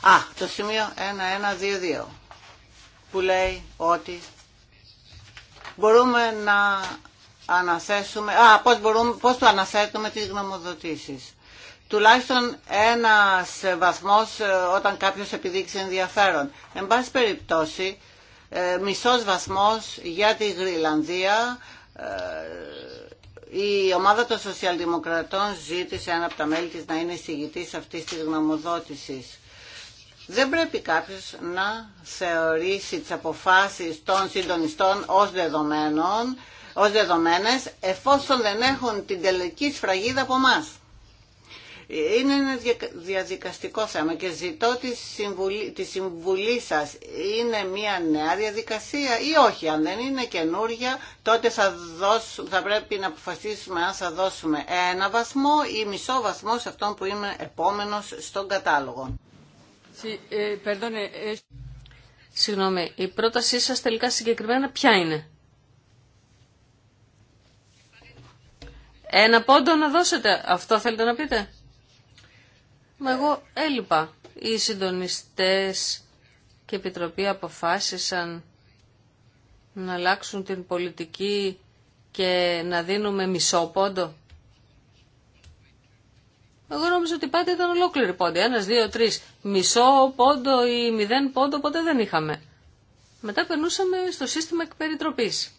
Α, το σημείο 1-1-2-2 που λέει ότι μπορούμε να αναθέσουμε, α, πώς, μπορούμε, πώς το αναθέτουμε τις γνωμοδοτήσεις. Τουλάχιστον ένας βαθμός ε, όταν κάποιος επιδείξει ενδιαφέρον. Εν πάση περιπτώσει, ε, μισός βαθμός για τη Γρυλανδία, ε, η ομάδα των Σοσιαλδημοκρατών ζήτησε ένα από τα μέλη της να είναι εισηγητής αυτής της γνωμοδότησης. Δεν πρέπει κάποιος να θεωρήσει τις αποφάσεις των συντονιστών ως, δεδομένων, ως δεδομένες εφόσον δεν έχουν την τελική σφραγίδα από εμά. Είναι ένα διαδικαστικό θέμα και ζητώ τη συμβουλή, τη σας. Είναι μια νέα διαδικασία ή όχι. Αν δεν είναι καινούργια, τότε θα, θα πρέπει να αποφασίσουμε αν θα δώσουμε ένα βαθμό ή μισό βαθμό σε αυτόν που είναι επόμενος στον κατάλογο. Eh, Συγγνώμη, η πρότασή σας τελικά συγκεκριμένα ποια είναι. Ένα πόντο να δώσετε, αυτό θέλετε να πείτε. Μα εγώ έλειπα. Οι συντονιστές και η Επιτροπή αποφάσισαν να αλλάξουν την πολιτική και να δίνουμε μισό πόντο. Εγώ νόμιζα ότι πάντα ήταν ολόκληρη πόντοι Ένας, δύο, τρεις. Μισό πόντο ή μηδέν πόντο ποτέ δεν είχαμε. Μετά περνούσαμε στο σύστημα εκπεριτροπής.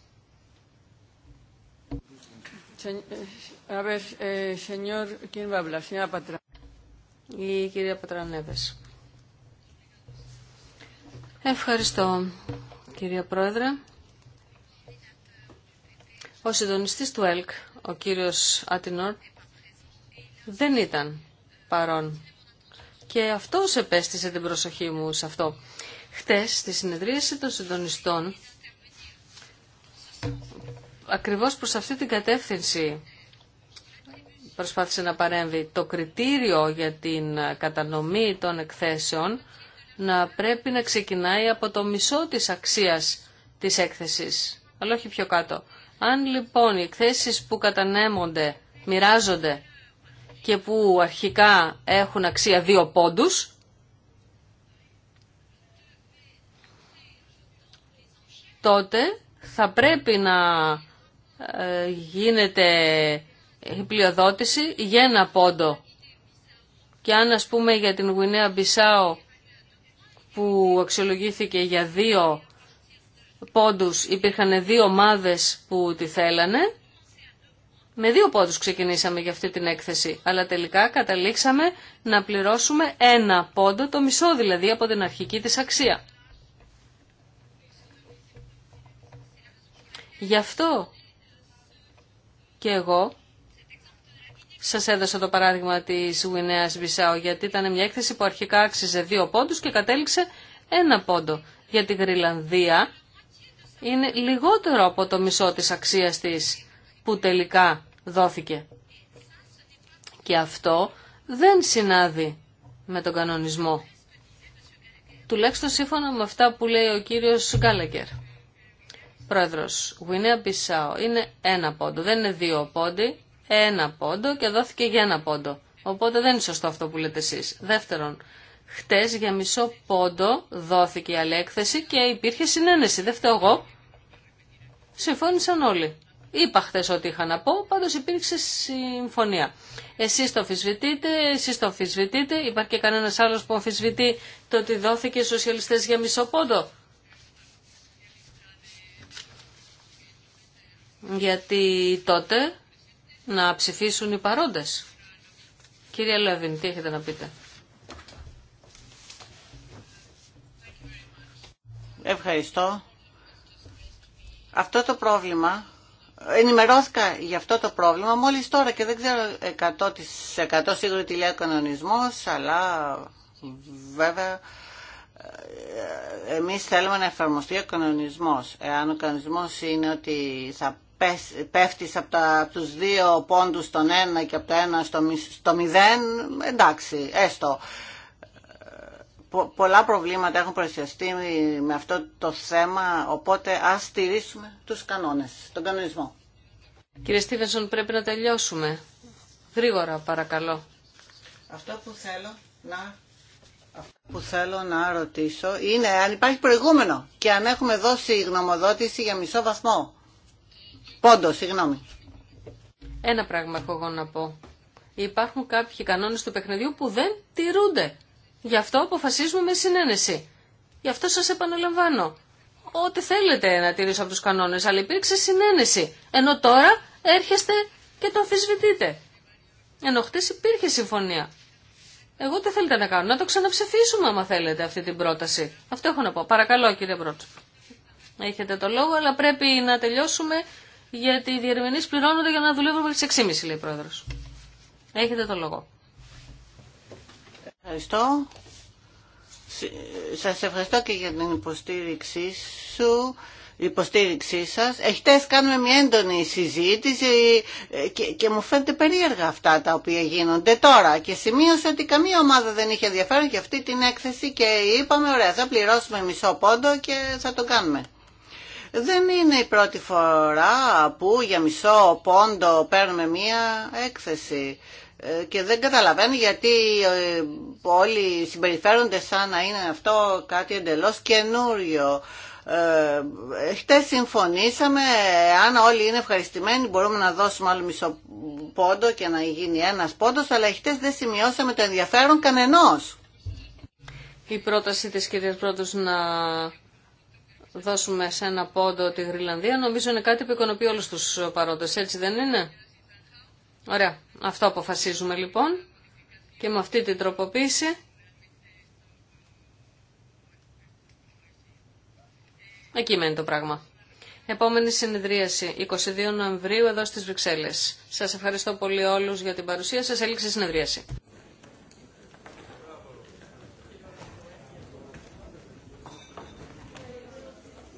Eh, η κυρία Πατρανέβες. Ευχαριστώ, κυρία Πρόεδρε. Ο συντονιστής του ΕΛΚ, ο κύριος Ατινόρ, δεν ήταν παρόν. Και αυτό επέστησε την προσοχή μου σε αυτό. Χτες, στη συνεδρίαση των συντονιστών, ακριβώς προς αυτή την κατεύθυνση προσπάθησε να παρέμβει. Το κριτήριο για την κατανομή των εκθέσεων να πρέπει να ξεκινάει από το μισό της αξίας της έκθεσης, αλλά όχι πιο κάτω. Αν λοιπόν οι εκθέσεις που κατανέμονται, μοιράζονται και που αρχικά έχουν αξία δύο πόντους, τότε θα πρέπει να ε, γίνεται πλειοδότηση για ένα πόντο. Και αν ας πούμε για την Γουινέα Μπισάο που αξιολογήθηκε για δύο πόντους υπήρχαν δύο ομάδες που τη θέλανε. Με δύο πόντους ξεκινήσαμε για αυτή την έκθεση, αλλά τελικά καταλήξαμε να πληρώσουμε ένα πόντο, το μισό δηλαδή από την αρχική της αξία. Γι' αυτό και εγώ Σα έδωσα το παράδειγμα της Γουινέα Μπισάου γιατί ήταν μια έκθεση που αρχικά άξιζε δύο πόντου και κατέληξε ένα πόντο. Για τη Γρυλανδία είναι λιγότερο από το μισό της αξίας της που τελικά δόθηκε. Και αυτό δεν συνάδει με τον κανονισμό. Τουλάχιστον σύμφωνα με αυτά που λέει ο κύριος Γκάλεκερ. Πρόεδρος, Γουινέα Μπισάου είναι ένα πόντο, δεν είναι δύο πόντοι ένα πόντο και δόθηκε για ένα πόντο. Οπότε δεν είναι σωστό αυτό που λέτε εσείς. Δεύτερον, χτες για μισό πόντο δόθηκε η αλέκθεση και υπήρχε συνένεση. Δεν φταίω εγώ. Συμφώνησαν όλοι. Είπα χθε ό,τι είχα να πω, πάντω υπήρξε συμφωνία. Εσεί το αμφισβητείτε, εσεί το αμφισβητείτε. Υπάρχει και κανένα άλλο που αμφισβητεί το ότι δόθηκε οι σοσιαλιστέ για μισό πόντο. Γιατί τότε να ψηφίσουν οι παρόντες. Κύριε Λέβιν, τι έχετε να πείτε. Ευχαριστώ. Αυτό το πρόβλημα, ενημερώθηκα για αυτό το πρόβλημα μόλις τώρα και δεν ξέρω 100% σίγουρο τι λέει ο κανονισμός, αλλά βέβαια ε, εμείς θέλουμε να εφαρμοστεί ο κανονισμός. Εάν ο κανονισμός είναι ότι θα πέφτεις από, τα, τους δύο πόντους στον ένα και από το ένα στο, στο μηδέν, εντάξει, έστω. πολλά προβλήματα έχουν προσιαστεί με αυτό το θέμα, οπότε ας στηρίσουμε τους κανόνες, τον κανονισμό. Κύριε Στίβενσον, πρέπει να τελειώσουμε. Γρήγορα, παρακαλώ. Αυτό που θέλω να αυτό που θέλω να ρωτήσω είναι αν υπάρχει προηγούμενο και αν έχουμε δώσει γνωμοδότηση για μισό βαθμό. Πόντο, συγγνώμη. Ένα πράγμα έχω εγώ να πω. Υπάρχουν κάποιοι κανόνε του παιχνιδιού που δεν τηρούνται. Γι' αυτό αποφασίζουμε με συνένεση. Γι' αυτό σα επαναλαμβάνω. Ό,τι θέλετε να τηρήσω από του κανόνε, αλλά υπήρξε συνένεση. Ενώ τώρα έρχεστε και το αμφισβητείτε. Ενώ χτε υπήρχε συμφωνία. Εγώ τι θέλετε να κάνω, να το ξαναψηφίσουμε άμα θέλετε αυτή την πρόταση. Αυτό έχω να πω. Παρακαλώ κύριε Μπρότσο. Έχετε το λόγο, αλλά πρέπει να τελειώσουμε γιατί οι διερμηνεί πληρώνονται για να δουλεύουν μέχρι τι 6.30, λέει ο Πρόεδρος. Έχετε το λόγο. Ευχαριστώ. Σα ευχαριστώ και για την υποστήριξή σου υποστήριξή σας. Εχθές κάνουμε μια έντονη συζήτηση ε, και, και, μου φαίνεται περίεργα αυτά τα οποία γίνονται τώρα. Και σημείωσα ότι καμία ομάδα δεν είχε ενδιαφέρον για αυτή την έκθεση και είπαμε ωραία θα πληρώσουμε μισό πόντο και θα το κάνουμε. Δεν είναι η πρώτη φορά που για μισό πόντο παίρνουμε μία έκθεση ε, και δεν καταλαβαίνω γιατί ε, όλοι συμπεριφέρονται σαν να είναι αυτό κάτι εντελώς καινούριο. Ε, συμφωνήσαμε, αν όλοι είναι ευχαριστημένοι μπορούμε να δώσουμε άλλο μισό πόντο και να γίνει ένας πόντος, αλλά χτες δεν σημειώσαμε το ενδιαφέρον κανενός. Η πρόταση της κυρίας Πρώτος να δώσουμε σε ένα πόντο τη Γρυλανδία, νομίζω είναι κάτι που οικονοποιεί όλους τους παρόντες. Έτσι δεν είναι. Ωραία. Αυτό αποφασίζουμε λοιπόν και με αυτή την τροποποίηση εκεί μένει το πράγμα. Επόμενη συνεδρίαση 22 Νοεμβρίου εδώ στις Βρυξέλλες. Σας ευχαριστώ πολύ όλους για την παρουσία σας. Έληξε συνεδρίαση.